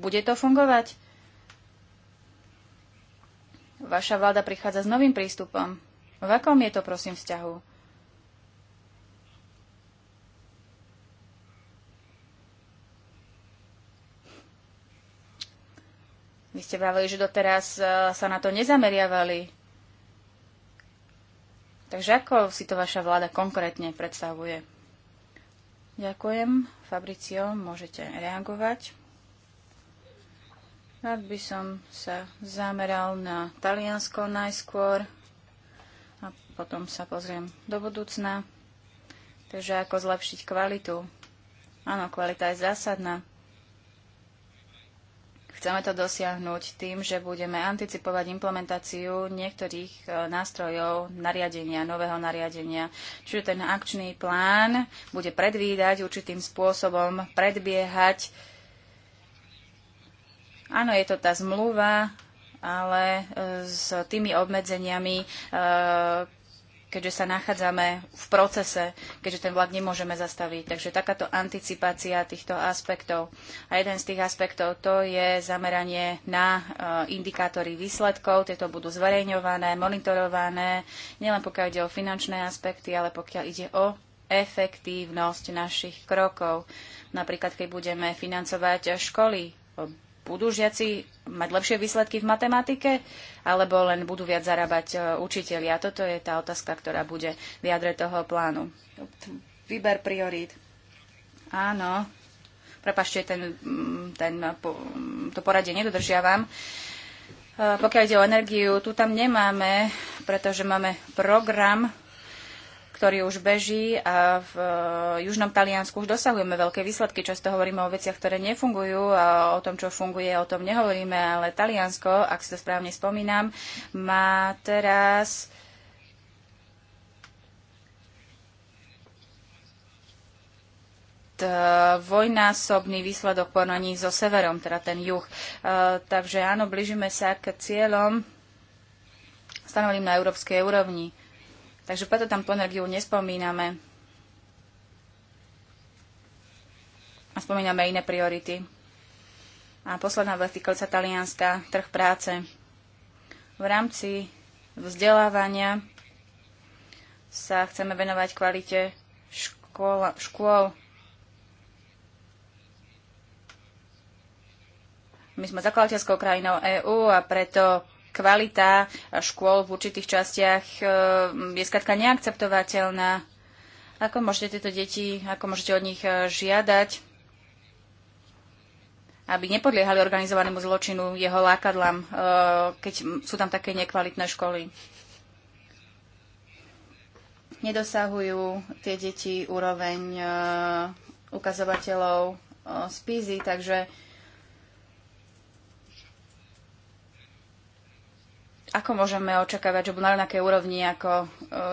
bude to fungovať? Vaša vláda prichádza s novým prístupom. V akom je to, prosím, vzťahu? Vy ste vravili, že doteraz eh, sa na to nezameriavali. Takže ako si to vaša vláda konkrétne predstavuje? Ďakujem. Fabricio, môžete reagovať. Rád by som sa zameral na Taliansko najskôr a potom sa pozriem do budúcna. Takže ako zlepšiť kvalitu. Áno, kvalita je zásadná. Chceme to dosiahnuť tým, že budeme anticipovať implementáciu niektorých e, nástrojov nariadenia, nového nariadenia. Čiže ten akčný plán bude predvídať určitým spôsobom, predbiehať. Áno, je to tá zmluva, ale e, s tými obmedzeniami, e, keďže sa nachádzame v procese, keďže ten vlak nemôžeme zastaviť. Takže takáto anticipácia týchto aspektov. A jeden z tých aspektov to je zameranie na e, indikátory výsledkov. Tieto budú zverejňované, monitorované, nielen pokiaľ ide o finančné aspekty, ale pokiaľ ide o efektívnosť našich krokov. Napríklad, keď budeme financovať školy, budú žiaci mať lepšie výsledky v matematike, alebo len budú viac zarábať e, učiteľi. A toto je tá otázka, ktorá bude v jadre toho plánu. Výber priorít. Áno. Prepašte, ten, ten, to poradie nedodržiavam. E, pokiaľ ide o energiu, tu tam nemáme, pretože máme program ktorý už beží a v e, južnom Taliansku už dosahujeme veľké výsledky. Často hovoríme o veciach, ktoré nefungujú a o tom, čo funguje, o tom nehovoríme, ale Taliansko, ak si to správne spomínam, má teraz dvojnásobný výsledok porovnaní so severom, teda ten juh. E, takže áno, blížime sa k cieľom stanovným na európskej úrovni. Takže preto tam tú energiu nespomíname. A spomíname iné priority. A posledná vec týkajúca Talianska, trh práce. V rámci vzdelávania sa chceme venovať kvalite škôl. My sme zakladateľskou krajinou EÚ a preto kvalita škôl v určitých častiach eh, je skratka neakceptovateľná. Ako môžete tieto deti, ako môžete od nich eh, žiadať, aby nepodliehali organizovanému zločinu jeho lákadlám, eh, keď sú tam také nekvalitné školy? Nedosahujú tie deti úroveň ukazovateľov z PISY, takže Ako môžeme očakávať, že budú na rovnakej úrovni ako e,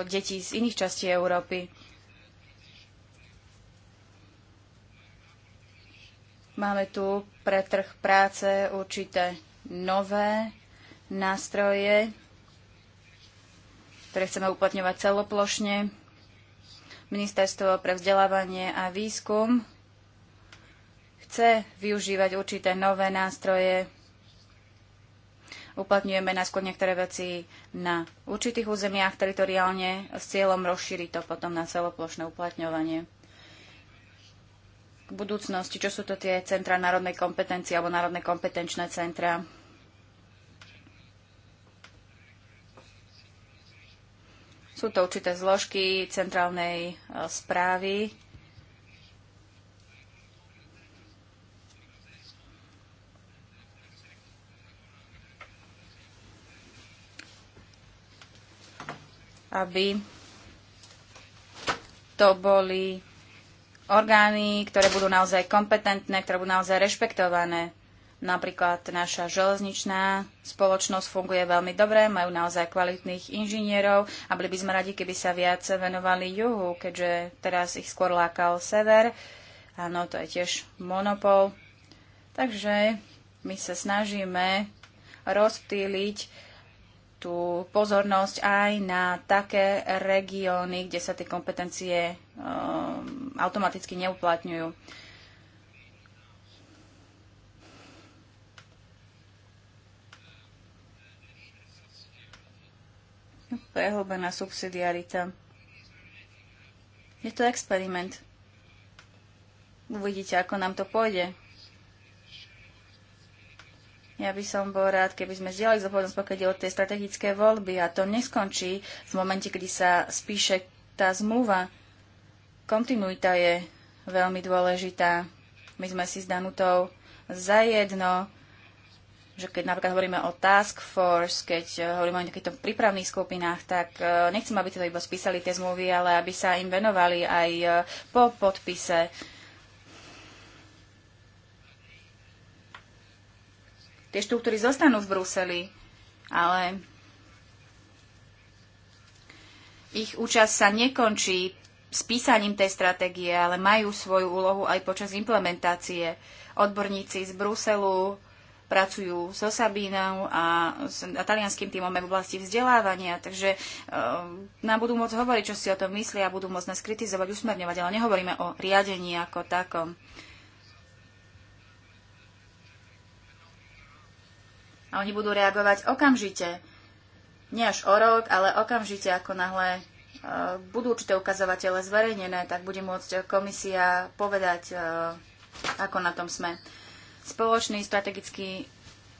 deti z iných častí Európy? Máme tu pre trh práce určité nové nástroje, ktoré chceme uplatňovať celoplošne. Ministerstvo pre vzdelávanie a výskum chce využívať určité nové nástroje uplatňujeme najskôr niektoré veci na určitých územiach teritoriálne s cieľom rozšíriť to potom na celoplošné uplatňovanie. K budúcnosti, čo sú to tie centra národnej kompetencie alebo národné kompetenčné centra? Sú to určité zložky centrálnej e, správy, aby to boli orgány, ktoré budú naozaj kompetentné, ktoré budú naozaj rešpektované. Napríklad naša železničná spoločnosť funguje veľmi dobre, majú naozaj kvalitných inžinierov a boli by sme radi, keby sa viac venovali juhu, keďže teraz ich skôr lákal sever. Áno, to je tiež monopol. Takže my sa snažíme rozptýliť tú pozornosť aj na také regióny, kde sa tie kompetencie um, automaticky neuplatňujú. Prehlbená subsidiarita. Je to experiment. Uvidíte, ako nám to pôjde. Ja by som bol rád, keby sme zdieľali zodpovednosť, pokiaľ ide o tie strategické voľby a to neskončí v momente, kedy sa spíše tá zmluva. Kontinuita je veľmi dôležitá. My sme si s Danutou zajedno, že keď napríklad hovoríme o task force, keď eh, hovoríme o nejakých prípravných skupinách, tak eh, nechcem, aby to iba spísali tie zmluvy, ale aby sa im venovali aj eh, po podpise Tie štruktúry zostanú v Bruseli, ale ich účasť sa nekončí s písaním tej stratégie, ale majú svoju úlohu aj počas implementácie. Odborníci z Bruselu pracujú so Sabínou a s talianským týmom v oblasti vzdelávania, takže e, nám budú môcť hovoriť, čo si o tom myslia, budú môcť nás kritizovať, usmerňovať, ale nehovoríme o riadení ako takom. a oni budú reagovať okamžite. Nie až o rok, ale okamžite, ako nahlé e, budú určité ukazovatele zverejnené, tak bude môcť komisia povedať, e, ako na tom sme. Spoločný strategický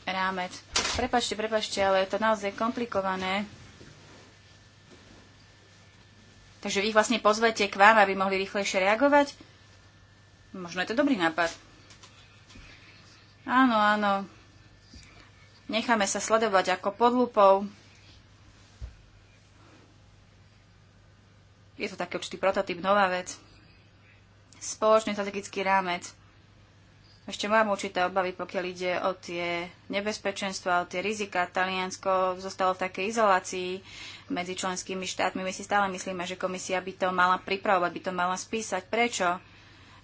rámec. Prepačte, prepačte, ale je to naozaj komplikované. Takže vy ich vlastne pozvete k vám, aby mohli rýchlejšie reagovať? Možno je to dobrý nápad. Áno, áno. Necháme sa sledovať ako pod lupou. Je to taký určitý prototyp, nová vec. Spoločný strategický rámec. Ešte mám určité obavy, pokiaľ ide o tie nebezpečenstva, o tie rizika. Taliansko zostalo v takej izolácii medzi členskými štátmi. My si stále myslíme, že komisia by to mala pripravovať, by to mala spísať. Prečo?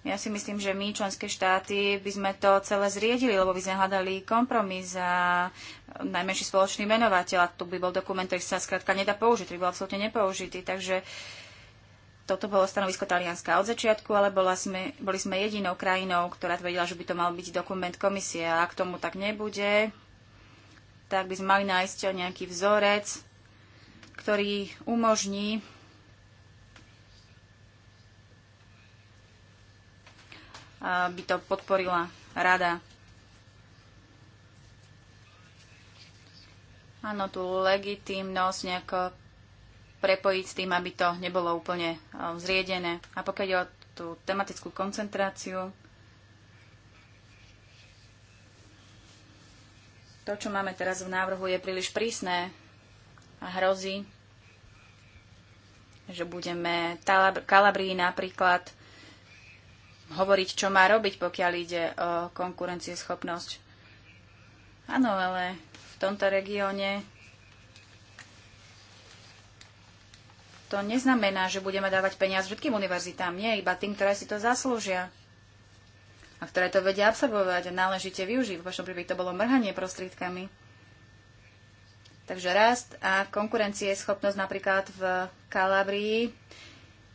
Ja si myslím, že my, členské štáty, by sme to celé zriedili, lebo by sme hľadali kompromis a najmenší spoločný menovateľ. A tu by bol dokument, ktorý sa skrátka nedá použiť, ktorý bol absolútne nepoužitý. Takže toto bolo stanovisko Talianska od začiatku, ale bola sme, boli sme jedinou krajinou, ktorá tvrdila, že by to mal byť dokument komisie. A ak tomu tak nebude, tak by sme mali nájsť nejaký vzorec, ktorý umožní by to podporila rada. Áno, tú legitimnosť nejako prepojiť s tým, aby to nebolo úplne e, zriedené. A pokiaľ je o tú tematickú koncentráciu, to, čo máme teraz v návrhu, je príliš prísne a hrozí, že budeme Kalabrii napríklad hovoriť, čo má robiť, pokiaľ ide o konkurencieschopnosť. Áno, ale v tomto regióne to neznamená, že budeme dávať peniaz všetkým univerzitám, nie, iba tým, ktoré si to zaslúžia a ktoré to vedia absorbovať a náležite využiť. V vašom prípade to bolo mrhanie prostriedkami. Takže rast a konkurencieschopnosť napríklad v Kalabrii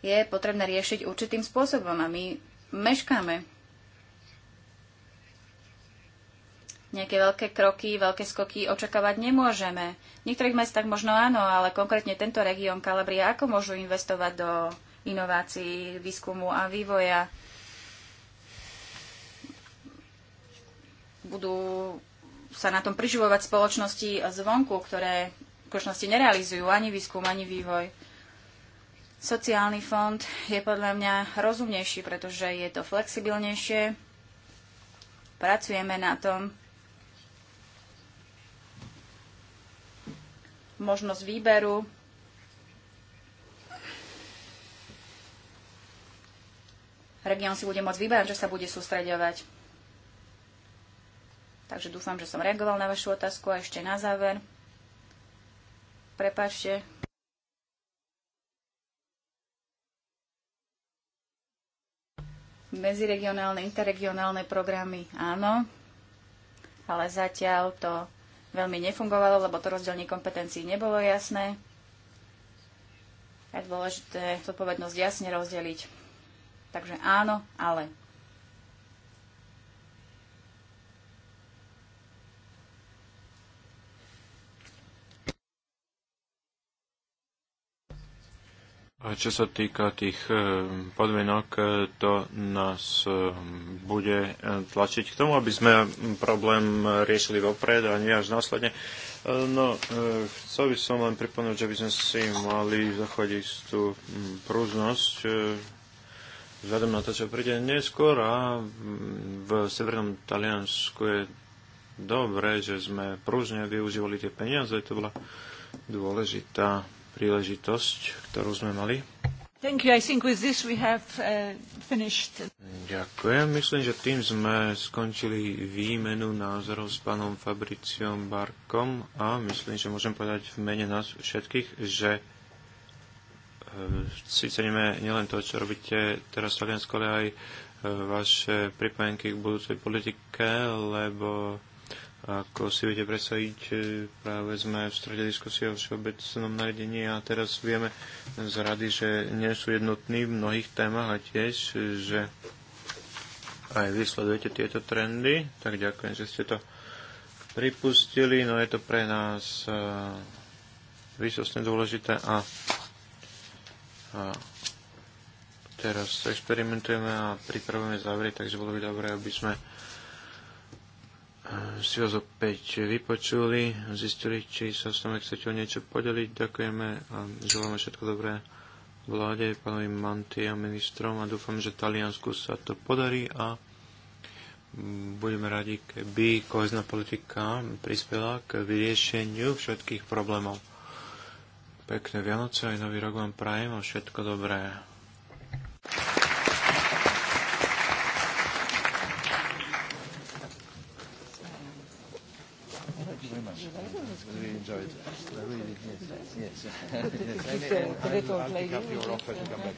je potrebné riešiť určitým spôsobom a my meškáme. Nejaké veľké kroky, veľké skoky očakávať nemôžeme. V niektorých mestách možno áno, ale konkrétne tento región Kalabria, ako môžu investovať do inovácií, výskumu a vývoja? Budú sa na tom priživovať spoločnosti zvonku, ktoré v skutočnosti nerealizujú ani výskum, ani vývoj. Sociálny fond je podľa mňa rozumnejší, pretože je to flexibilnejšie. Pracujeme na tom. Možnosť výberu región si bude môcť vyberať, že sa bude sústreďovať. Takže dúfam, že som reagoval na vašu otázku a ešte na záver. Prepačte, Medziregionálne, interregionálne programy áno, ale zatiaľ to veľmi nefungovalo, lebo to rozdelenie kompetencií nebolo jasné. je dôležité zodpovednosť jasne rozdeliť. Takže áno, ale A čo sa týka tých eh, podmienok, eh, to nás eh, bude tlačiť k tomu, aby sme mm, problém riešili vopred a nie až následne. No, chcel by som len pripomenúť, že by sme si mali zachovať istú mm, prúznosť vzhľadom na to, čo príde neskôr a mm, v severnom Taliansku je dobré, že sme prúžne využívali tie peniaze, to bola dôležitá príležitosť, ktorú sme mali. Have, uh, Ďakujem. Myslím, že tým sme skončili výmenu názorov s pánom Fabriciom Barkom a myslím, že môžem povedať v mene nás všetkých, že e, si ceníme nielen to, čo robíte teraz v Taliansku, ale aj e, vaše pripojenky k budúcej politike, lebo ako si viete predstaviť, e, práve sme v strede diskusie o všeobecnom nariadení a teraz vieme z rady, že nie sú jednotní v mnohých témach a tiež, že aj vy sledujete tieto trendy, tak ďakujem, že ste to pripustili, no je to pre nás e, výsostne dôležité a, a teraz experimentujeme a pripravujeme závery, takže bolo by dobré, aby sme si vás opäť vypočuli, zistili, či sa s nami chcete o niečo podeliť. Ďakujeme a želáme všetko dobré vláde, pánovi Manti a ministrom a dúfam, že Taliansku sa to podarí a budeme radi, keby kohezná politika prispela k vyriešeniu všetkých problémov. Pekné Vianoce aj Nový rok vám prajem a všetko dobré. please. yes, and, and I'll pick up your offer to come back.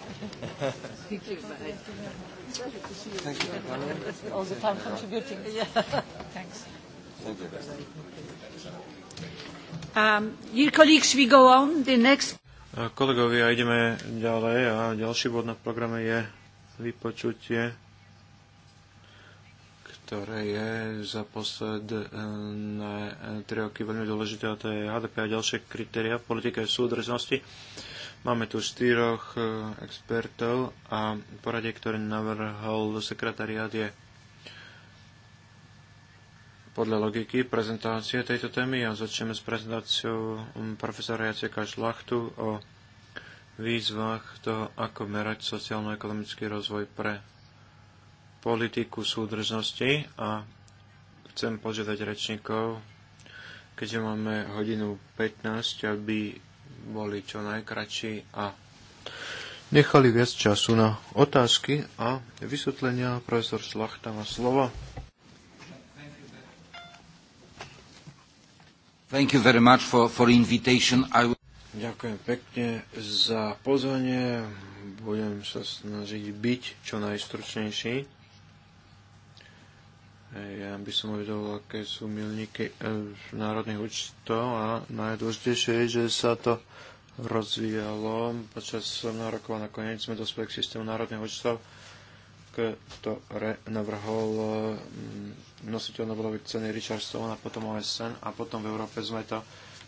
Thank you. Pleasure to see you. Thank you. All the time contributing. Yeah. Thanks. Thank you. Um, dear colleagues, we go on. The next... Kolegovia, ideme ďalej a ďalší bod na programe je vypočutie ktoré je za posledné eh, tri roky veľmi dôležité, a to je HDP a ďalšie kritéria v politike súdržnosti. Máme tu štyroch eh, expertov a poradie, ktoré navrhol sekretariát je podľa logiky prezentácie tejto témy a začneme s prezentáciou mm, profesora Jaceka Šlachtu o výzvach toho, ako merať sociálno-ekonomický rozvoj pre politiku súdržnosti a chcem požiadať rečníkov, keďže máme hodinu 15, aby boli čo najkračší a nechali viac času na otázky a vysvetlenia. Profesor Šlachta má slovo. Thank you very much for, for invitation. I will... Ďakujem pekne za pozvanie. Budem sa snažiť byť čo najstručnejší. Ja by som uvedol, aké sú milníky eh, národných účtov a najdôležitejšie je, že sa to rozvíjalo. Počas mnoho rokov a nakoniec sme dospeli k systému národných účtov, ktoré navrhol mm, nositeľ Nobelovej ceny Richard Stone a potom OSN a potom v Európe sme to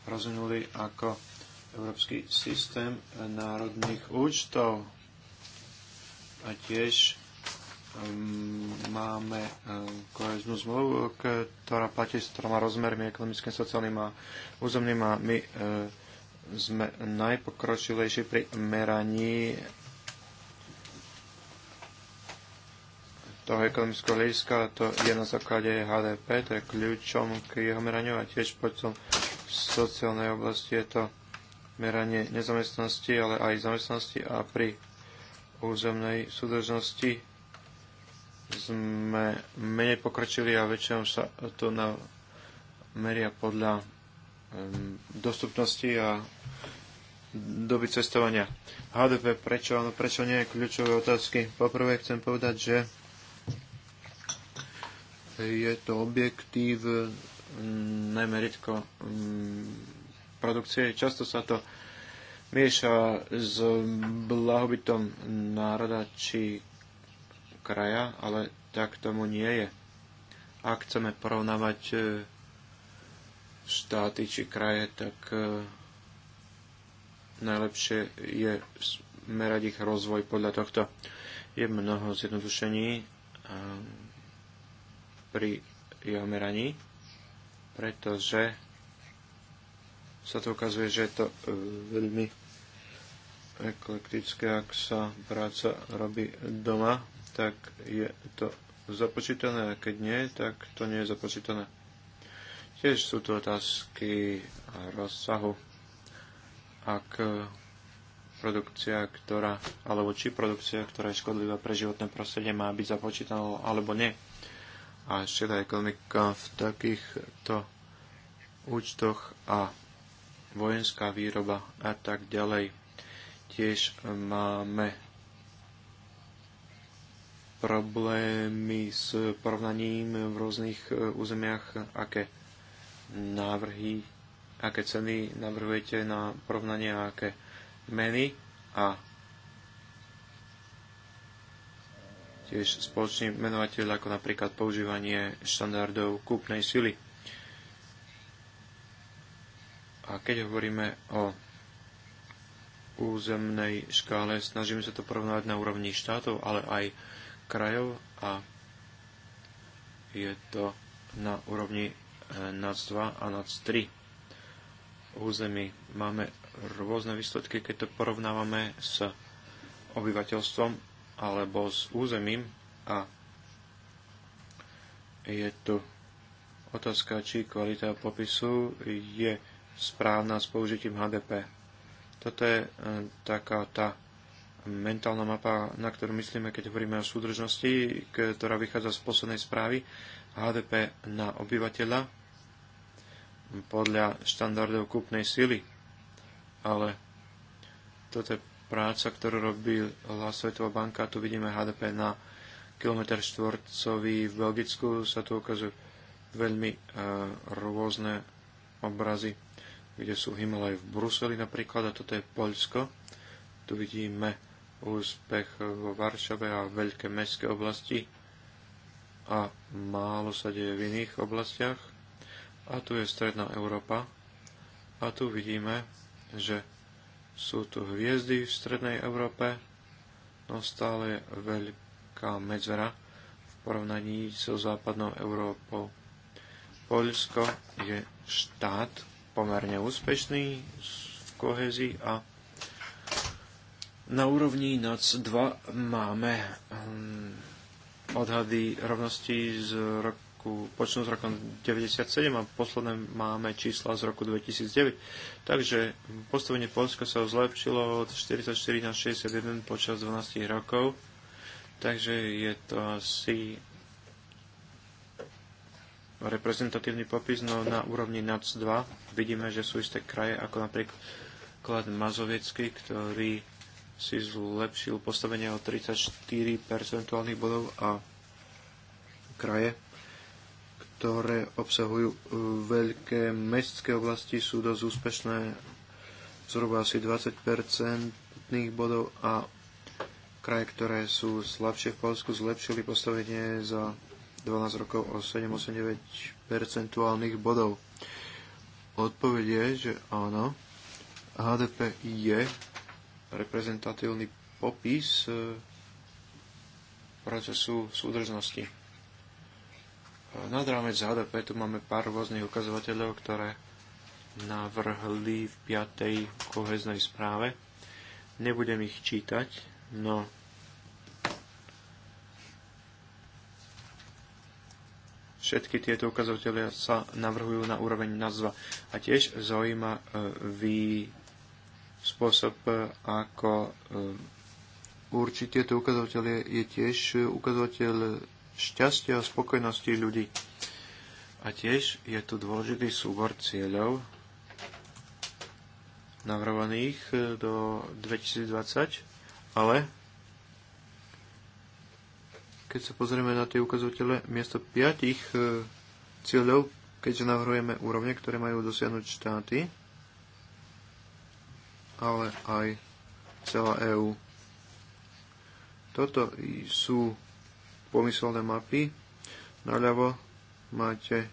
rozvinuli ako európsky systém národných účtov a tiež máme eh, koheznú zmluvu, ktorá platí s troma rozmermi, ekonomickým, sociálnym a územným a my eh, sme najpokročilejší pri meraní toho ekonomického hľadiska, to je na základe HDP, to je kľúčom k jeho meraniu a tiež počtom v sociálnej oblasti je to meranie nezamestnanosti, ale aj zamestnanosti a pri územnej súdržnosti sme menej pokročili a väčšinou sa to na, meria podľa um, dostupnosti a doby cestovania. HDP, prečo áno, prečo nie, kľúčové otázky. Poprvé chcem povedať, že je to objektív mm, najmeritko mm, produkcie. Často sa to mieša s blahobytom národa či kraja, ale tak tomu nie je. Ak chceme porovnávať e, štáty či kraje, tak e, najlepšie je merať ich rozvoj podľa tohto. Je mnoho zjednodušení e, pri jeho meraní, pretože sa to ukazuje, že je to veľmi eklektické, ak sa práca robí doma tak je to započítané a keď nie, tak to nie je započítané. Tiež sú tu otázky rozsahu. Ak produkcia, ktorá, alebo či produkcia, ktorá je škodlivá pre životné prostredie, má byť započítaná alebo nie. A šedá ekonomika v takýchto účtoch a vojenská výroba a tak ďalej. Tiež máme problémy s porovnaním v rôznych e, územiach, aké návrhy, aké ceny navrhujete na porovnanie a aké meny a tiež spoločný menovateľ ako napríklad používanie štandardov kúpnej sily. A keď hovoríme o územnej škále, snažíme sa to porovnať na úrovni štátov, ale aj krajov a je to na úrovni e, NAC 2 a NAC 3 území. Máme rôzne výsledky, keď to porovnávame s obyvateľstvom alebo s územím a je tu otázka, či kvalita popisu je správna s použitím HDP. Toto je e, taká tá mentálna mapa, na ktorú myslíme, keď hovoríme o súdržnosti, ktorá vychádza z poslednej správy HDP na obyvateľa podľa štandardov kúpnej sily. Ale toto je práca, ktorú robila Svetová banka. Tu vidíme HDP na kilometr štvorcový v Belgicku. Sa tu ukazujú veľmi e, rôzne obrazy, kde sú Himalaj v Bruseli napríklad a toto je Poľsko. Tu vidíme úspech vo Varšave a veľké mestské oblasti a málo sa deje v iných oblastiach. A tu je stredná Európa. A tu vidíme, že sú tu hviezdy v strednej Európe, no stále je veľká medzera v porovnaní so západnou Európou. Poľsko je štát pomerne úspešný v kohezii a na úrovni NAC 2 máme hm, odhady rovnosti z roku, počnú s rokom 97 a posledné máme čísla z roku 2009. Takže postavenie Polska sa zlepšilo od 44 na 61 počas 12 rokov. Takže je to asi reprezentatívny popis, no na úrovni NAC 2 vidíme, že sú isté kraje, ako napríklad Mazoviecky, ktorý si zlepšil postavenie o 34 percentuálnych bodov a kraje, ktoré obsahujú e, veľké mestské oblasti, sú dosť úspešné zhruba asi 20 percentných bodov a kraje, ktoré sú slabšie v Polsku, zlepšili postavenie za 12 rokov o 7-8-9 percentuálnych bodov. Odpoveď je, že áno, HDP je reprezentatívny popis e, procesu súdržnosti. E, nad rámec HDP tu máme pár rôznych ukazovateľov, ktoré navrhli v 5. koheznej správe. Nebudem ich čítať, no Všetky tieto ukazovatele sa navrhujú na úroveň nazva. A tiež zaujímavý e, spôsob, e, ako e, určiť tieto ukazovatele, je tiež e, ukazovateľ šťastia a spokojnosti ľudí. A tiež je tu dôležitý súbor cieľov navrhovaných do 2020, ale keď sa pozrieme na tie ukazovatele, miesto piatich cieľov, keďže navrhujeme úrovne, ktoré majú dosiahnuť štáty, ale aj celá EÚ. Toto sú pomyselné mapy. Naľavo máte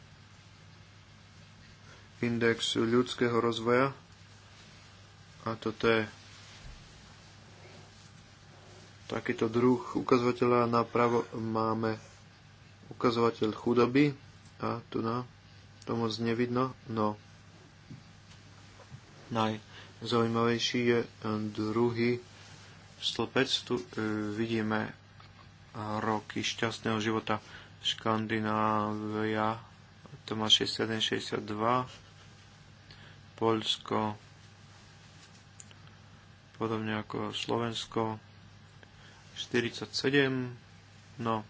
index ľudského rozvoja a toto je takýto druh ukazovateľa. Napravo máme ukazovateľ chudoby a tu na to moc nevidno, no naj zaujímavejší je e, druhý stĺpec. Tu e, vidíme roky šťastného života Škandinávia, to má 61-62, Polsko, podobne ako Slovensko, 47, no,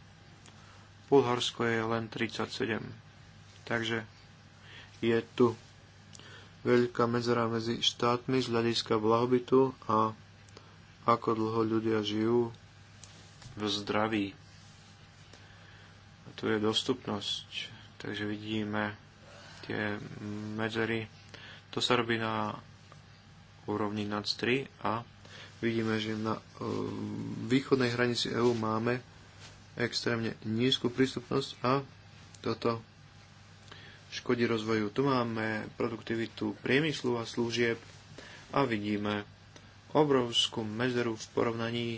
Bulharsko je len 37. Takže je tu veľká medzera medzi štátmi z hľadiska blahobytu a ako dlho ľudia žijú v zdraví. A tu je dostupnosť, takže vidíme tie medzery. To sa robí na úrovni NAC3 a vidíme, že na e, východnej hranici EÚ máme extrémne nízku prístupnosť a toto škodí rozvoju. Tu máme produktivitu priemyslu a služieb a vidíme obrovskú medzeru v porovnaní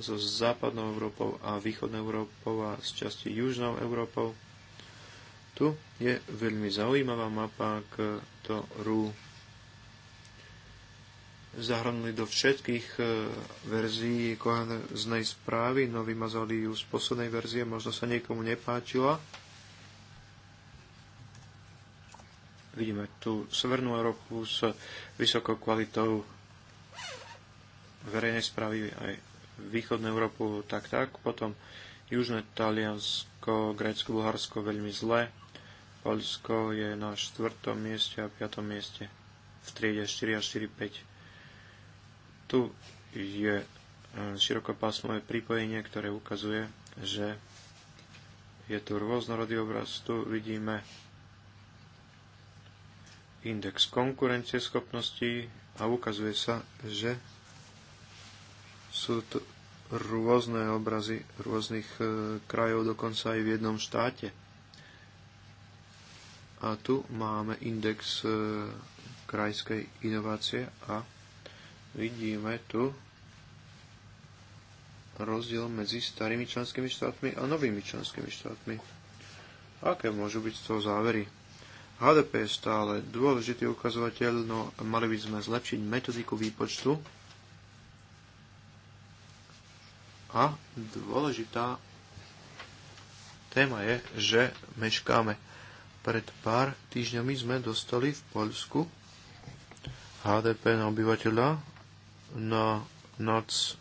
so západnou Európou a východnou Európou a z časti južnou Európou. Tu je veľmi zaujímavá mapa, ktorú zahrnuli do všetkých e, verzií koheznej správy. No vymazali ju z poslednej verzie, možno sa niekomu nepáčila. Vidíme tu Severnú Európu s vysokou kvalitou verejnej správy, aj východnú Európu tak tak, potom južné Taliansko, Grécko, Bulharsko veľmi zle, Polsko je na štvrtom mieste a piatom mieste v triede 4 a 4, 5. Tu je e, širokopásmové pripojenie, ktoré ukazuje, že je tu rôznorodý obraz. Tu vidíme index konkurencieschopnosti a ukazuje sa, že sú tu rôzne obrazy rôznych e, krajov, dokonca aj v jednom štáte. A tu máme index e, krajskej inovácie a vidíme tu rozdiel medzi starými členskými štátmi a novými členskými štátmi. Aké môžu byť z toho závery? HDP je stále dôležitý ukazovateľ, no mali by sme zlepšiť metodiku výpočtu a dôležitá téma je, že meškáme. Pred pár týždňami sme dostali v Poľsku HDP na obyvateľa na noc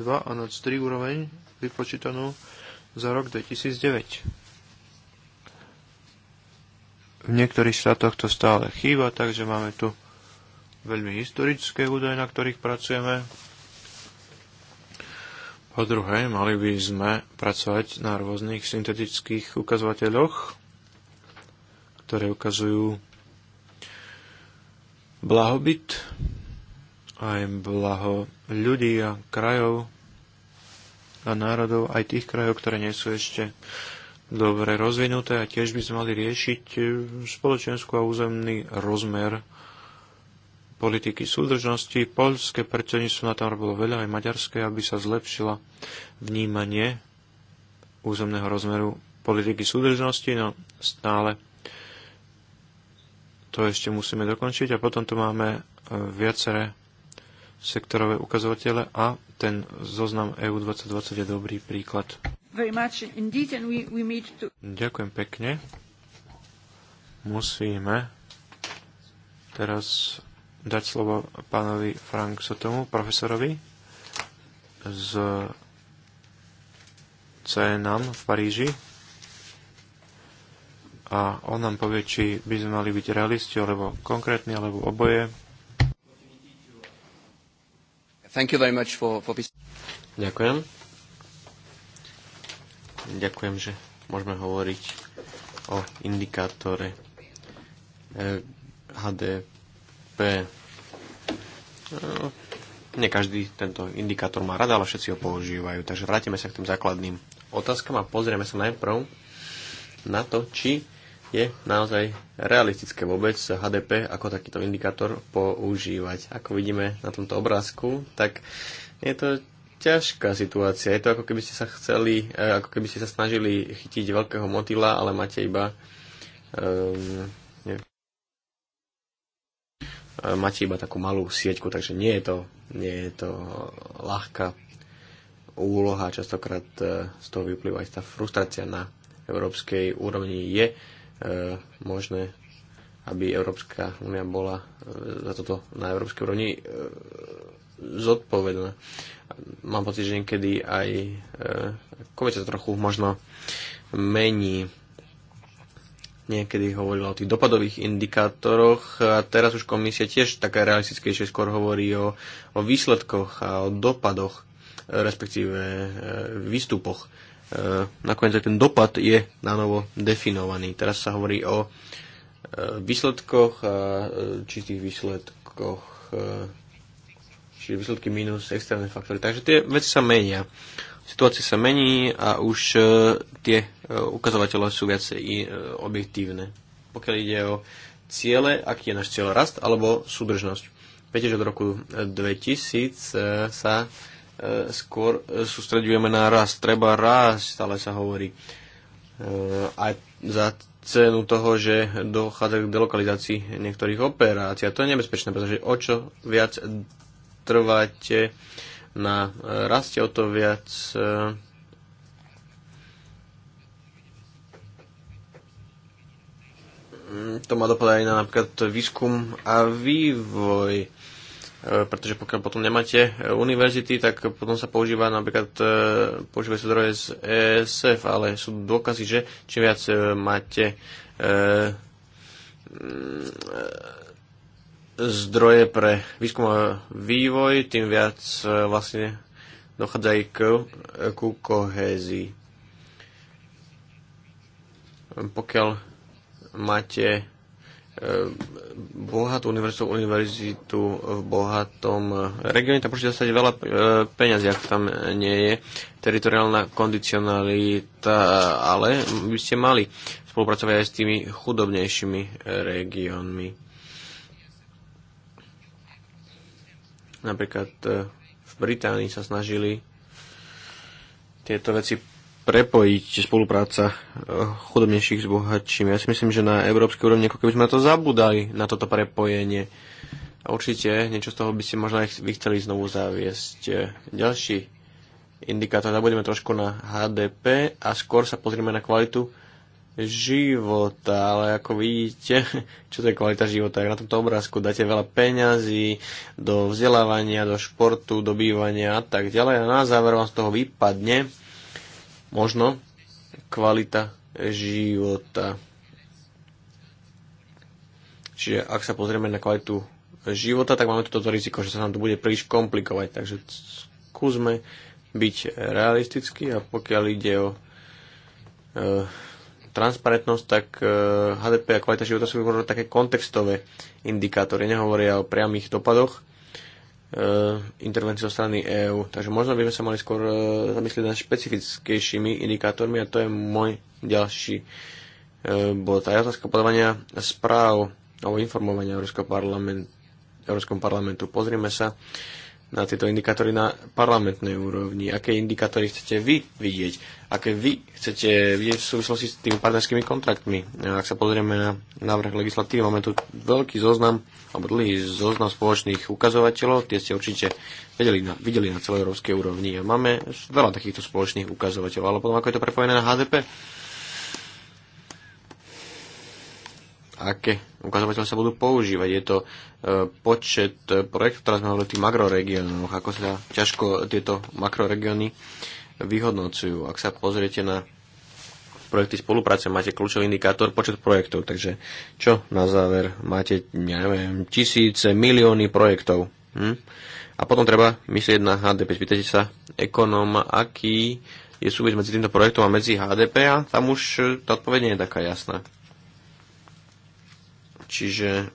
2 a noc 3 úroveň vypočítanú za rok 2009 v niektorých štátoch to stále chýba, takže máme tu veľmi historické údaje, na ktorých pracujeme. Po druhé, mali by sme pracovať na rôznych syntetických ukazovateľoch, ktoré ukazujú blahobyt, aj blaho ľudí a krajov a národov, aj tých krajov, ktoré nie sú ešte dobre rozvinuté a tiež by sme mali riešiť e, spoločenskú a územný rozmer politiky súdržnosti. Poľské predsedníctvo na tom robilo veľa, aj maďarské, aby sa zlepšila vnímanie územného rozmeru politiky súdržnosti, no stále to ešte musíme dokončiť a potom tu máme e, viaceré sektorové ukazovatele a ten zoznam EU 2020 je dobrý príklad. Ďakujem pekne. Musíme teraz dať slovo pánovi Frank Sotomu, profesorovi z CNAM v Paríži. A on nám povie, či by sme mali byť realisti, alebo konkrétni, alebo oboje. Thank you very much for, for... Ďakujem Ďakujem, že môžeme hovoriť o indikátore HDP. Eh, eh, nie každý tento indikátor má rada, ale všetci ho používajú. Takže vrátime sa k tým základným otázkam a pozrieme sa najprv na to, či je naozaj realistické vôbec HDP ako takýto indikátor používať. Ako vidíme na tomto obrázku, tak je to ťažká situácia. Je to ako keby ste sa chceli, eh, ako keby ste sa snažili chytiť veľkého motila, ale máte iba um, máte iba takú malú sieťku, takže nie je to, nie je to ľahká úloha. Častokrát eh, z toho vyplýva aj tá frustrácia na európskej úrovni. Je e, možné, aby Európska únia bola za toto na európskej úrovni zodpovedné. Mám pocit, že niekedy aj e, sa trochu možno mení. Niekedy hovorila o tých dopadových indikátoroch a teraz už komisia tiež také realistickejšie skôr hovorí o, o výsledkoch a o dopadoch, respektíve e, výstupoch. E, nakoniec aj ten dopad je na novo definovaný. Teraz sa hovorí o e, výsledkoch a e, čistých výsledkoch. E, čiže výsledky minus externé faktory. Takže tie veci sa menia. Situácia sa mení a už uh, tie uh, ukazovatele sú viacej uh, objektívne. Pokiaľ ide o ciele, aký je náš cieľ rast alebo súdržnosť. Viete, že od roku 2000 e, sa skôr sústredujeme na rast. Treba rast, stále sa hovorí. Aj za cenu toho, že dochádza k delokalizácii niektorých operácií. A to je nebezpečné, pretože o čo viac trváte eh, na eh, raste, o to viac eh, to má dopad aj na napríklad výskum a vývoj pretože pokiaľ potom nemáte univerzity, tak potom sa používa napríklad používajú sa zdroje z ESF, ale sú dôkazy, že čím viac máte e, e, zdroje pre výskum a vývoj, tým viac e, vlastne dochádza aj k, ku kohézii. Pokiaľ máte e, bohatú univerzitu, univerzitu v bohatom regióne, tam môžete dostať veľa e, peňazí, ak tam nie je teritoriálna kondicionalita, ale by ste mali spolupracovať aj s tými chudobnejšími regiónmi Napríklad e, v Británii sa snažili tieto veci prepojiť spolupráca e, chudobnejších s bohatšími. Ja si myslím, že na európskej úrovni ako keby sme na to zabudali, na toto prepojenie. určite niečo z toho by ste možno aj vy chceli znovu zaviesť. E, ďalší indikátor, zabudeme trošku na HDP a skôr sa pozrieme na kvalitu života, ale ako vidíte, *laughs* čo to je kvalita života, ak na tomto obrázku dáte veľa peňazí do vzdelávania, do športu, do bývania a tak ďalej a na záver vám z toho vypadne možno kvalita života. Čiže ak sa pozrieme na kvalitu života, tak máme toto riziko, že sa nám to bude príliš komplikovať. Takže skúsme byť realistickí a pokiaľ ide o uh, transparentnosť, tak e, HDP a kvalita života sú možno také kontextové indikátory, nehovoria o priamých dopadoch e, intervencií zo strany EÚ. Takže možno by sme sa mali skôr e, zamyslieť nad špecifickejšími indikátormi a to je môj ďalší bod. A je otázka podávania správ alebo informovania Európskeho parlamentu, Európskom parlamentu. Pozrieme sa, na tieto indikátory na parlamentnej úrovni? Aké indikátory chcete vy vidieť? Aké vy chcete vidieť v súvislosti s tými partnerskými kontraktmi? Ak sa pozrieme na návrh legislatívy, máme tu veľký zoznam, alebo dlhý zoznam spoločných ukazovateľov, tie ste určite videli na, videli na celoeurópskej úrovni. A máme veľa takýchto spoločných ukazovateľov, ale potom ako je to prepojené na HDP? aké ukazovateľ sa budú používať. Je to e, počet e, projektov, teraz sme hovorili o tých makroregiónoch, ako sa ťažko tieto makroregióny vyhodnocujú. Ak sa pozriete na projekty spolupráce, máte kľúčový indikátor počet projektov, takže čo na záver? Máte, ja neviem, tisíce, milióny projektov. Hm? A potom treba myslieť na HDP. Spýtajte sa ekonóm, aký je súvis medzi týmto projektom a medzi HDP a tam už tá odpoveď nie je taká jasná. Čiže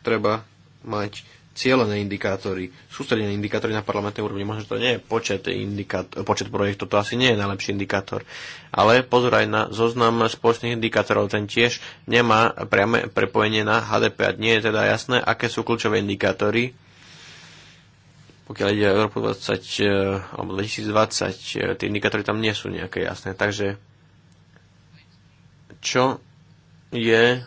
treba mať cieľené indikátory, sústredené indikátory na parlamentnej úrovni. Možno, to nie je počet, indikátor, počet projektov, to asi nie je najlepší indikátor. Ale pozor aj na zoznam spoločných indikátorov, ten tiež nemá priame prepojenie na HDP a nie je teda jasné, aké sú kľúčové indikátory, pokiaľ ide o Európu 20 e, alebo 2020, e, tie indikátory tam nie sú nejaké jasné. Takže čo je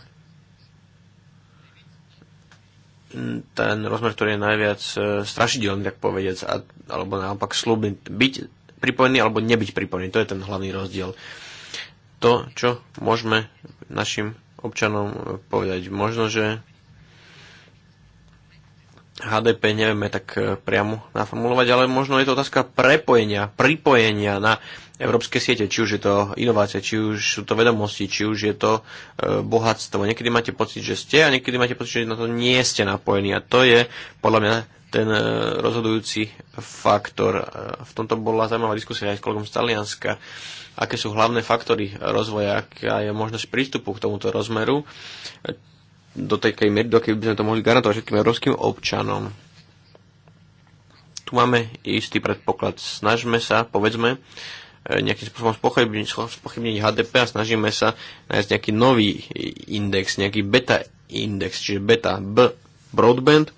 ten rozmer, ktorý je najviac e, strašidelný, tak povediac, a, alebo naopak slúbny, byť pripojený alebo nebyť pripojený. To je ten hlavný rozdiel. To, čo môžeme našim občanom e, povedať. Možno, že HDP nevieme tak e, priamo naformulovať, ale možno je to otázka prepojenia, pripojenia na európske siete, či už je to inovácia, či už sú to vedomosti, či už je to e, bohatstvo. Niekedy máte pocit, že ste a niekedy máte pocit, že na to nie ste napojení a to je podľa mňa ten e, rozhodujúci faktor. V tomto bola zaujímavá diskusia aj s kolegom z Talianska, aké sú hlavné faktory rozvoja, aká je možnosť prístupu k tomuto rozmeru, do tej miery, do by sme to mohli garantovať všetkým európskym občanom. Tu máme istý predpoklad. Snažme sa, povedzme, e, nejakým spôsobom spochybniť HDP a snažíme sa nájsť nejaký nový index, nejaký beta index, čiže beta B broadband,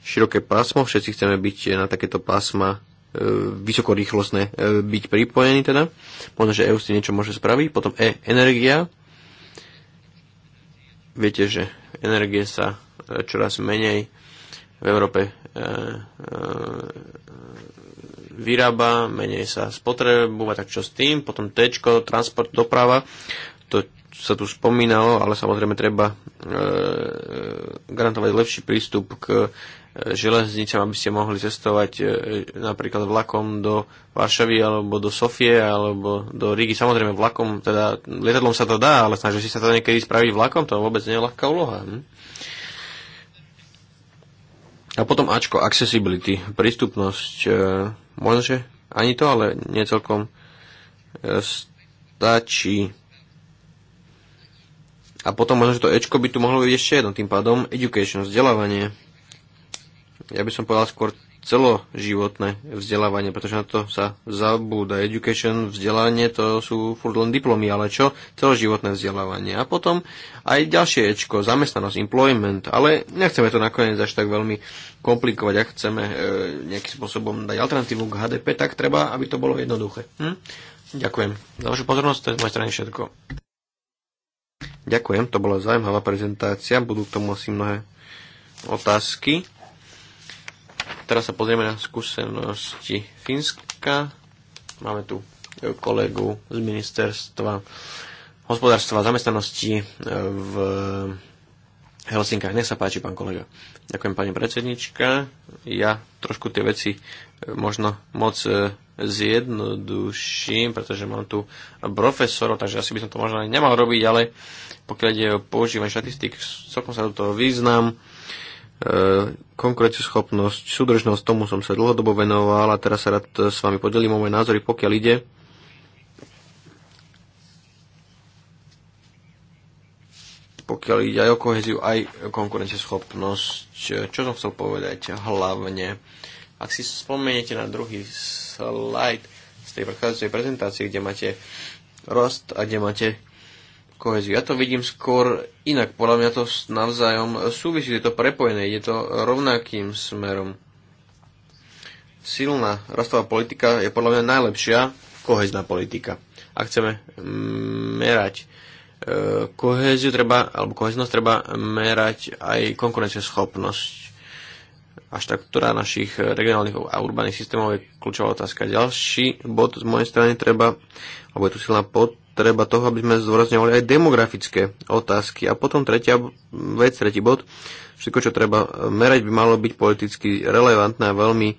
široké pásmo, všetci chceme byť na takéto pásma e, vysokorýchlostné e, byť pripojení teda. Možno, že EU si niečo môže spraviť. Potom E, energia. Viete, že energie sa e, čoraz menej v Európe e, e, vyrába, menej sa spotrebuje, tak čo s tým? Potom T, transport, doprava, to sa tu spomínalo, ale samozrejme treba e, e garantovať lepší prístup k železnicám, aby ste mohli cestovať e, napríklad vlakom do Varšavy alebo do Sofie alebo do Rígy. Samozrejme vlakom, teda lietadlom sa to dá, ale snaží si sa to niekedy spraviť vlakom, to vôbec nie je ľahká úloha. Hm? A potom Ačko, accessibility, prístupnosť, e, možno, že ani to, ale nie celkom e, stačí. A potom možno, že to Ečko by tu mohlo byť ešte jedno, tým pádom education, vzdelávanie ja by som povedal skôr celoživotné vzdelávanie, pretože na to sa zabúda. Education, vzdelanie, to sú furt len diplomy, ale čo? Celoživotné vzdelávanie. A potom aj ďalšie Ečko, zamestnanosť, employment, ale nechceme to nakoniec až tak veľmi komplikovať. Ak chceme e, nejakým spôsobom dať alternatívu k HDP, tak treba, aby to bolo jednoduché. Hm? Ďakujem za vašu pozornosť, to je z mojej strany všetko. Ďakujem, to bola zaujímavá prezentácia, budú k tomu asi mnohé otázky. Teraz sa pozrieme na skúsenosti Fínska. Máme tu kolegu z ministerstva hospodárstva a zamestnanosti e, v Helsinkách. Nech sa páči, pán kolega. Ďakujem, pani predsednička. Ja trošku tie veci e, možno moc e, zjednoduším, pretože mám tu profesorov, takže asi by som to možno aj nemal robiť, ale pokiaľ ide o používanie štatistík, celkom sa do toho význam E, konkurencieschopnosť, súdržnosť, tomu som sa dlhodobo venoval a teraz sa rád s vami podelím o moje názory, pokiaľ ide pokiaľ ide aj o koheziu, aj konkurencieschopnosť. Čo som chcel povedať hlavne? Ak si spomeniete na druhý slide z tej predchádzajúcej prezentácie, kde máte rost a kde máte koheziu. Ja to vidím skôr inak. Podľa mňa to navzájom súvisí, je to prepojené, je to rovnakým smerom. Silná rastová politika je podľa mňa najlepšia kohezná politika. Ak chceme merať e, koheziu treba, alebo koheznosť treba merať aj konkurencieschopnosť. A štruktúra našich regionálnych a urbaných systémov je kľúčová otázka. Ďalší bod z mojej strany treba, alebo je tu silná pod, treba toho, aby sme zdôrazňovali aj demografické otázky. A potom tretia vec, tretí bod, všetko, čo treba merať, by malo byť politicky relevantné a veľmi e,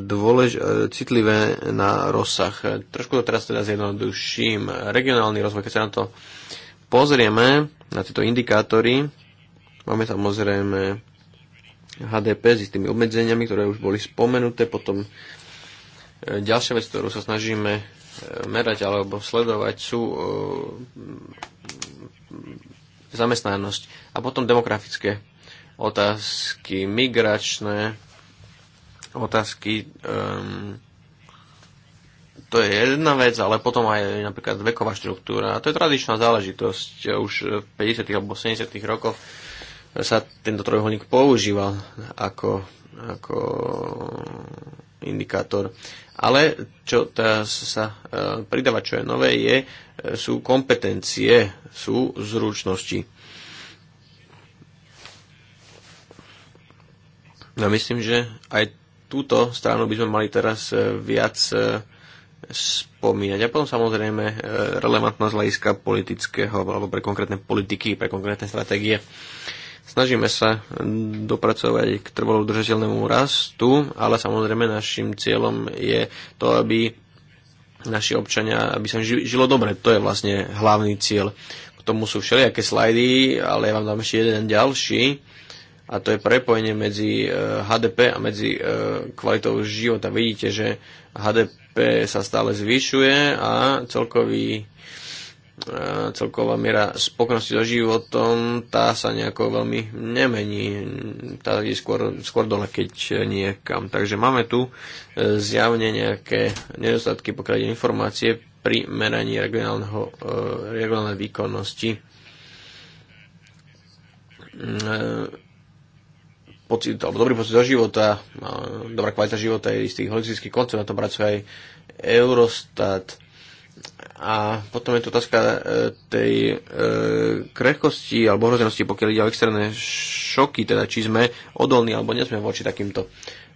dôlež, e, citlivé na rozsah. Trošku to teraz teda zjednoduším. Regionálny rozvoj, keď sa na to pozrieme, na tieto indikátory, máme samozrejme HDP s istými obmedzeniami, ktoré už boli spomenuté, potom e, ďalšia vec, ktorú sa snažíme E, merať alebo sledovať, sú e, zamestnanosť a potom demografické otázky, migračné otázky. Um, to je jedna vec, ale potom aj napríklad veková štruktúra. A to je tradičná záležitosť. Už v 50. alebo 70. rokoch sa tento trojuholník používal ako, ako indikátor. Ale čo sa e, pridáva, čo je nové, je, e, sú kompetencie, sú zručnosti. No myslím, že aj túto stranu by sme mali teraz e, viac spomínať. A potom samozrejme relevantná z hľadiska politického alebo pre konkrétne politiky, pre konkrétne stratégie. Snažíme sa dopracovať k trvalo udržateľnému rastu, ale samozrejme našim cieľom je to, aby naši občania, aby sa žilo dobre. To je vlastne hlavný cieľ. K tomu sú všelijaké slajdy, ale ja vám dám ešte jeden ďalší a to je prepojenie medzi HDP eh, a medzi eh, kvalitou života. Vidíte, že HDP sa stále zvyšuje a celkový E, celková miera spokojnosti so životom, tá sa nejako veľmi nemení. Tá je skôr, skôr dole, keď niekam. Takže máme tu e, zjavne nejaké nedostatky, pokiaľ informácie pri meraní regionálneho, e, regionálnej výkonnosti. Pocit, alebo dobrý pocit do života, dobrá kvalita života je istý holistický koncept, na to pracuje aj Eurostat a potom je tu otázka e, tej e, krehkosti alebo hroznosti, pokiaľ ide o externé šoky, teda či sme odolní alebo nesme voči takýmto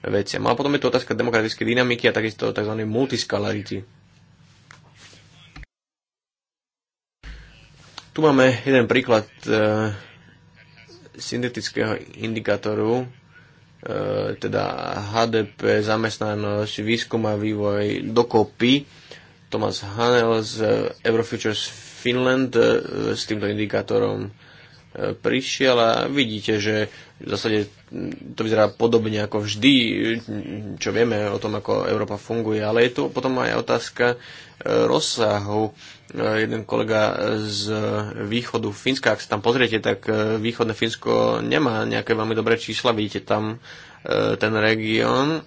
veciam. A potom je tu otázka demokratickej dynamiky a takisto tzv. multiskalarity. Tu máme jeden príklad e, syntetického indikátoru, e, teda HDP, zamestnanosť, výskum a vývoj dokopy Thomas Hanel z eh, Eurofutures Finland eh, s týmto indikátorom eh, prišiel a vidíte, že v zásade hm, to vyzerá podobne ako vždy, hm, čo vieme o tom, ako Európa funguje, ale je tu potom aj otázka rozsahu. Jeden kolega z východu Fínska, ak sa tam pozriete, tak východné Fínsko nemá nejaké veľmi dobré čísla, vidíte tam ten región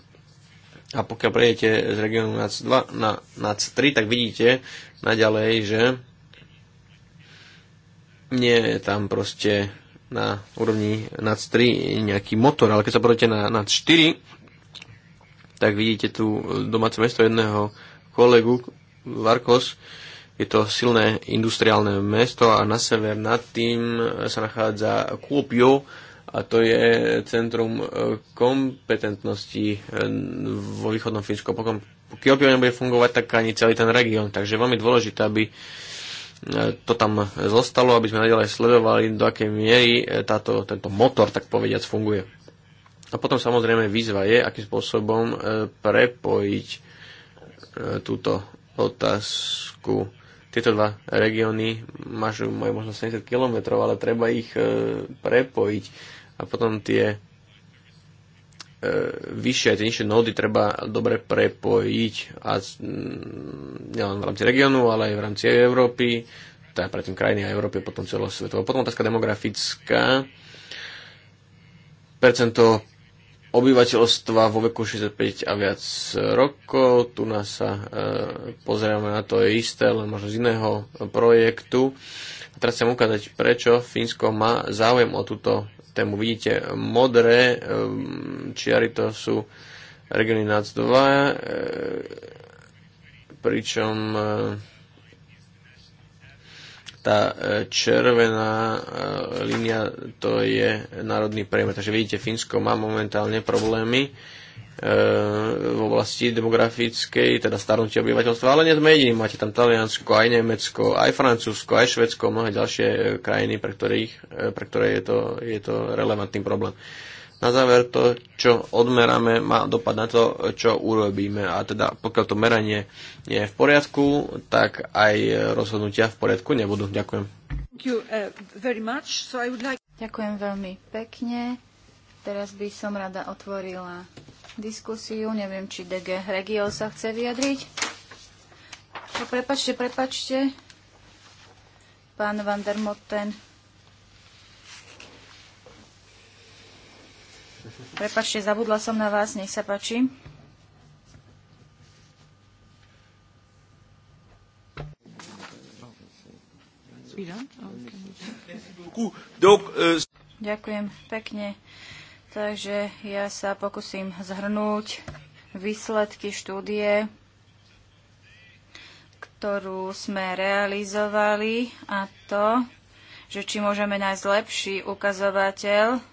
a pokiaľ prejdete z regiónu NAC2 na NAC3, tak vidíte naďalej, že nie je tam proste na úrovni NAC3 nejaký motor, ale keď sa porovnáte na NAC4, tak vidíte tu domáce mesto jedného kolegu, Varkos, je to silné industriálne mesto a na sever nad tým sa nachádza Kuopio, a to je Centrum e, kompetentnosti e, vo východnom Fínsku. Pokiaľ Kyopio nebude fungovať, tak ani celý ten región. Takže veľmi dôležité, aby e, to tam zostalo, aby sme nadalej sledovali, do akej miery táto, tento motor, tak povediac, funguje. A potom samozrejme výzva je, akým spôsobom prepojiť túto otázku. Tieto dva regióny majú možno 70 km, ale treba ich prepojiť a potom tie e, vyššie aj tie nižšie nódy treba dobre prepojiť a nielen v rámci regiónu, ale aj v rámci Európy, teda predtým krajiny a Európy, potom celosvetovo. Potom otázka demografická. Percento obyvateľstva vo veku 65 a viac rokov. Tu nás sa e, pozeráme na to isté, len možno z iného projektu. A teraz chcem ukázať, prečo Fínsko má záujem o túto tému. Vidíte modré ehm, čiary, to sú regióny NAC 2, e, pričom e, tá e, červená línia to je národný priemer. Takže vidíte, Fínsko má momentálne problémy v oblasti demografickej, teda starnutia obyvateľstva, ale nie sme jediní. Máte tam Taliansko, aj Nemecko, aj Francúzsko, aj Švedsko, mnohé ďalšie e, krajiny, pre, ktorých, e, pre ktoré je to, je to relevantný problém. Na záver to, čo odmeráme, má dopad na to, čo urobíme. A teda pokiaľ to meranie nie je v poriadku, tak aj rozhodnutia v poriadku nebudú. Ďakujem. Uh, Ďakujem veľmi pekne. Teraz by som rada otvorila diskusiu. Neviem, či DG Regio sa chce vyjadriť. No, prepačte, prepačte. Pán Van der Motten. Prepačte, zabudla som na vás. Nech sa páči. Oh, eh, Ďakujem pekne. Takže ja sa pokúsim zhrnúť výsledky štúdie, ktorú sme realizovali a to, že či môžeme nájsť lepší ukazovateľ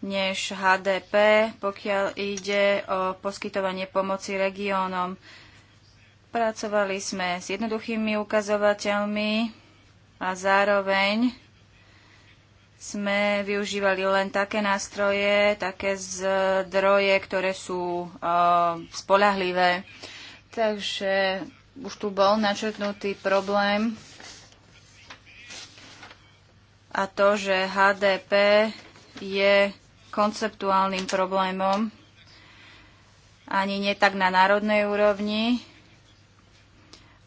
než HDP, pokiaľ ide o poskytovanie pomoci regiónom. Pracovali sme s jednoduchými ukazovateľmi a zároveň sme využívali len také nástroje, také zdroje, ktoré sú e, spolahlivé. Takže už tu bol načrtnutý problém a to, že HDP je konceptuálnym problémom ani nie tak na národnej úrovni,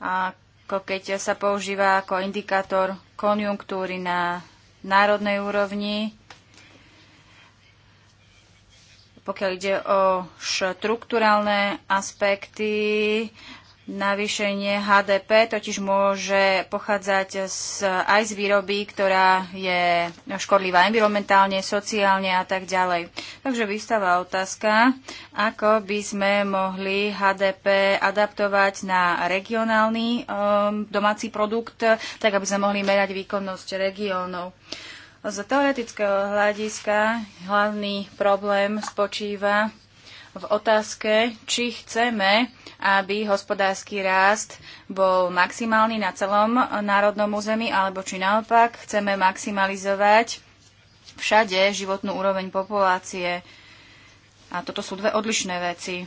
ako keď sa používa ako indikátor konjunktúry na národnej úrovni, pokiaľ ide o štruktúralné aspekty, Navýšenie HDP totiž môže pochádzať z, aj z výroby, ktorá je škodlivá environmentálne, sociálne a tak ďalej. Takže vystáva otázka, ako by sme mohli HDP adaptovať na regionálny um, domáci produkt, tak aby sme mohli merať výkonnosť regiónov. Z teoretického hľadiska hlavný problém spočíva v otázke, či chceme, aby hospodársky rást bol maximálny na celom národnom území, alebo či naopak chceme maximalizovať všade životnú úroveň populácie. A toto sú dve odlišné veci.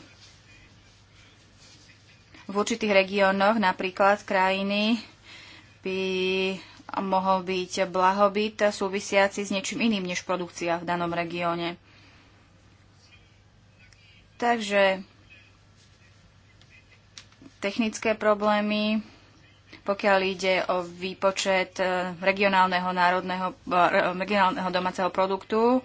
V určitých regiónoch, napríklad krajiny, by mohol byť blahobyt súvisiaci s niečím iným než produkcia v danom regióne. Takže technické problémy, pokiaľ ide o výpočet e, regionálneho, národného, e, regionálneho domáceho produktu,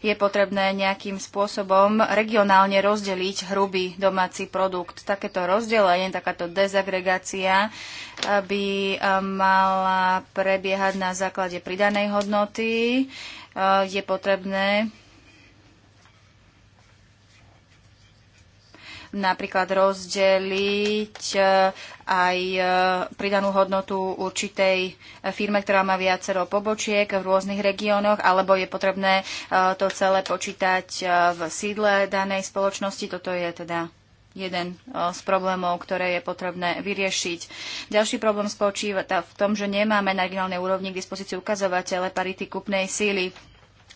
je potrebné nejakým spôsobom regionálne rozdeliť hrubý domáci produkt. Takéto rozdelenie, takáto dezagregácia e, by mala prebiehať na základe pridanej hodnoty. Je potrebné napríklad rozdeliť e, aj e, pridanú hodnotu určitej e, firme, ktorá má viacero pobočiek v rôznych regiónoch, alebo je potrebné to celé počítať v sídle danej spoločnosti. Toto je teda jeden z problémov, ktoré je potrebné vyriešiť. Ďalší problém spočíva v tom, že nemáme na regionálnej úrovni k dispozícii ukazovatele parity kupnej síly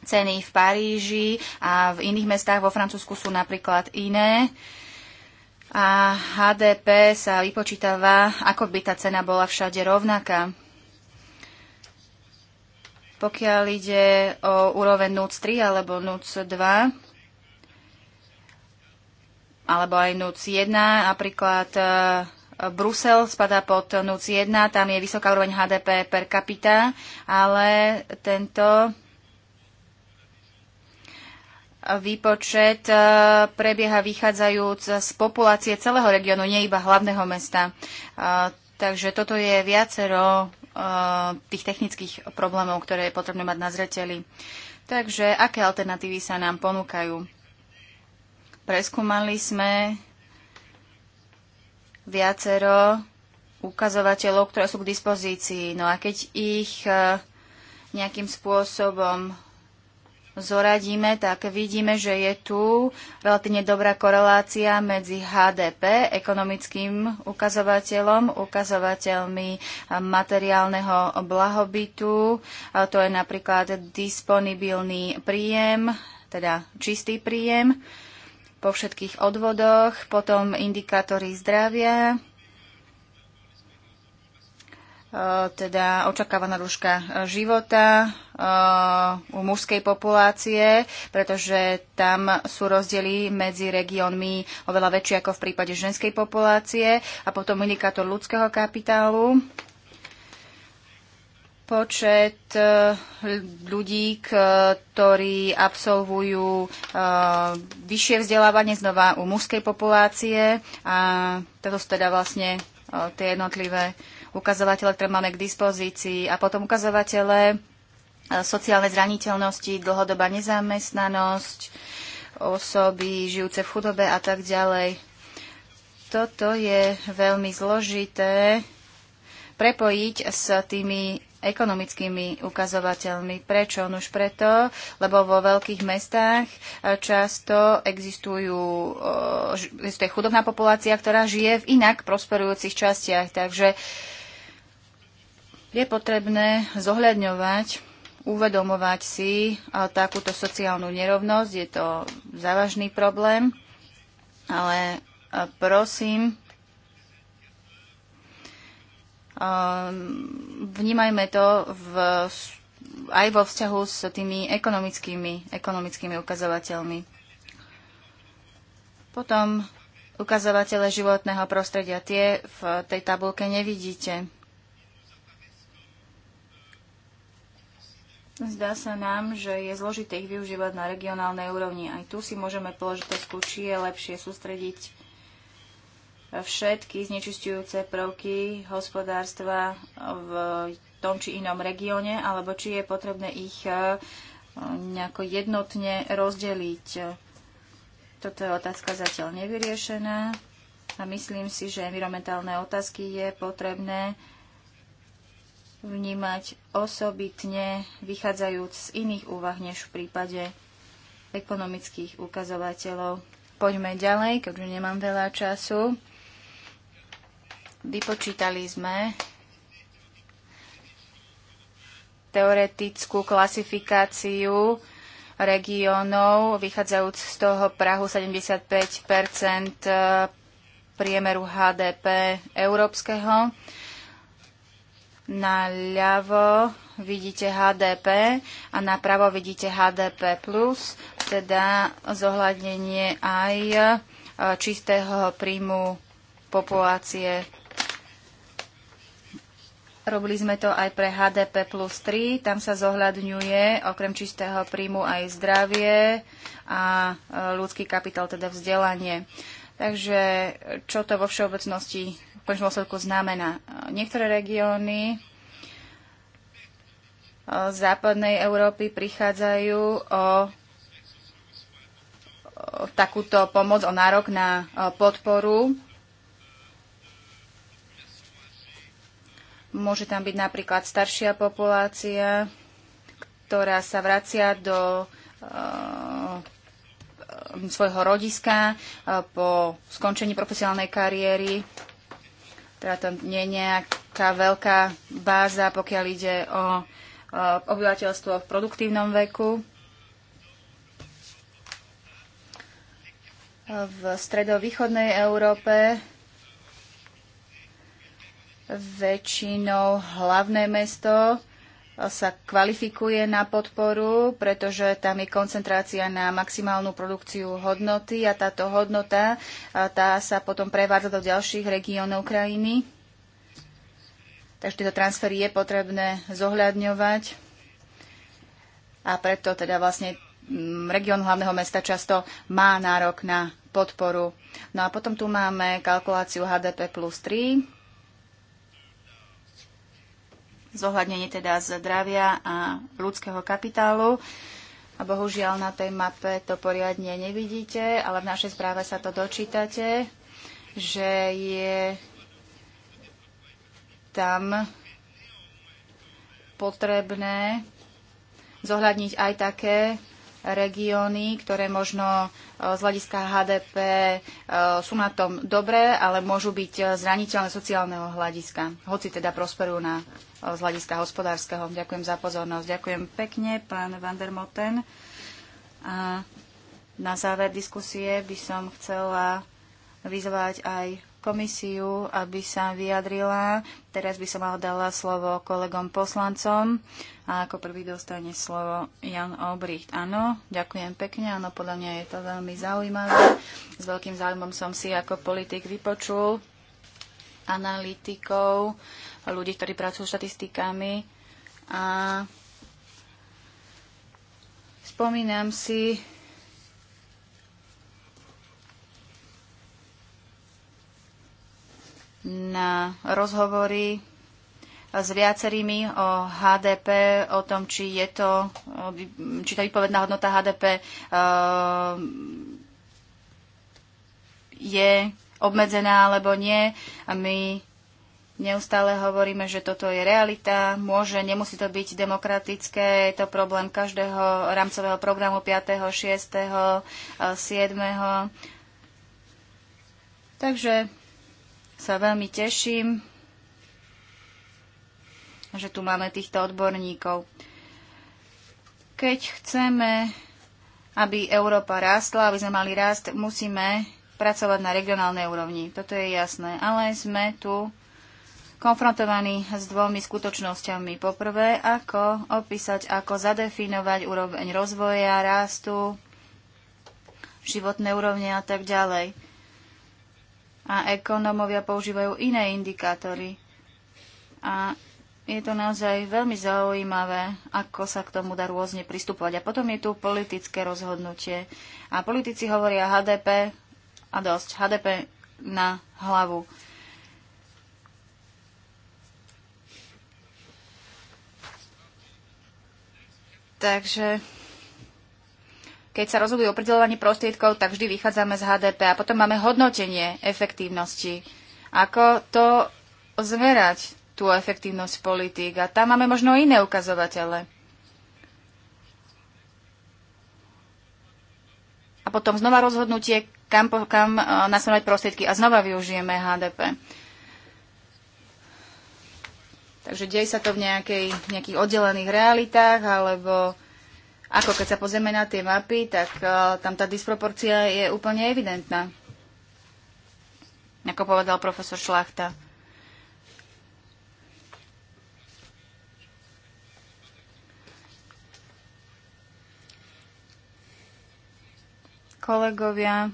ceny v Paríži a v iných mestách vo Francúzsku sú napríklad iné. Uh, a HDP sa vypočítava, ako by tá cena bola všade rovnaká. Pokiaľ ide o úroveň NUC 3 alebo NUC 2, alebo aj NUC 1, napríklad e, Brusel spadá pod NUC 1, tam je vysoká úroveň HDP per capita, ale tento výpočet e, prebieha vychádzajúc z populácie celého regiónu, nie iba hlavného mesta. E, takže toto je viacero e, tých technických problémov, ktoré je potrebné mať na zreteli. Takže aké alternatívy sa nám ponúkajú? Preskúmali sme viacero ukazovateľov, ktoré sú k dispozícii. No a keď ich nejakým spôsobom zoradíme, tak vidíme, že je tu relatívne dobrá korelácia medzi HDP, ekonomickým ukazovateľom, ukazovateľmi materiálneho blahobytu. To je napríklad disponibilný príjem, teda čistý príjem po všetkých odvodoch, potom indikátory zdravia, Eh, teda očakávaná dĺžka eh, života eh, u mužskej populácie, pretože tam sú rozdiely medzi regiónmi oveľa väčšie ako v prípade ženskej populácie a potom indikátor ľudského kapitálu. Počet ľudí, ktorí absolvujú vyššie vzdelávanie znova u mužskej populácie a toto sú teda vlastne tie jednotlivé uh, ukazovatele, ktoré máme k dispozícii a potom ukazovatele e, sociálnej zraniteľnosti, dlhodobá nezamestnanosť, osoby žijúce v chudobe a tak ďalej. Toto je veľmi zložité prepojiť s tými ekonomickými ukazovateľmi. Prečo? už preto, lebo vo veľkých mestách e, často existujú, e, existuje chudobná populácia, ktorá žije v inak prosperujúcich častiach. Takže je potrebné zohľadňovať, uvedomovať si takúto sociálnu nerovnosť. Je to závažný problém, ale prosím, vnímajme to v, aj vo vzťahu s tými ekonomickými, ekonomickými ukazovateľmi. Potom ukazovatele životného prostredia tie v tej tabulke nevidíte. Zdá sa nám, že je zložité ich využívať na regionálnej úrovni. Aj tu si môžeme položiť otázku, či je lepšie sústrediť všetky znečistujúce prvky hospodárstva v tom či inom regióne, alebo či je potrebné ich e, nejako jednotne rozdeliť. Toto je otázka zatiaľ nevyriešená a myslím si, že environmentálne otázky je potrebné vnímať osobitne, vychádzajúc z iných úvah než v prípade ekonomických ukazovateľov. Poďme ďalej, keďže nemám veľa času. Vypočítali sme teoretickú klasifikáciu regiónov, vychádzajúc z toho Prahu 75 eh, priemeru HDP európskeho. Na ľavo vidíte HDP a napravo vidíte HDP+, teda zohľadnenie aj e, čistého príjmu populácie. Robili sme to aj pre HDP plus 3, tam sa zohľadňuje okrem čistého príjmu aj zdravie a e, ľudský kapitál, teda vzdelanie. Takže čo to vo všeobecnosti konečnom dôsledku znamená. E, niektoré regióny e, západnej Európy prichádzajú o takúto pomoc, o nárok na e, podporu. Môže tam byť napríklad staršia populácia, ktorá sa vracia do svojho rodiska po skončení profesionálnej kariéry teda tam nie je nejaká veľká báza, pokiaľ ide o obyvateľstvo v produktívnom veku. V stredovýchodnej Európe väčšinou hlavné mesto sa kvalifikuje na podporu, pretože tam je koncentrácia na maximálnu produkciu hodnoty a táto hodnota tá sa potom prevádza do ďalších regiónov krajiny. Takže tieto transfery je potrebné zohľadňovať a preto teda vlastne mm, región hlavného mesta často má nárok na podporu. No a potom tu máme kalkuláciu HDP plus 3 zohľadnenie teda zdravia a ľudského kapitálu. A bohužiaľ na tej mape to poriadne nevidíte, ale v našej správe sa to dočítate, že je tam potrebné zohľadniť aj také regióny, ktoré možno e, z hľadiska HDP e, sú na tom dobré, ale môžu byť e, zraniteľné sociálneho hľadiska, hoci teda prosperujú na, z hľadiska hospodárskeho. Ďakujem za pozornosť. Ďakujem pekne, pán Van der Moten. A na záver diskusie by som chcela vyzvať aj komisiu, aby sa vyjadrila. Teraz by som ale dala slovo kolegom poslancom. A ako prvý dostane slovo Jan Obricht. Áno, ďakujem pekne, áno, podľa mňa je to veľmi zaujímavé. S veľkým záujmom som si ako politik vypočul analytikov, ľudí, ktorí pracujú štatistikami a spomínam si, na rozhovory s viacerými o HDP, o tom, či je to, či tá výpovedná hodnota HDP eh, je obmedzená alebo nie. A my neustále hovoríme, že toto je realita, môže, nemusí to byť demokratické, je to problém každého rámcového programu 5., 6., 7. Takže sa veľmi teším že tu máme týchto odborníkov. Keď chceme, aby Európa rástla, aby sme mali rast, musíme pracovať na regionálnej úrovni. Toto je jasné. Ale sme tu konfrontovaní s dvomi skutočnosťami. Poprvé, ako opísať, ako zadefinovať úroveň rozvoja, rastu, životné úrovne a tak ďalej. A ekonómovia používajú iné indikátory. A je to naozaj veľmi zaujímavé, ako sa k tomu dá rôzne pristupovať. A potom je tu politické rozhodnutie. A politici hovoria HDP a dosť. HDP na hlavu. Takže keď sa rozhoduje o pridelovaní prostriedkov, tak vždy vychádzame z HDP a potom máme hodnotenie efektívnosti. Ako to zmerať? tú efektívnosť politík. A tam máme možno iné ukazovatele. A potom znova rozhodnutie, kam, kam e, nasmerovať prostriedky a znova využijeme HDP. Takže deje sa to v nejakej, nejakých oddelených realitách, alebo ako keď sa pozrieme na tie mapy, tak e, tam tá disproporcia je úplne evidentná. Ako povedal profesor Šlachta. kolegovia.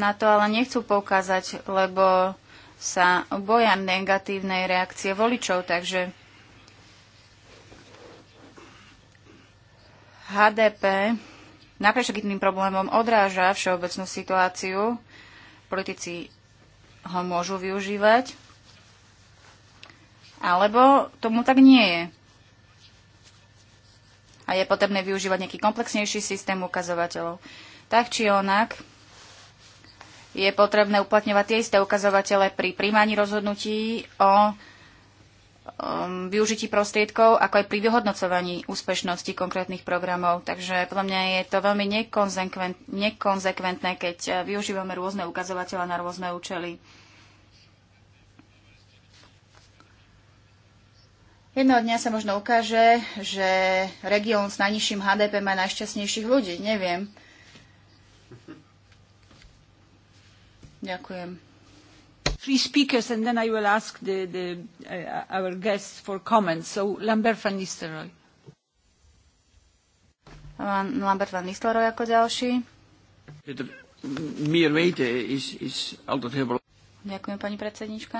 Na to ale nechcú poukázať, lebo sa boja negatívnej reakcie voličov, takže HDP napriek všetkým problémom odráža všeobecnú situáciu. Politici ho môžu využívať, alebo tomu tak nie je a je potrebné využívať nejaký komplexnejší systém ukazovateľov. Tak či onak, je potrebné uplatňovať tie isté ukazovatele pri príjmaní rozhodnutí o um, využití prostriedkov, ako aj pri vyhodnocovaní úspešnosti konkrétnych programov. Takže podľa mňa je to veľmi nekonzekventné, keď eh, využívame rôzne ukazovatele na rôzne účely. Jedného dňa sa možno ukáže, že región s najnižším HDP má najšťastnejších ľudí. Neviem. Ďakujem. Three speakers and then I will ask the, the, uh, our guests for comments. So Lambert van Nistelrooy. Lambert van Nistelrooy ako ďalší. Meer weten is, is altijd heel belangrijk. Ďakujem, pani predsednička.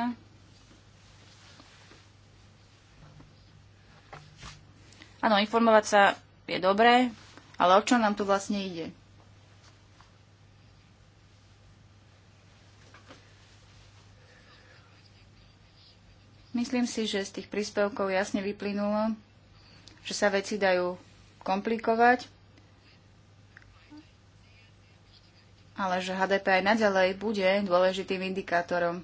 Áno, informovať sa je dobré, ale o čo nám tu vlastne ide? Myslím si, že z tých príspevkov jasne vyplynulo, že sa veci dajú komplikovať, ale že HDP aj naďalej bude dôležitým indikátorom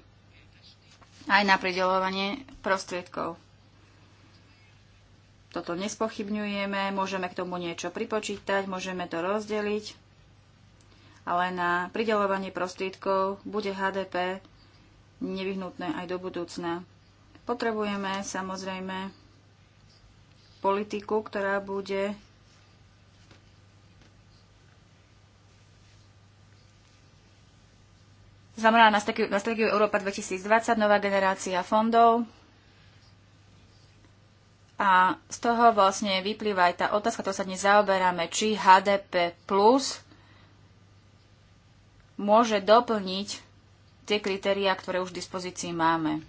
aj na pridelovanie prostriedkov. Toto nespochybňujeme, môžeme k tomu niečo pripočítať, môžeme to rozdeliť, ale na pridelovanie prostriedkov bude HDP nevyhnutné aj do budúcna. Potrebujeme samozrejme politiku, ktorá bude zameraná na stratégiu Európa 2020, nová generácia fondov. A z toho vlastne vyplýva aj tá otázka, ktorú sa dnes zaoberáme, či HDP plus môže doplniť tie kritériá, ktoré už v dispozícii máme.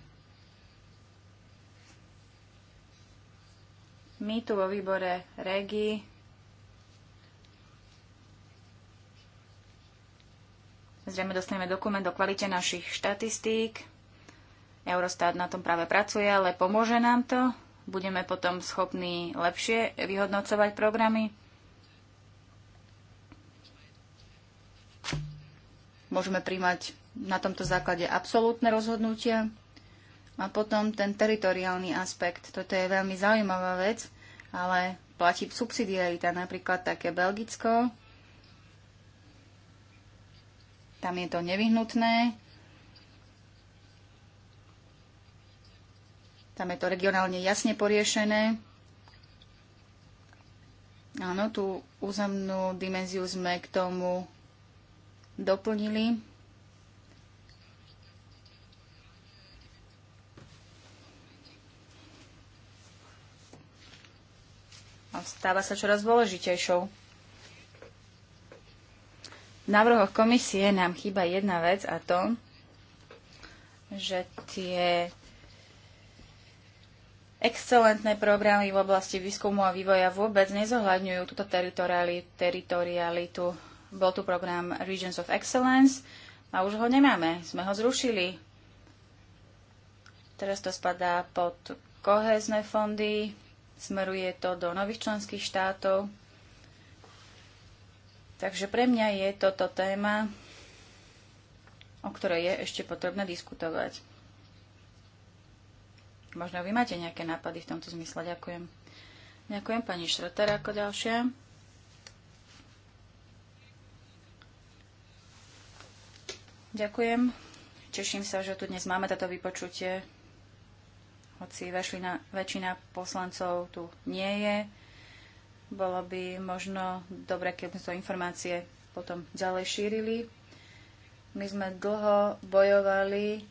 My tu vo výbore REGI Zrejme dostaneme dokument o kvalite našich štatistík. Eurostat na tom práve pracuje, ale pomôže nám to budeme potom schopní lepšie vyhodnocovať programy? Môžeme príjmať na tomto základe absolútne rozhodnutia. A potom ten teritoriálny aspekt. Toto je veľmi zaujímavá vec, ale platí subsidiarita. Napríklad také Belgicko, tam je to nevyhnutné, Tam je to regionálne jasne poriešené. Áno, tú územnú dimenziu sme k tomu doplnili. A stáva sa čoraz dôležitejšou. V návrhoch komisie nám chýba jedna vec a to, že tie excelentné programy v oblasti výskumu a vývoja vôbec nezohľadňujú túto teritorialitu. Bol tu program Regions of Excellence a už ho nemáme. Sme ho zrušili. Teraz to spadá pod kohezné fondy, smeruje to do nových členských štátov. Takže pre mňa je toto téma, o ktorej je ešte potrebné diskutovať. Možno vy máte nejaké nápady v tomto zmysle. Ďakujem. Ďakujem pani Šreter ako ďalšia. Ďakujem. Teším sa, že tu dnes máme toto vypočutie. Hoci väčšina, väčšina poslancov tu nie je, bolo by možno dobre, keby sme to informácie potom ďalej šírili. My sme dlho bojovali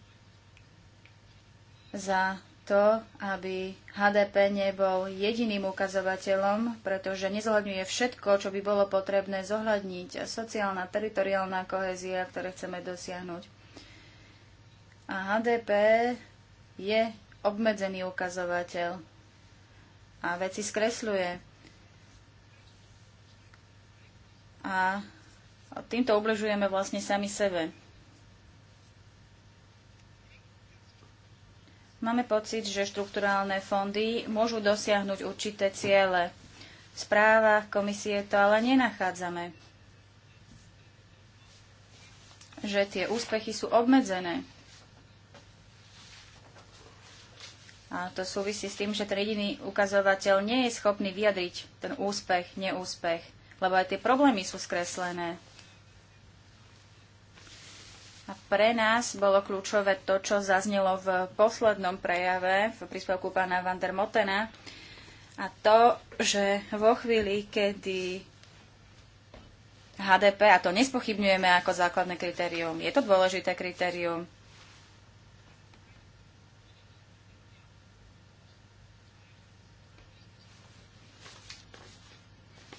za to, aby HDP nebol jediným ukazovateľom, pretože nezohľadňuje všetko, čo by bolo potrebné zohľadniť sociálna, teritoriálna kohézia, ktoré chceme dosiahnuť. A HDP je obmedzený ukazovateľ a veci skresľuje. A týmto ubližujeme vlastne sami sebe. Máme pocit, že štrukturálne fondy môžu dosiahnuť určité ciele. V správach komisie to ale nenachádzame. Že tie úspechy sú obmedzené. A to súvisí s tým, že ten jediný ukazovateľ nie je schopný vyjadriť ten úspech, neúspech, lebo aj tie problémy sú skreslené. A pre nás bolo kľúčové to, čo zaznelo v poslednom prejave, v príspevku pána Van der Motena, a to, že vo chvíli, kedy HDP, a to nespochybňujeme ako základné kritérium, je to dôležité kritérium,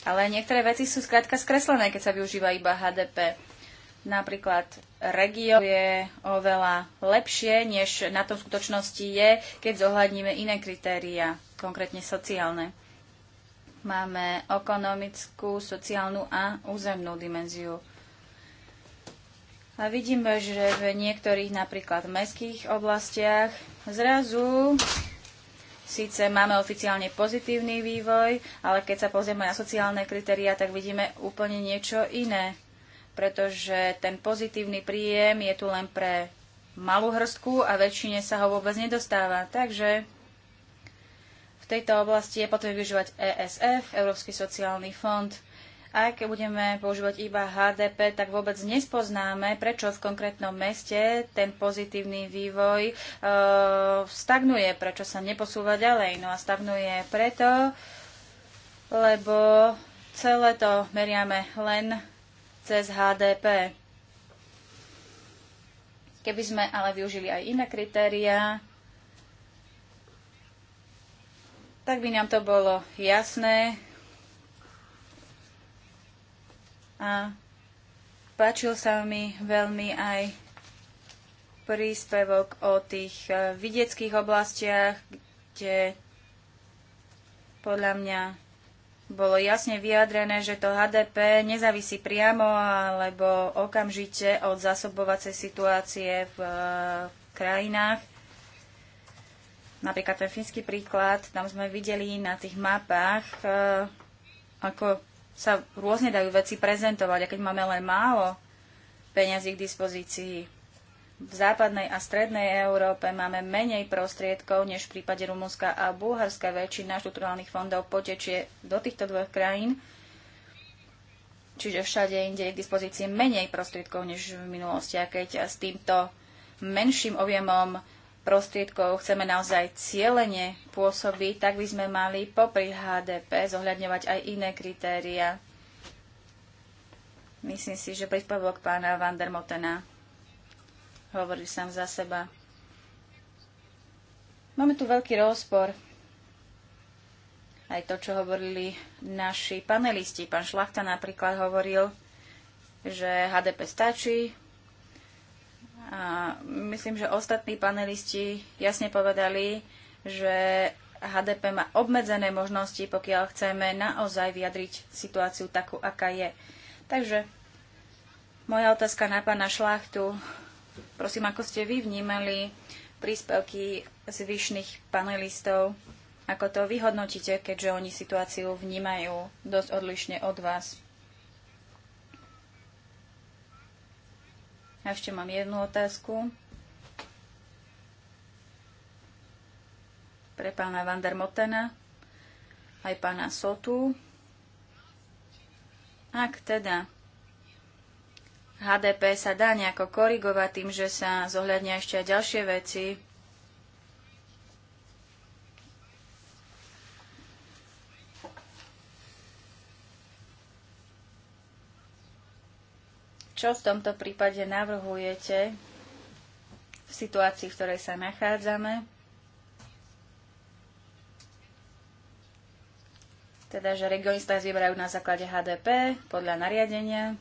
Ale niektoré veci sú skrátka skreslené, keď sa využíva iba HDP. Napríklad regio je oveľa lepšie, než na to v skutočnosti je, keď zohľadníme iné kritéria, konkrétne sociálne. Máme ekonomickú, sociálnu a územnú dimenziu. A vidíme, že v niektorých napríklad mestských oblastiach zrazu síce máme oficiálne pozitívny vývoj, ale keď sa pozrieme na sociálne kritériá, tak vidíme úplne niečo iné pretože ten pozitívny príjem je tu len pre malú hrstku a väčšine sa ho vôbec nedostáva. Takže v tejto oblasti je potrebné využívať ESF, Európsky sociálny fond. Aj keď budeme používať iba HDP, tak vôbec nespoznáme, prečo v konkrétnom meste ten pozitívny vývoj e, stagnuje, prečo sa neposúva ďalej. No a stagnuje preto, lebo celé to meriame len cez HDP. Keby sme ale využili aj iné kritériá, tak by nám to bolo jasné a páčil sa mi veľmi aj príspevok o tých eh, vidieckých oblastiach, kde podľa mňa bolo jasne vyjadrené, že to HDP nezávisí priamo alebo okamžite od zásobovacej situácie v e, krajinách. Napríklad ten fínsky príklad, tam sme videli na tých mapách, e, ako sa rôzne dajú veci prezentovať. A keď máme len málo peňazí k dispozícii, v západnej a strednej Európe máme menej prostriedkov než v prípade Rumunska a Bulharska. Väčšina štruktúrálnych fondov potečie do týchto dvoch krajín, čiže všade inde je k dispozícii menej prostriedkov než v minulosti. A keď s týmto menším objemom prostriedkov chceme naozaj cieľene pôsobiť, tak by sme mali popri HDP zohľadňovať aj iné kritéria. Myslím si, že príspevok pána Vandermotena hovorí sám za seba. Máme tu veľký rozpor. Aj to, čo hovorili naši panelisti. Pán Šlachta napríklad hovoril, že HDP stačí. A myslím, že ostatní panelisti jasne povedali, že HDP má obmedzené možnosti, pokiaľ chceme naozaj vyjadriť situáciu takú, aká je. Takže moja otázka na pána Šlachtu Prosím, ako ste vy vnímali príspevky zvyšných panelistov, ako to vyhodnotíte, keďže oni situáciu vnímajú dosť odlišne od vás. A ešte mám jednu otázku. Pre pána Motena aj pána Sotu. Ak teda HDP sa dá nejako korigovať tým, že sa zohľadnia ešte aj ďalšie veci. Čo v tomto prípade navrhujete v situácii, v ktorej sa nachádzame? Teda, že regionista sa vyberajú na základe HDP podľa nariadenia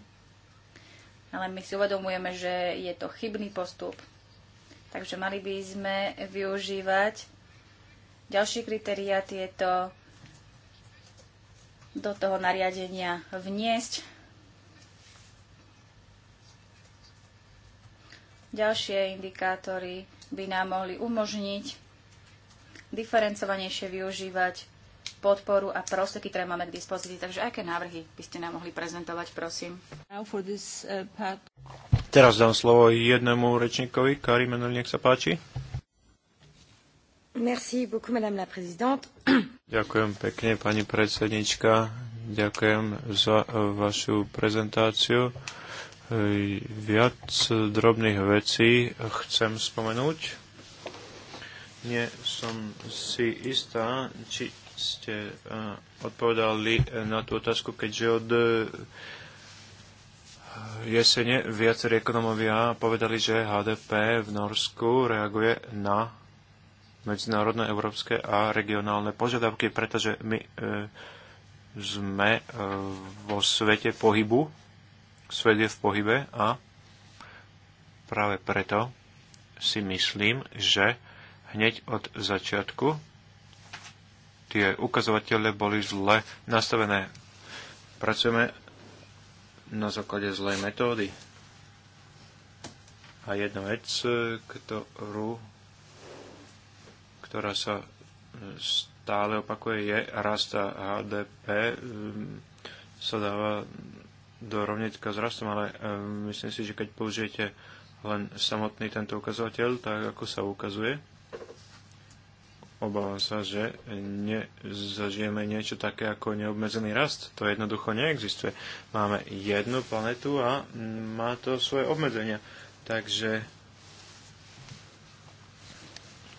ale my si uvedomujeme, že je to chybný postup. Takže mali by sme využívať ďalšie kritéria tieto do toho nariadenia vniesť. Ďalšie indikátory by nám mohli umožniť diferencovanejšie využívať podporu a prostriedky, ktoré máme k dispozícii. Takže aké návrhy by ste nám mohli prezentovať, prosím? Uh, Teraz dám slovo jednému rečníkovi. Karim Enel, nech sa páči. Merci beaucoup, madame la présidente. Ďakujem pekne, pani predsednička. Ďakujem za eh, vašu prezentáciu. Eh, viac drobných vecí chcem spomenúť. Nie som si istá, či ste eh, odpovedali eh, na tú otázku, keďže od eh, jesene viacerí ekonomovia povedali, že HDP v Norsku reaguje na medzinárodné, európske a regionálne požiadavky, pretože my uh, sme uh, vo svete pohybu, svet je v pohybe a práve preto si myslím, že hneď od začiatku tie ukazovatele boli zle nastavené. Pracujeme na základe zlej metódy. A jedna vec, ktorú, ktorá sa stále opakuje, je rast HDP ehm, sa dáva do rovnitka s rastom, ale ehm, myslím si, že keď použijete len samotný tento ukazovateľ, tak ako sa ukazuje, Obávam sa, že nezažijeme niečo také ako neobmedzený rast. To jednoducho neexistuje. Máme jednu planetu a má to svoje obmedzenia. Takže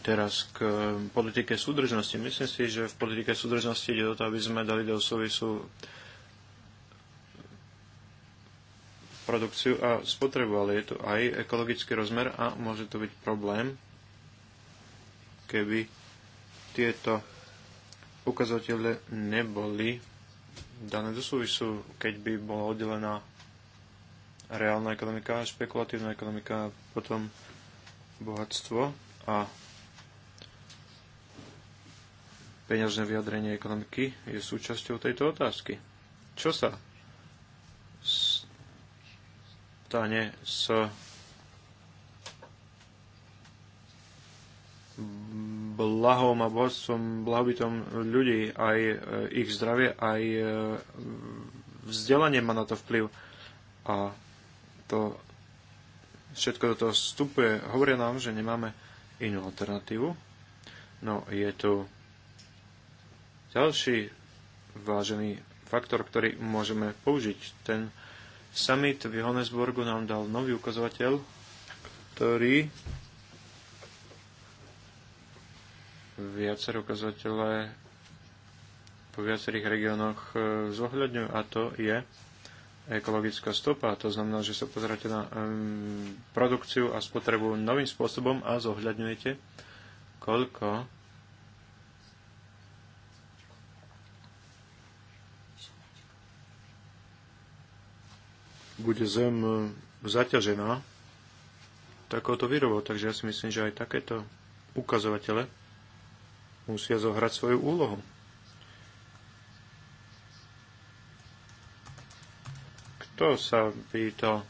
teraz k politike súdržnosti. Myslím si, že v politike súdržnosti ide o to, aby sme dali do súvisu produkciu a spotrebu, ale je tu aj ekologický rozmer a môže to byť problém, keby tieto ukazovatele neboli dané do súvisu, keď by bola oddelená reálna ekonomika, špekulatívna ekonomika, potom bohatstvo a peňažné vyjadrenie ekonomiky je súčasťou tejto otázky. Čo sa stane s blahom a bohatstvom, blahobytom ľudí, aj e, ich zdravie, aj e, vzdelanie má na to vplyv. A to všetko do toho vstupuje. Hovoria nám, že nemáme inú alternatívu. No je tu ďalší vážený faktor, ktorý môžeme použiť. Ten summit v Johannesburgu nám dal nový ukazovateľ, ktorý viaceré ukazovatele po viacerých regiónoch e, zohľadňujú a to je ekologická stopa. To znamená, že sa pozeráte na produkciu a spotrebu novým spôsobom a zohľadňujete, koľko bude zem e, zaťažená takouto výrobou. Takže ja si myslím, že aj takéto ukazovatele musia zohrať svoju úlohu. Kto sa pýtal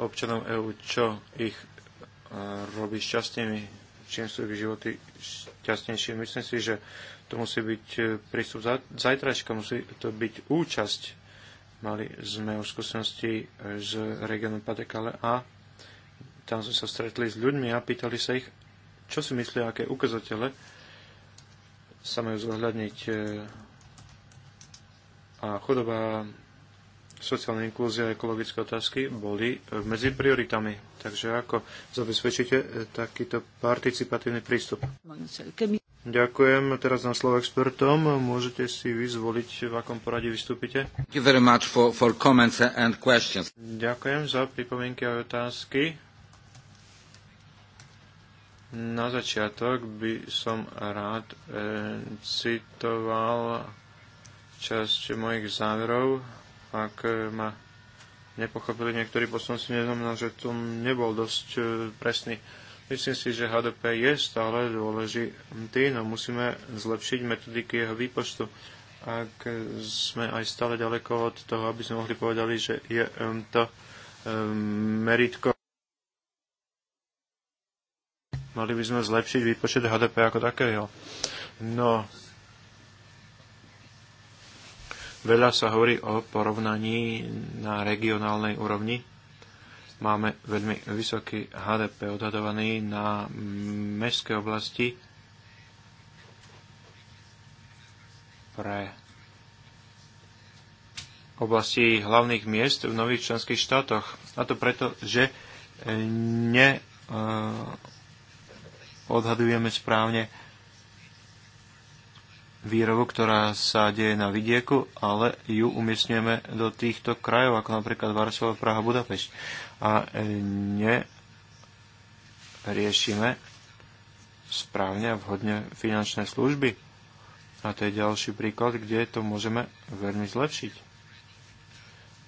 občanov EÚ, čo ich robí šťastnými, čím sú ich životy šťastnejšie? Myslím si, že to musí byť e, prístup zajtračka, musí to byť účasť. Mali sme už skúsenosti e, z regionu Patekale a tam sme sa stretli s ľuďmi a pýtali sa ich, čo si myslia, aké ukazatele sa majú zohľadniť e, a chudoba, sociálna inklúzia a ekologické otázky boli e, medzi prioritami. Takže ako zabezpečíte e, takýto participatívny prístup? Ďakujem. Teraz na slovo expertom. Môžete si vyzvoliť, v akom poradí vystúpite. For, for Ďakujem za pripomienky a otázky. Na začiatok by som rád e, citoval časť mojich záverov. Ak eh, ma nepochopili niektorí poslanci, neznamená, že to nebol dosť e, presný. Myslím si, že HDP je stále dôležitý, no musíme zlepšiť metodiky jeho výpočtu. Ak sme aj stále ďaleko od toho, aby sme mohli povedali, že je to meritko Mali by sme zlepšiť výpočet HDP ako takého. No, veľa sa hovorí o porovnaní na regionálnej úrovni. Máme veľmi vysoký HDP odhadovaný na mestské oblasti pre oblasti hlavných miest v nových členských štátoch. A to preto, že ne eh, odhadujeme správne výrobu, ktorá sa deje na vidieku, ale ju umiestňujeme do týchto krajov, ako napríklad Varšava, Praha, Budapešť. A ne riešime správne a vhodne finančné služby. A to je ďalší príklad, kde to môžeme veľmi zlepšiť.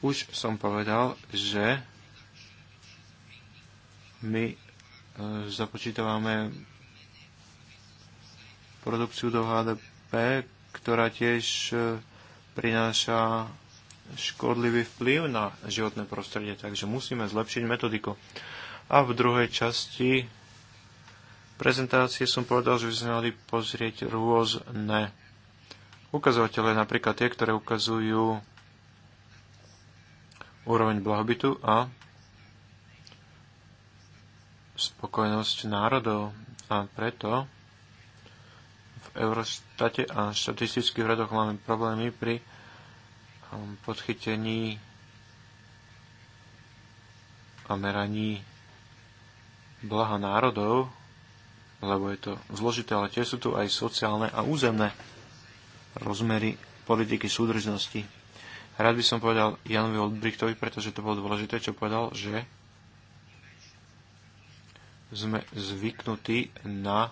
Už som povedal, že my E, započítavame produkciu do HDP, ktorá tiež e, prináša škodlivý vplyv na životné prostredie, takže musíme zlepšiť metodiku. A v druhej časti prezentácie som povedal, že by sme mali pozrieť rôzne ukazovatele, napríklad tie, ktoré ukazujú úroveň blahobytu a spokojnosť národov a preto v Eurostate a štatistických radoch máme problémy pri um, podchytení a meraní blaha národov, lebo je to zložité, ale tie sú tu aj sociálne a územné rozmery politiky súdržnosti. Rád by som povedal Janovi Oldbrichtovi, pretože to bolo dôležité, čo povedal, že sme zvyknutí na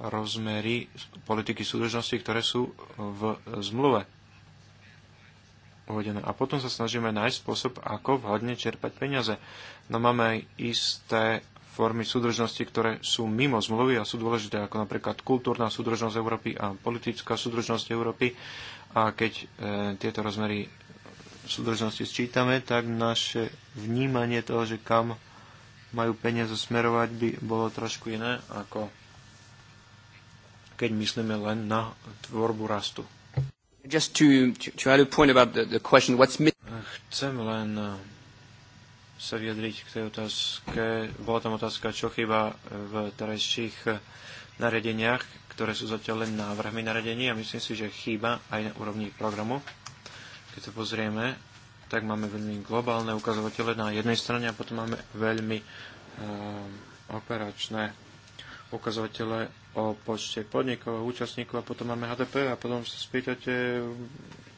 rozmery politiky súdržnosti, ktoré sú v zmluve uvedené. A potom sa snažíme nájsť spôsob, ako vhodne čerpať peniaze. No máme aj isté formy súdržnosti, ktoré sú mimo zmluvy a sú dôležité, ako napríklad kultúrna súdržnosť Európy a politická súdržnosť Európy. A keď e, tieto rozmery súdržnosti sčítame, tak naše vnímanie toho, že kam majú peniaze smerovať, by bolo trošku iné, ako keď myslíme len na tvorbu rastu. Just to, to add a point about the, the question, what's Chcem len e, sa vyjadriť k tej otázke. Bola tam otázka, čo chýba e, v terajších e, nariadeniach, ktoré sú zatiaľ len návrhmi nariadení a myslím si, že chýba aj na úrovni programu. Keď to pozrieme tak máme veľmi globálne ukazovatele na jednej strane a potom máme veľmi um, operačné ukazovatele o počte podnikov a účastníkov a potom máme HDP a potom sa spýtate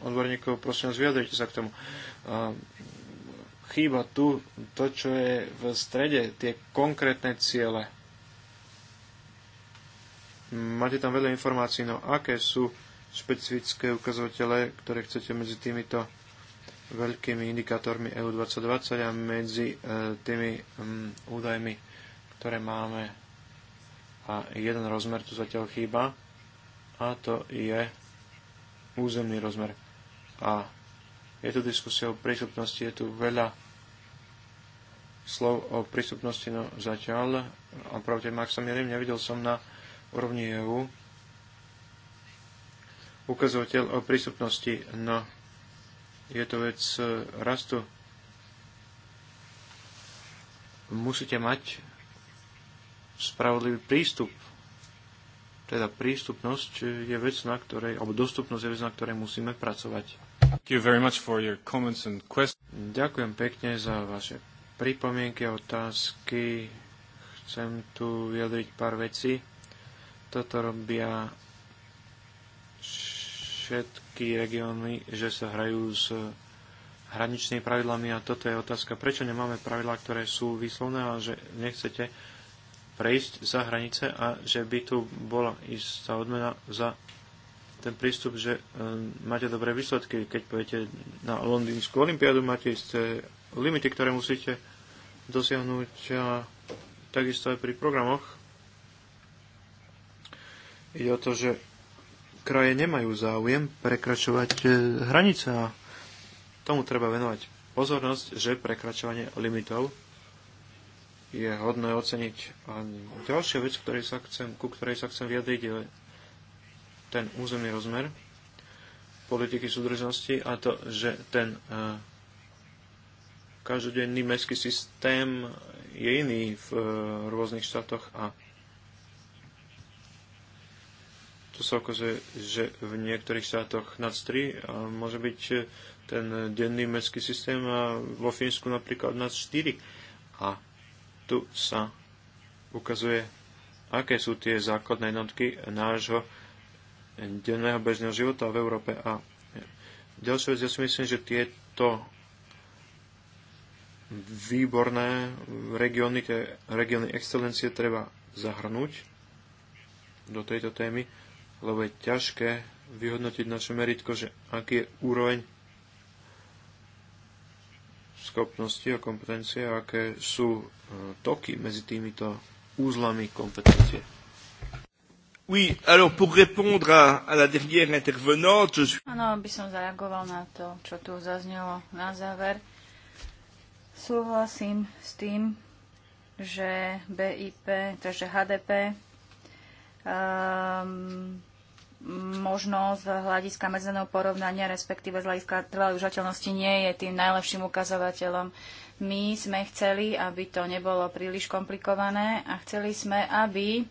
odborníkov, prosím vás, vyjadrite sa k tomu. Um, chýba tu to, čo je v strede, tie konkrétne ciele. Máte tam veľa informácií, no aké sú špecifické ukazovatele, ktoré chcete medzi týmito veľkými indikátormi EU 2020 a medzi e, tými údajmi, ktoré máme. A jeden rozmer tu zatiaľ chýba a to je územný rozmer. A je tu diskusia o prístupnosti, je tu veľa slov o prístupnosti no zatiaľ. A pravde, ak sa mierim, nevidel som na úrovni EU ukazovateľ o prístupnosti. No je to vec e, rastu. Musíte mať spravodlivý prístup. Teda prístupnosť je vec, na ktorej, alebo dostupnosť je vec, na ktorej musíme pracovať. Ďakujem pekne za vaše pripomienky a otázky. Chcem tu vyjadriť pár vecí. Toto robia všetko všetky regióny, že sa hrajú s hraničnými pravidlami a toto je otázka, prečo nemáme pravidlá, ktoré sú výslovné a že nechcete prejsť za hranice a že by tu bola istá odmena za ten prístup, že e, máte dobré výsledky, keď pôjdete na Londýnsku olimpiádu, máte isté limity, ktoré musíte dosiahnuť a takisto aj pri programoch. Ide o to, že kraje nemajú záujem prekračovať e, hranice a tomu treba venovať pozornosť, že prekračovanie limitov je hodné oceniť. A ďalšia vec, ktorej sa chcem, ku ktorej sa chcem vyjadriť, je ten územný rozmer politiky súdržnosti a to, že ten e, každodenný mestský systém je iný v e, rôznych štátoch a To sa ukazuje, že v niektorých štátoch nad 3 a môže byť e, ten denný mestský systém a vo Fínsku napríklad nad 4. A tu sa ukazuje, aké sú tie základné jednotky nášho denného bežného života v Európe. A ďalšia vec, ja si myslím, že tieto výborné regióny, tie regióny excelencie treba zahrnúť do tejto témy lebo je ťažké vyhodnotiť naše meritko, že aký je úroveň schopnosti a kompetencie, aké sú e, toky medzi týmito úzlami kompetencie. Oui, alors pour répondre à, à la dernière intervenante, je suis... Áno, by som zareagoval na to, čo tu zaznelo na záver. Súhlasím s tým, že BIP, takže HDP Ehm, možno z hľadiska medzeného porovnania, respektíve z hľadiska trvalej užateľnosti, nie je tým najlepším ukazovateľom. My sme chceli, aby to nebolo príliš komplikované a chceli sme, aby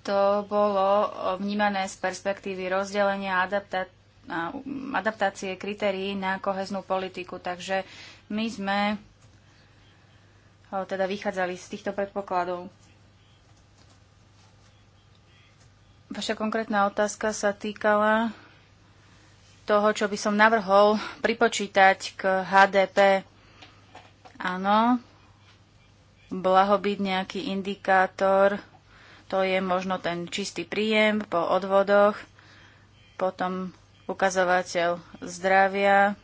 to bolo vnímané z perspektívy rozdelenia adapta- adaptácie kritérií na koheznú politiku. Takže my sme eh, teda vychádzali z týchto predpokladov. Vaša konkrétna otázka sa týkala toho, čo by som navrhol pripočítať k HDP. Áno, blahobyt nejaký indikátor, to je možno ten čistý príjem po odvodoch, potom ukazovateľ zdravia.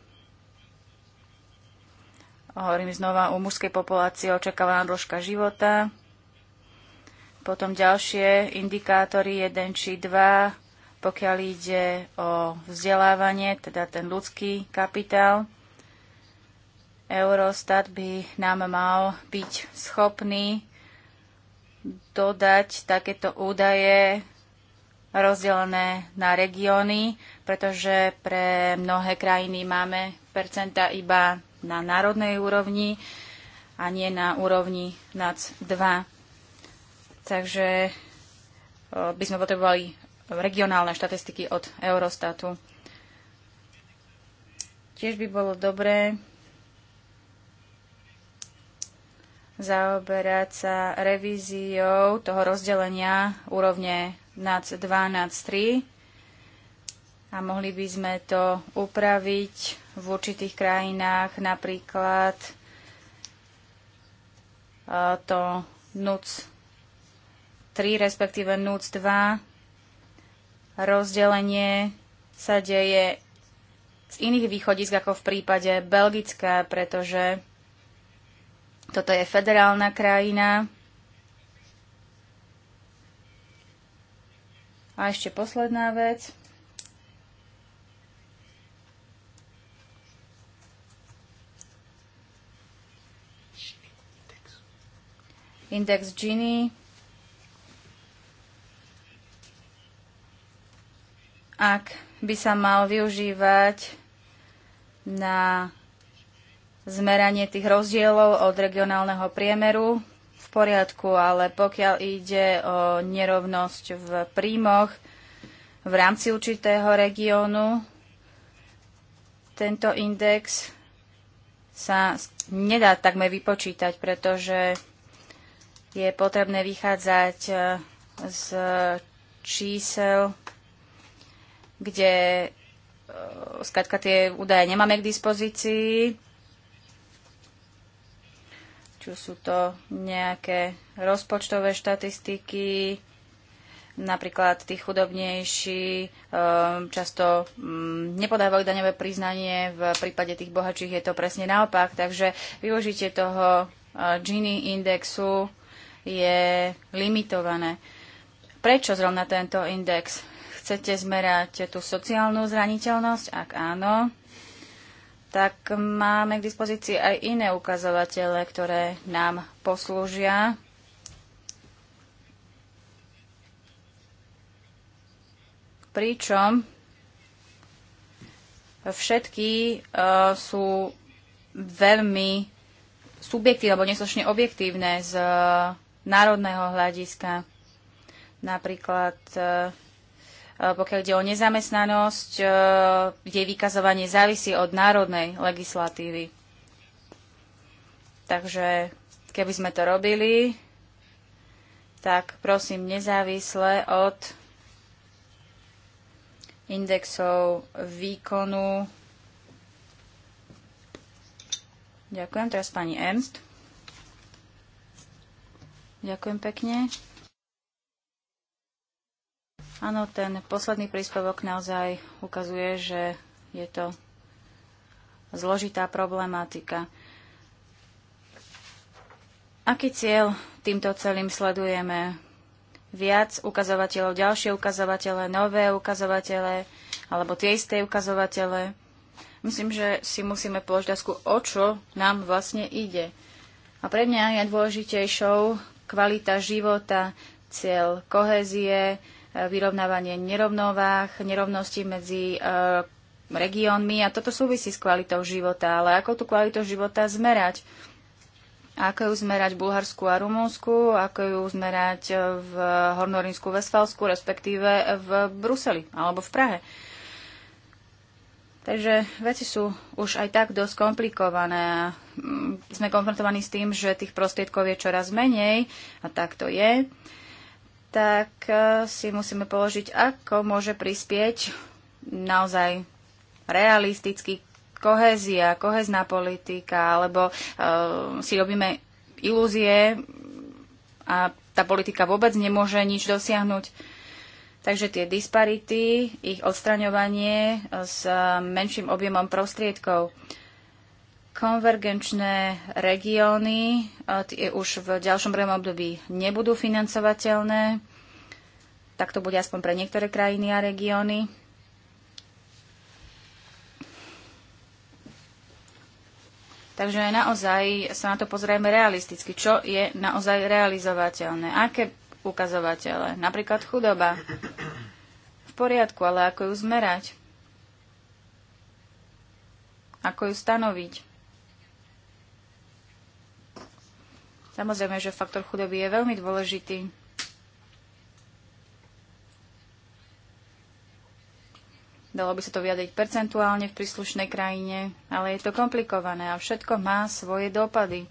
Hovorím znova, u mužskej populácie očakávaná dĺžka života, potom ďalšie indikátory 1 či 2, pokiaľ ide o vzdelávanie, teda ten ľudský kapitál. Eurostat by nám mal byť schopný dodať takéto údaje rozdelené na regióny, pretože pre mnohé krajiny máme percenta iba na národnej úrovni a nie na úrovni nad 2. Takže e, by sme potrebovali regionálne štatistiky od Eurostatu. Tiež by bolo dobré zaoberať sa revíziou toho rozdelenia úrovne NAC 2, NAC 3 a mohli by sme to upraviť v určitých krajinách, napríklad e, to NUC 3, respektíve NUC 2, rozdelenie sa deje z iných východisk ako v prípade Belgická, pretože toto je federálna krajina. A ešte posledná vec. Index Gini. ak by sa mal využívať na zmeranie tých rozdielov od regionálneho priemeru v poriadku, ale pokiaľ ide o nerovnosť v príjmoch v rámci určitého regiónu, tento index sa nedá takmer vypočítať, pretože je potrebné vychádzať eh, z čísel kde e, skrátka tie údaje nemáme k dispozícii, či sú to nejaké rozpočtové štatistiky, napríklad tí chudobnejší e, často mm, nepodávajú daňové priznanie, v prípade tých bohačích je to presne naopak, takže využitie toho e, Gini indexu je limitované. Prečo zrovna tento index? chcete zmerať tú sociálnu zraniteľnosť? Ak áno, tak máme k dispozícii aj iné ukazovatele, ktoré nám poslúžia. Pričom všetky uh, sú veľmi subjektívne alebo neslušne objektívne z uh, národného hľadiska. Napríklad uh, Eh, pokiaľ ide o nezamestnanosť, eh, kde vykazovanie závisí od národnej legislatívy. Takže keby sme to robili, tak prosím nezávisle od indexov výkonu. Ďakujem, teraz pani Ernst. Ďakujem pekne. Áno, ten posledný príspevok naozaj ukazuje, že je to zložitá problematika. Aký cieľ týmto celým sledujeme? Viac ukazovateľov, ďalšie ukazovatele, nové ukazovatele alebo tie isté ukazovatele? Myslím, že si musíme položiť otázku, o čo nám vlastne ide. A pre mňa je dôležitejšou kvalita života, cieľ kohézie, vyrovnávanie nerovnováh, nerovnosti medzi eh, regiónmi a toto súvisí s kvalitou života. Ale ako tú kvalitu života zmerať? Ako ju zmerať v Bulharsku a Rumunsku, ako ju zmerať eh, v Hornorinsku, Vesfalsku, respektíve eh, v Bruseli alebo v Prahe. Takže veci sú už aj tak dosť komplikované. Mm, sme konfrontovaní s tým, že tých prostriedkov je čoraz menej a tak to je. Uh, tak eh, si musíme položiť, ako môže prispieť naozaj realisticky kohézia, kohezná politika, alebo uh, si robíme ilúzie a tá politika vôbec nemôže nič dosiahnuť. Takže tie disparity, ich odstraňovanie s menším objemom prostriedkov. Uh, Konvergenčné regióny už v ďalšom prvom období nebudú financovateľné. Tak to bude aspoň pre niektoré krajiny a regióny. Takže naozaj sa na to pozrieme realisticky. Čo je naozaj realizovateľné? Aké ukazovatele? Napríklad chudoba. V poriadku, ale ako ju zmerať? Ako ju stanoviť? Samozrejme, že faktor chudoby je veľmi dôležitý. Dalo by sa to vyjadriť percentuálne v príslušnej krajine, ale je to komplikované a všetko má svoje dopady.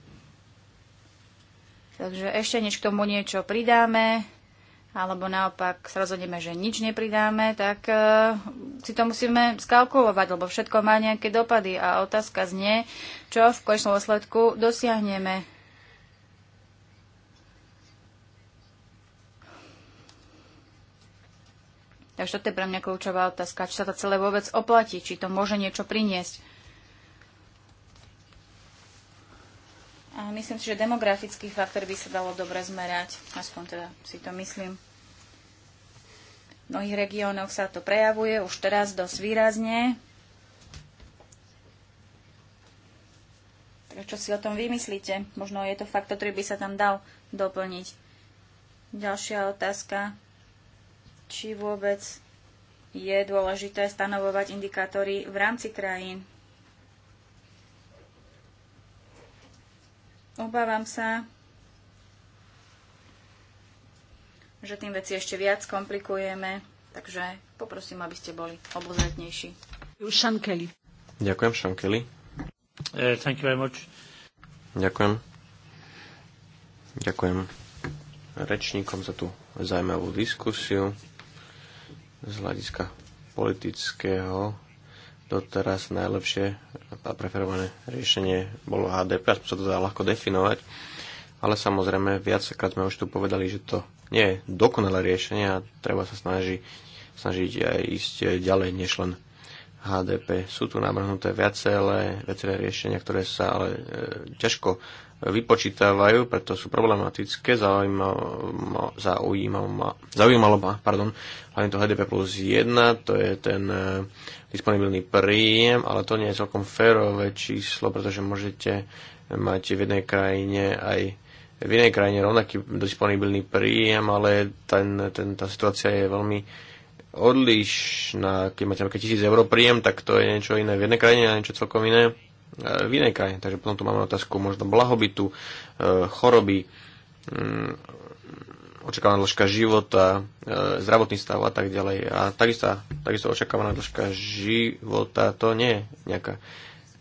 Takže ešte než k tomu niečo pridáme, alebo naopak sa rozhodneme, že nič nepridáme, tak uh, si to musíme skalkulovať, lebo všetko má nejaké dopady a otázka znie, čo v konečnom dôsledku dosiahneme. Takže toto je pre mňa kľúčová otázka, či sa to celé vôbec oplatí, či to môže niečo priniesť. A myslím si, že demografický faktor by sa dalo dobre zmerať, aspoň teda si to myslím. V mnohých regiónoch sa to prejavuje už teraz dosť výrazne. Takže čo si o tom vymyslíte? Možno je to fakt, ktorý by sa tam dal doplniť. Ďalšia otázka či vôbec je dôležité stanovovať indikátory v rámci krajín. Obávam sa, že tým veci ešte viac komplikujeme, takže poprosím, aby ste boli obozretnejší. Šankeli. Ďakujem, Šankeli. Uh, eh, thank you very much. Ďakujem. Ďakujem rečníkom za tú zaujímavú diskusiu z hľadiska politického doteraz najlepšie a preferované riešenie bolo HDP, aspoň sa to dá ľahko definovať, ale samozrejme viackrát sme už tu povedali, že to nie je dokonalé riešenie a treba sa snaži, snažiť aj ísť ďalej než len HDP. Sú tu nabrhnuté viaceré, viaceré riešenia, ktoré sa ale e, ťažko vypočítavajú, preto sú problematické. Zaujímalo, ma, ma, pardon, hlavne to HDP plus 1, to je ten e, disponibilný príjem, ale to nie je celkom férové číslo, pretože môžete mať v jednej krajine aj v inej krajine rovnaký disponibilný príjem, ale ten, ten, tá situácia je veľmi odlišná. Keď máte napríklad 1000 eur príjem, tak to je niečo iné v jednej krajine a niečo celkom iné E, v inej krajine. Takže potom tu máme otázku možno blahobytu, e, choroby, mm, očakávaná dĺžka života, e, zdravotný stav a tak ďalej. A takisto, takisto očakávaná dĺžka života to nie je nejaká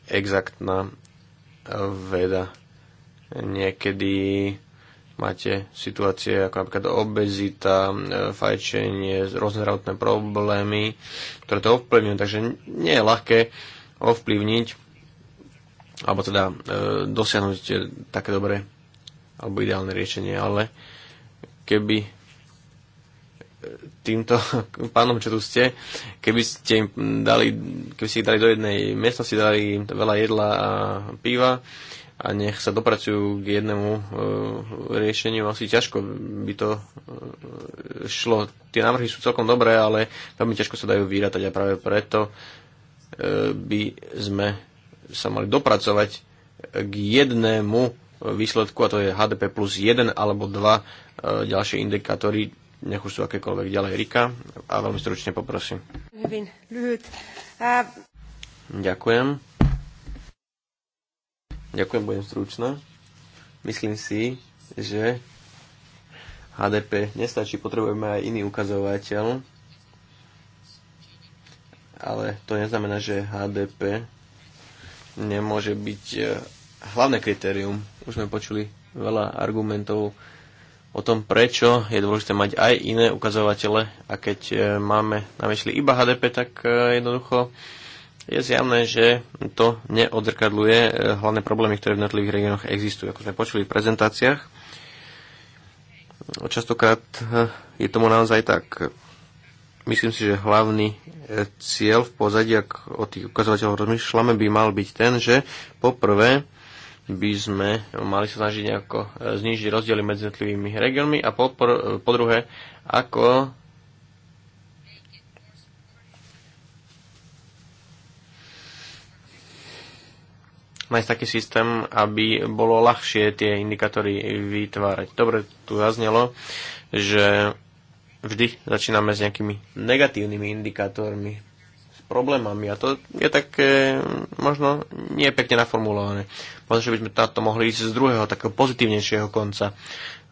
exaktná veda. Niekedy máte situácie ako napríklad obezita, fajčenie, rôzne zdravotné problémy, ktoré to ovplyvňujú. Takže nie je ľahké ovplyvniť alebo teda e, dosiahnuť e, také dobré alebo ideálne riešenie, ale keby e, týmto *laughs* pánom, čo tu ste, keby ste im dali, keby ste ich dali do jednej miestnosti, dali im veľa jedla a piva a nech sa dopracujú k jednému e, riešeniu, asi ťažko by to e, šlo. Tie návrhy sú celkom dobré, ale veľmi ťažko sa dajú vyrátať a práve preto e, by sme sa mali dopracovať k jednému výsledku, a to je HDP plus 1 alebo 2 e, ďalšie indikátory, nech už sú akékoľvek ďalej. Rika, a veľmi stručne poprosím. Ďakujem. Ďakujem, budem stručná. Myslím si, že HDP nestačí, potrebujeme aj iný ukazovateľ, ale to neznamená, že HDP nemôže byť e, hlavné kritérium. Už sme počuli veľa argumentov o tom, prečo je dôležité mať aj iné ukazovatele a keď e, máme na mysli iba HDP, tak e, jednoducho je zjavné, že to neodzrkadluje hlavné problémy, ktoré v jednotlivých regiónoch existujú, ako sme počuli v prezentáciách. Častokrát je tomu naozaj tak. Myslím si, že hlavný e, cieľ v pozadí, ak o tých ukazovateľov rozmýšľame, by mal byť ten, že poprvé by sme mali sa snažiť nejako e, znižiť rozdiely medzi jednotlivými regiónmi a po, po druhé, ako nájsť taký systém, aby bolo ľahšie tie indikátory vytvárať. Dobre, tu zaznelo, že vždy začíname s nejakými negatívnymi indikátormi, s problémami a to je také mm, možno nie pekne naformulované. Možno, že by sme na to mohli ísť z druhého, takého pozitívnejšieho konca.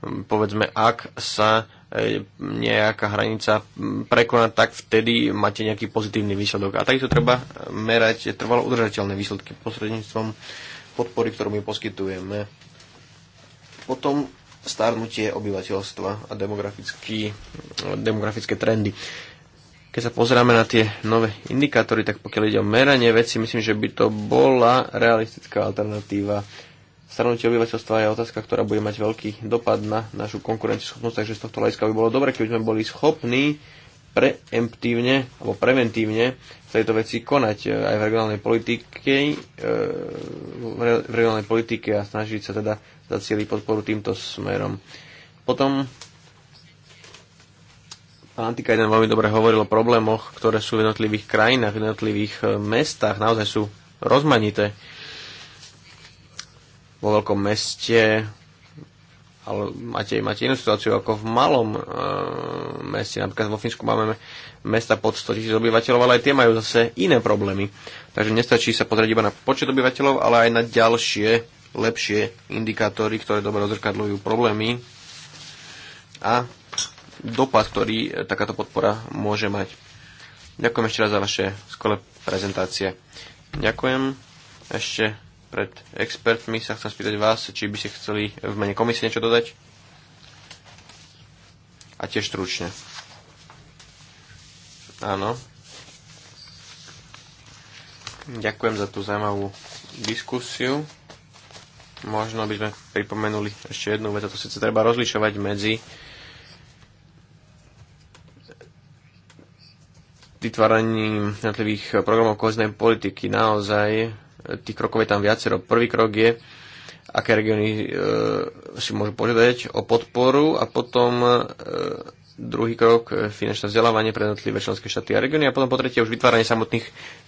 Mm, povedzme, ak sa e, nejaká hranica mm, prekoná, tak vtedy máte nejaký pozitívny výsledok. A takisto treba e, merať trvalo udržateľné výsledky posredníctvom podpory, ktorú my poskytujeme. Potom starnutie obyvateľstva a demografické trendy. Keď sa pozráme na tie nové indikátory, tak pokiaľ ide o meranie veci, myslím, že by to bola realistická alternatíva. Starnutie obyvateľstva je otázka, ktorá bude mať veľký dopad na našu schopnosť, takže z tohto hľadiska by bolo dobre, keby sme boli schopní uh, preemptívne alebo preventívne v tejto veci konať e, aj v regionálnej politike, e, v regionálnej politike a snažiť sa teda zacieliť podporu týmto smerom. Potom pán Antika jeden veľmi dobre hovoril o problémoch, ktoré sú v jednotlivých krajinách, v jednotlivých e, mestách, naozaj sú rozmanité. Vo veľkom meste ale máte, máte inú situáciu ako v malom e, meste. Napríklad vo Fínsku máme mesta pod 100 tisíc obyvateľov, ale aj tie majú zase iné problémy. Takže nestačí sa pozrieť iba na počet obyvateľov, ale aj na ďalšie, lepšie indikátory, ktoré dobre rozrkadľujú problémy a dopad, ktorý e, takáto podpora môže mať. Ďakujem ešte raz za vaše skvelé prezentácie. Ďakujem ešte pred expertmi, sa chcem spýtať vás, či by ste chceli v mene komisie niečo dodať. A tiež stručne. Áno. Ďakujem za tú zaujímavú diskusiu. Možno by sme pripomenuli ešte jednu vec, a to síce treba rozlišovať medzi vytváraním jednotlivých programov koheznej politiky. Naozaj tých krokov je tam viacero. Prvý krok je, aké regióny e, si môžu požiadať o podporu a potom e, druhý krok e, finančné vzdelávanie pre jednotlivé členské štáty a regióny a potom po tretie už vytváranie samotných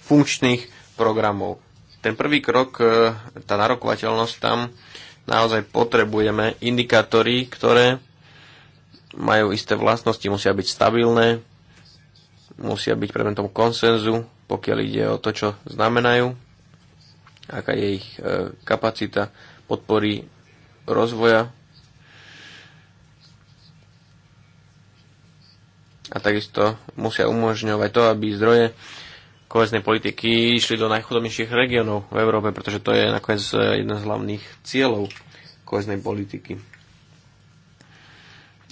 funkčných programov. Ten prvý krok, e, tá narokovateľnosť tam, naozaj potrebujeme indikátory, ktoré majú isté vlastnosti, musia byť stabilné, musia byť predmetom konsenzu, pokiaľ ide o to, čo znamenajú aká je ich e, kapacita podpory rozvoja a takisto musia umožňovať to, aby zdroje koheznej politiky išli do najchudobnejších regiónov v Európe, pretože to je nakoniec e, jeden z hlavných cieľov koheznej politiky.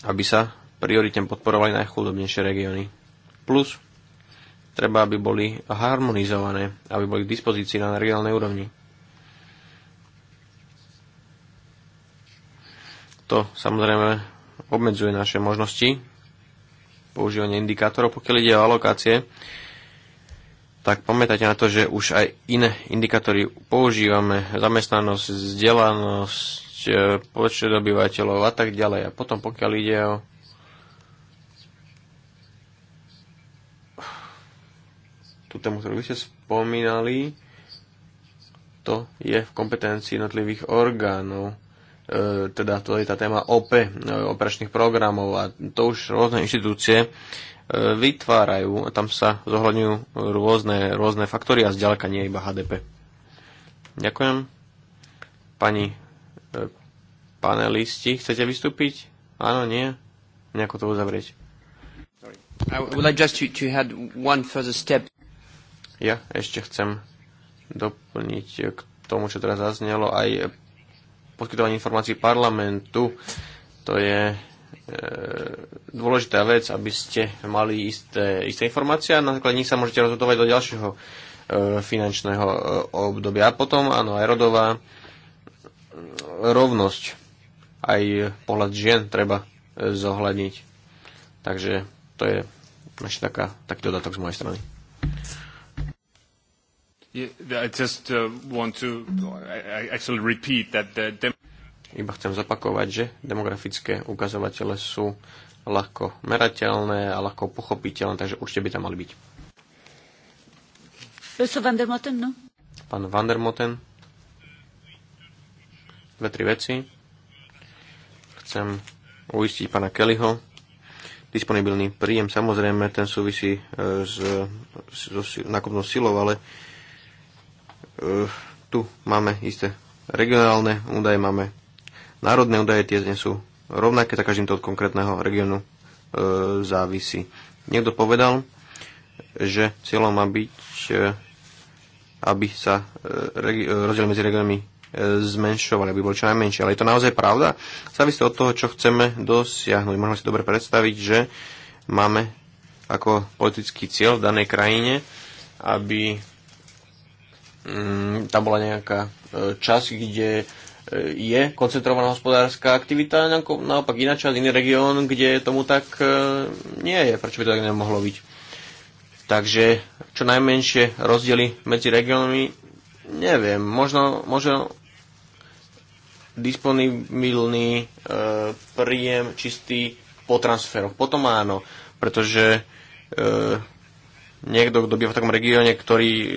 Aby sa prioritne podporovali najchudobnejšie regióny. Plus treba, aby boli harmonizované, aby boli k dispozícii na regionálnej úrovni. To samozrejme obmedzuje naše možnosti používania indikátorov. Pokiaľ ide o alokácie, tak pamätajte na to, že už aj iné indikátory používame, zamestnanosť, vzdelanosť, eh, počet obyvateľov a tak ďalej. A potom pokiaľ ide o tú tému, ktorú vy ste spomínali, to je v kompetencii jednotlivých orgánov. E, teda to je tá téma OP, e, operačných programov a to už rôzne inštitúcie e, vytvárajú a tam sa zohľadňujú rôzne, rôzne faktory a zďaleka nie iba HDP. Ďakujem. Pani e, panelisti, chcete vystúpiť? Áno, nie? Nejako to uzavrieť. I would like just to, to add one further step ja ešte chcem doplniť k tomu, čo teraz zaznelo, aj poskytovanie informácií parlamentu. To je e, dôležitá vec, aby ste mali isté, isté informácie a na základe nich sa môžete rozhodovať do ďalšieho e, finančného e, obdobia. A potom, áno, aj rodová e, rovnosť, aj pohľad žien treba e, zohľadniť. Takže to je ešte taká, taký dodatok z mojej strany. Iba chcem zopakovať, že demografické ukazovatele sú ľahko merateľné a ľahko pochopiteľné, takže určite by tam mali byť. Van der Moten, no? Pán Van der Moten. Dve, tri veci. Chcem uistiť pána Kellyho. Disponibilný príjem, samozrejme, ten súvisí s, s, s nákupnou silou, ale Eh, tu máme isté regionálne údaje, máme národné údaje, tie dnes sú rovnaké, tak každým to od konkrétneho regiónu e, eh, závisí. Niekto povedal, že cieľom má byť, e, aby sa e, rozdiel medzi regionami e, zmenšovali, aby bol čo najmenšie. Ale je to naozaj pravda? Závisí to od toho, čo chceme dosiahnuť. Môžeme si dobre predstaviť, že máme ako politický cieľ v danej krajine, aby Mm, tam bola nejaká e, časť, kde e, je koncentrovaná hospodárska aktivita, naopak iná časť, iný región, kde tomu tak e, nie je. Prečo by to tak nemohlo byť? Takže čo najmenšie rozdiely medzi regiónmi, neviem, možno, možno disponibilný e, príjem čistý po transferoch. Potom áno, pretože e, niekto, kto býva v takom regióne, ktorý e,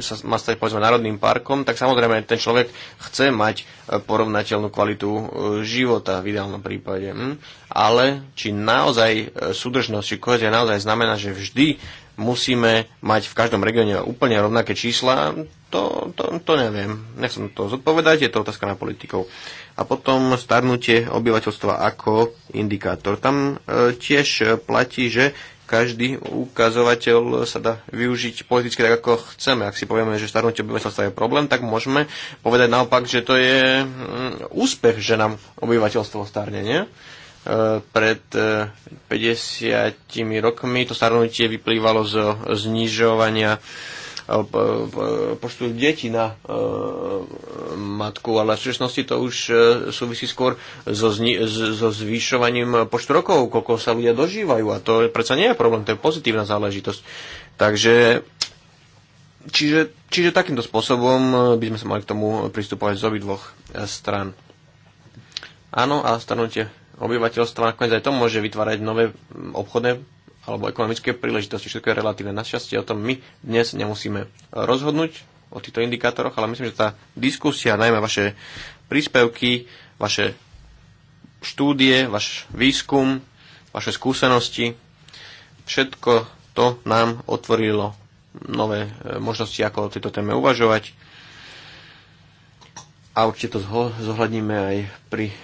sa má stať povedzme národným parkom, tak samozrejme ten človek chce mať e, porovnateľnú kvalitu e, života v ideálnom prípade. Hm? Ale či naozaj súdržnosť či kohezia naozaj znamená, že vždy musíme mať v každom regióne úplne rovnaké čísla, to, to, to neviem. Nechcem to zodpovedať, je to otázka na politikov. A potom starnutie obyvateľstva ako indikátor. Tam e, tiež platí, že každý ukazovateľ sa dá využiť politicky tak, ako chceme. Ak si povieme, že starnutie obyvateľstva je problém, tak môžeme povedať naopak, že to je mm, úspech, že nám obyvateľstvo starne, nie? E, pred 50 e, rokmi to starnutie vyplývalo zo znižovania Eh, počtu detí na eh, matku, ale v súčasnosti to už eh, súvisí skôr so, zni- so zvyšovaním počtu rokov, koľko sa ľudia dožívajú a to predsa nie je problém, to je pozitívna záležitosť. Takže Čiže, čiže takýmto spôsobom by sme sa mali k tomu pristupovať z dvoch stran. Áno, a stanutie obyvateľstva nakoniec aj to môže vytvárať nové obchodné alebo ekonomické príležitosti, všetko je relatívne. Našťastie o tom my dnes nemusíme rozhodnúť o týchto indikátoroch, ale myslím, že tá diskusia, najmä vaše príspevky, vaše štúdie, váš výskum, vaše skúsenosti, všetko to nám otvorilo nové e, možnosti, ako o tejto téme uvažovať. A určite to zohľadníme aj pri e,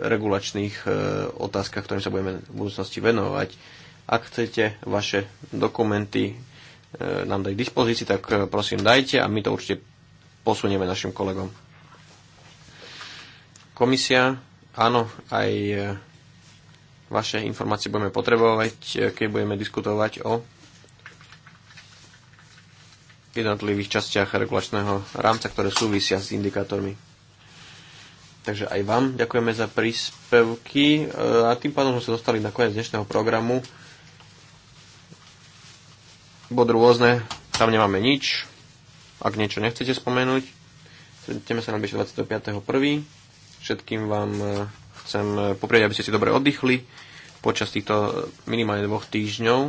regulačných e, otázkach, ktorým sa budeme v budúcnosti venovať. Ak chcete vaše dokumenty e, nám dať k dispozícii, tak e, prosím dajte a my to určite posunieme našim kolegom. Komisia, áno, aj vaše informácie budeme potrebovať, keď budeme diskutovať o jednotlivých častiach regulačného rámca, ktoré súvisia s indikátormi. Takže aj vám ďakujeme za príspevky e, a tým pádom sme sa dostali na koniec dnešného programu. Bod rôzne, tam nemáme nič. Ak niečo nechcete spomenúť, stretneme sa na 25.1. Všetkým vám e, chcem e, poprieť, aby ste si dobre oddychli počas týchto minimálne dvoch týždňov,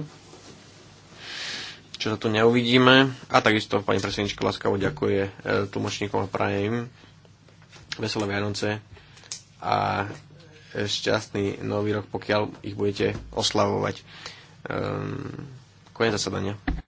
čo sa tu neuvidíme. A takisto pani presenička Laskavo ďakuje tlmočníkom a prajem veselé Vianoce a šťastný nový rok, pokiaľ ich budete oslavovať. Um, ehm, konec zasadania.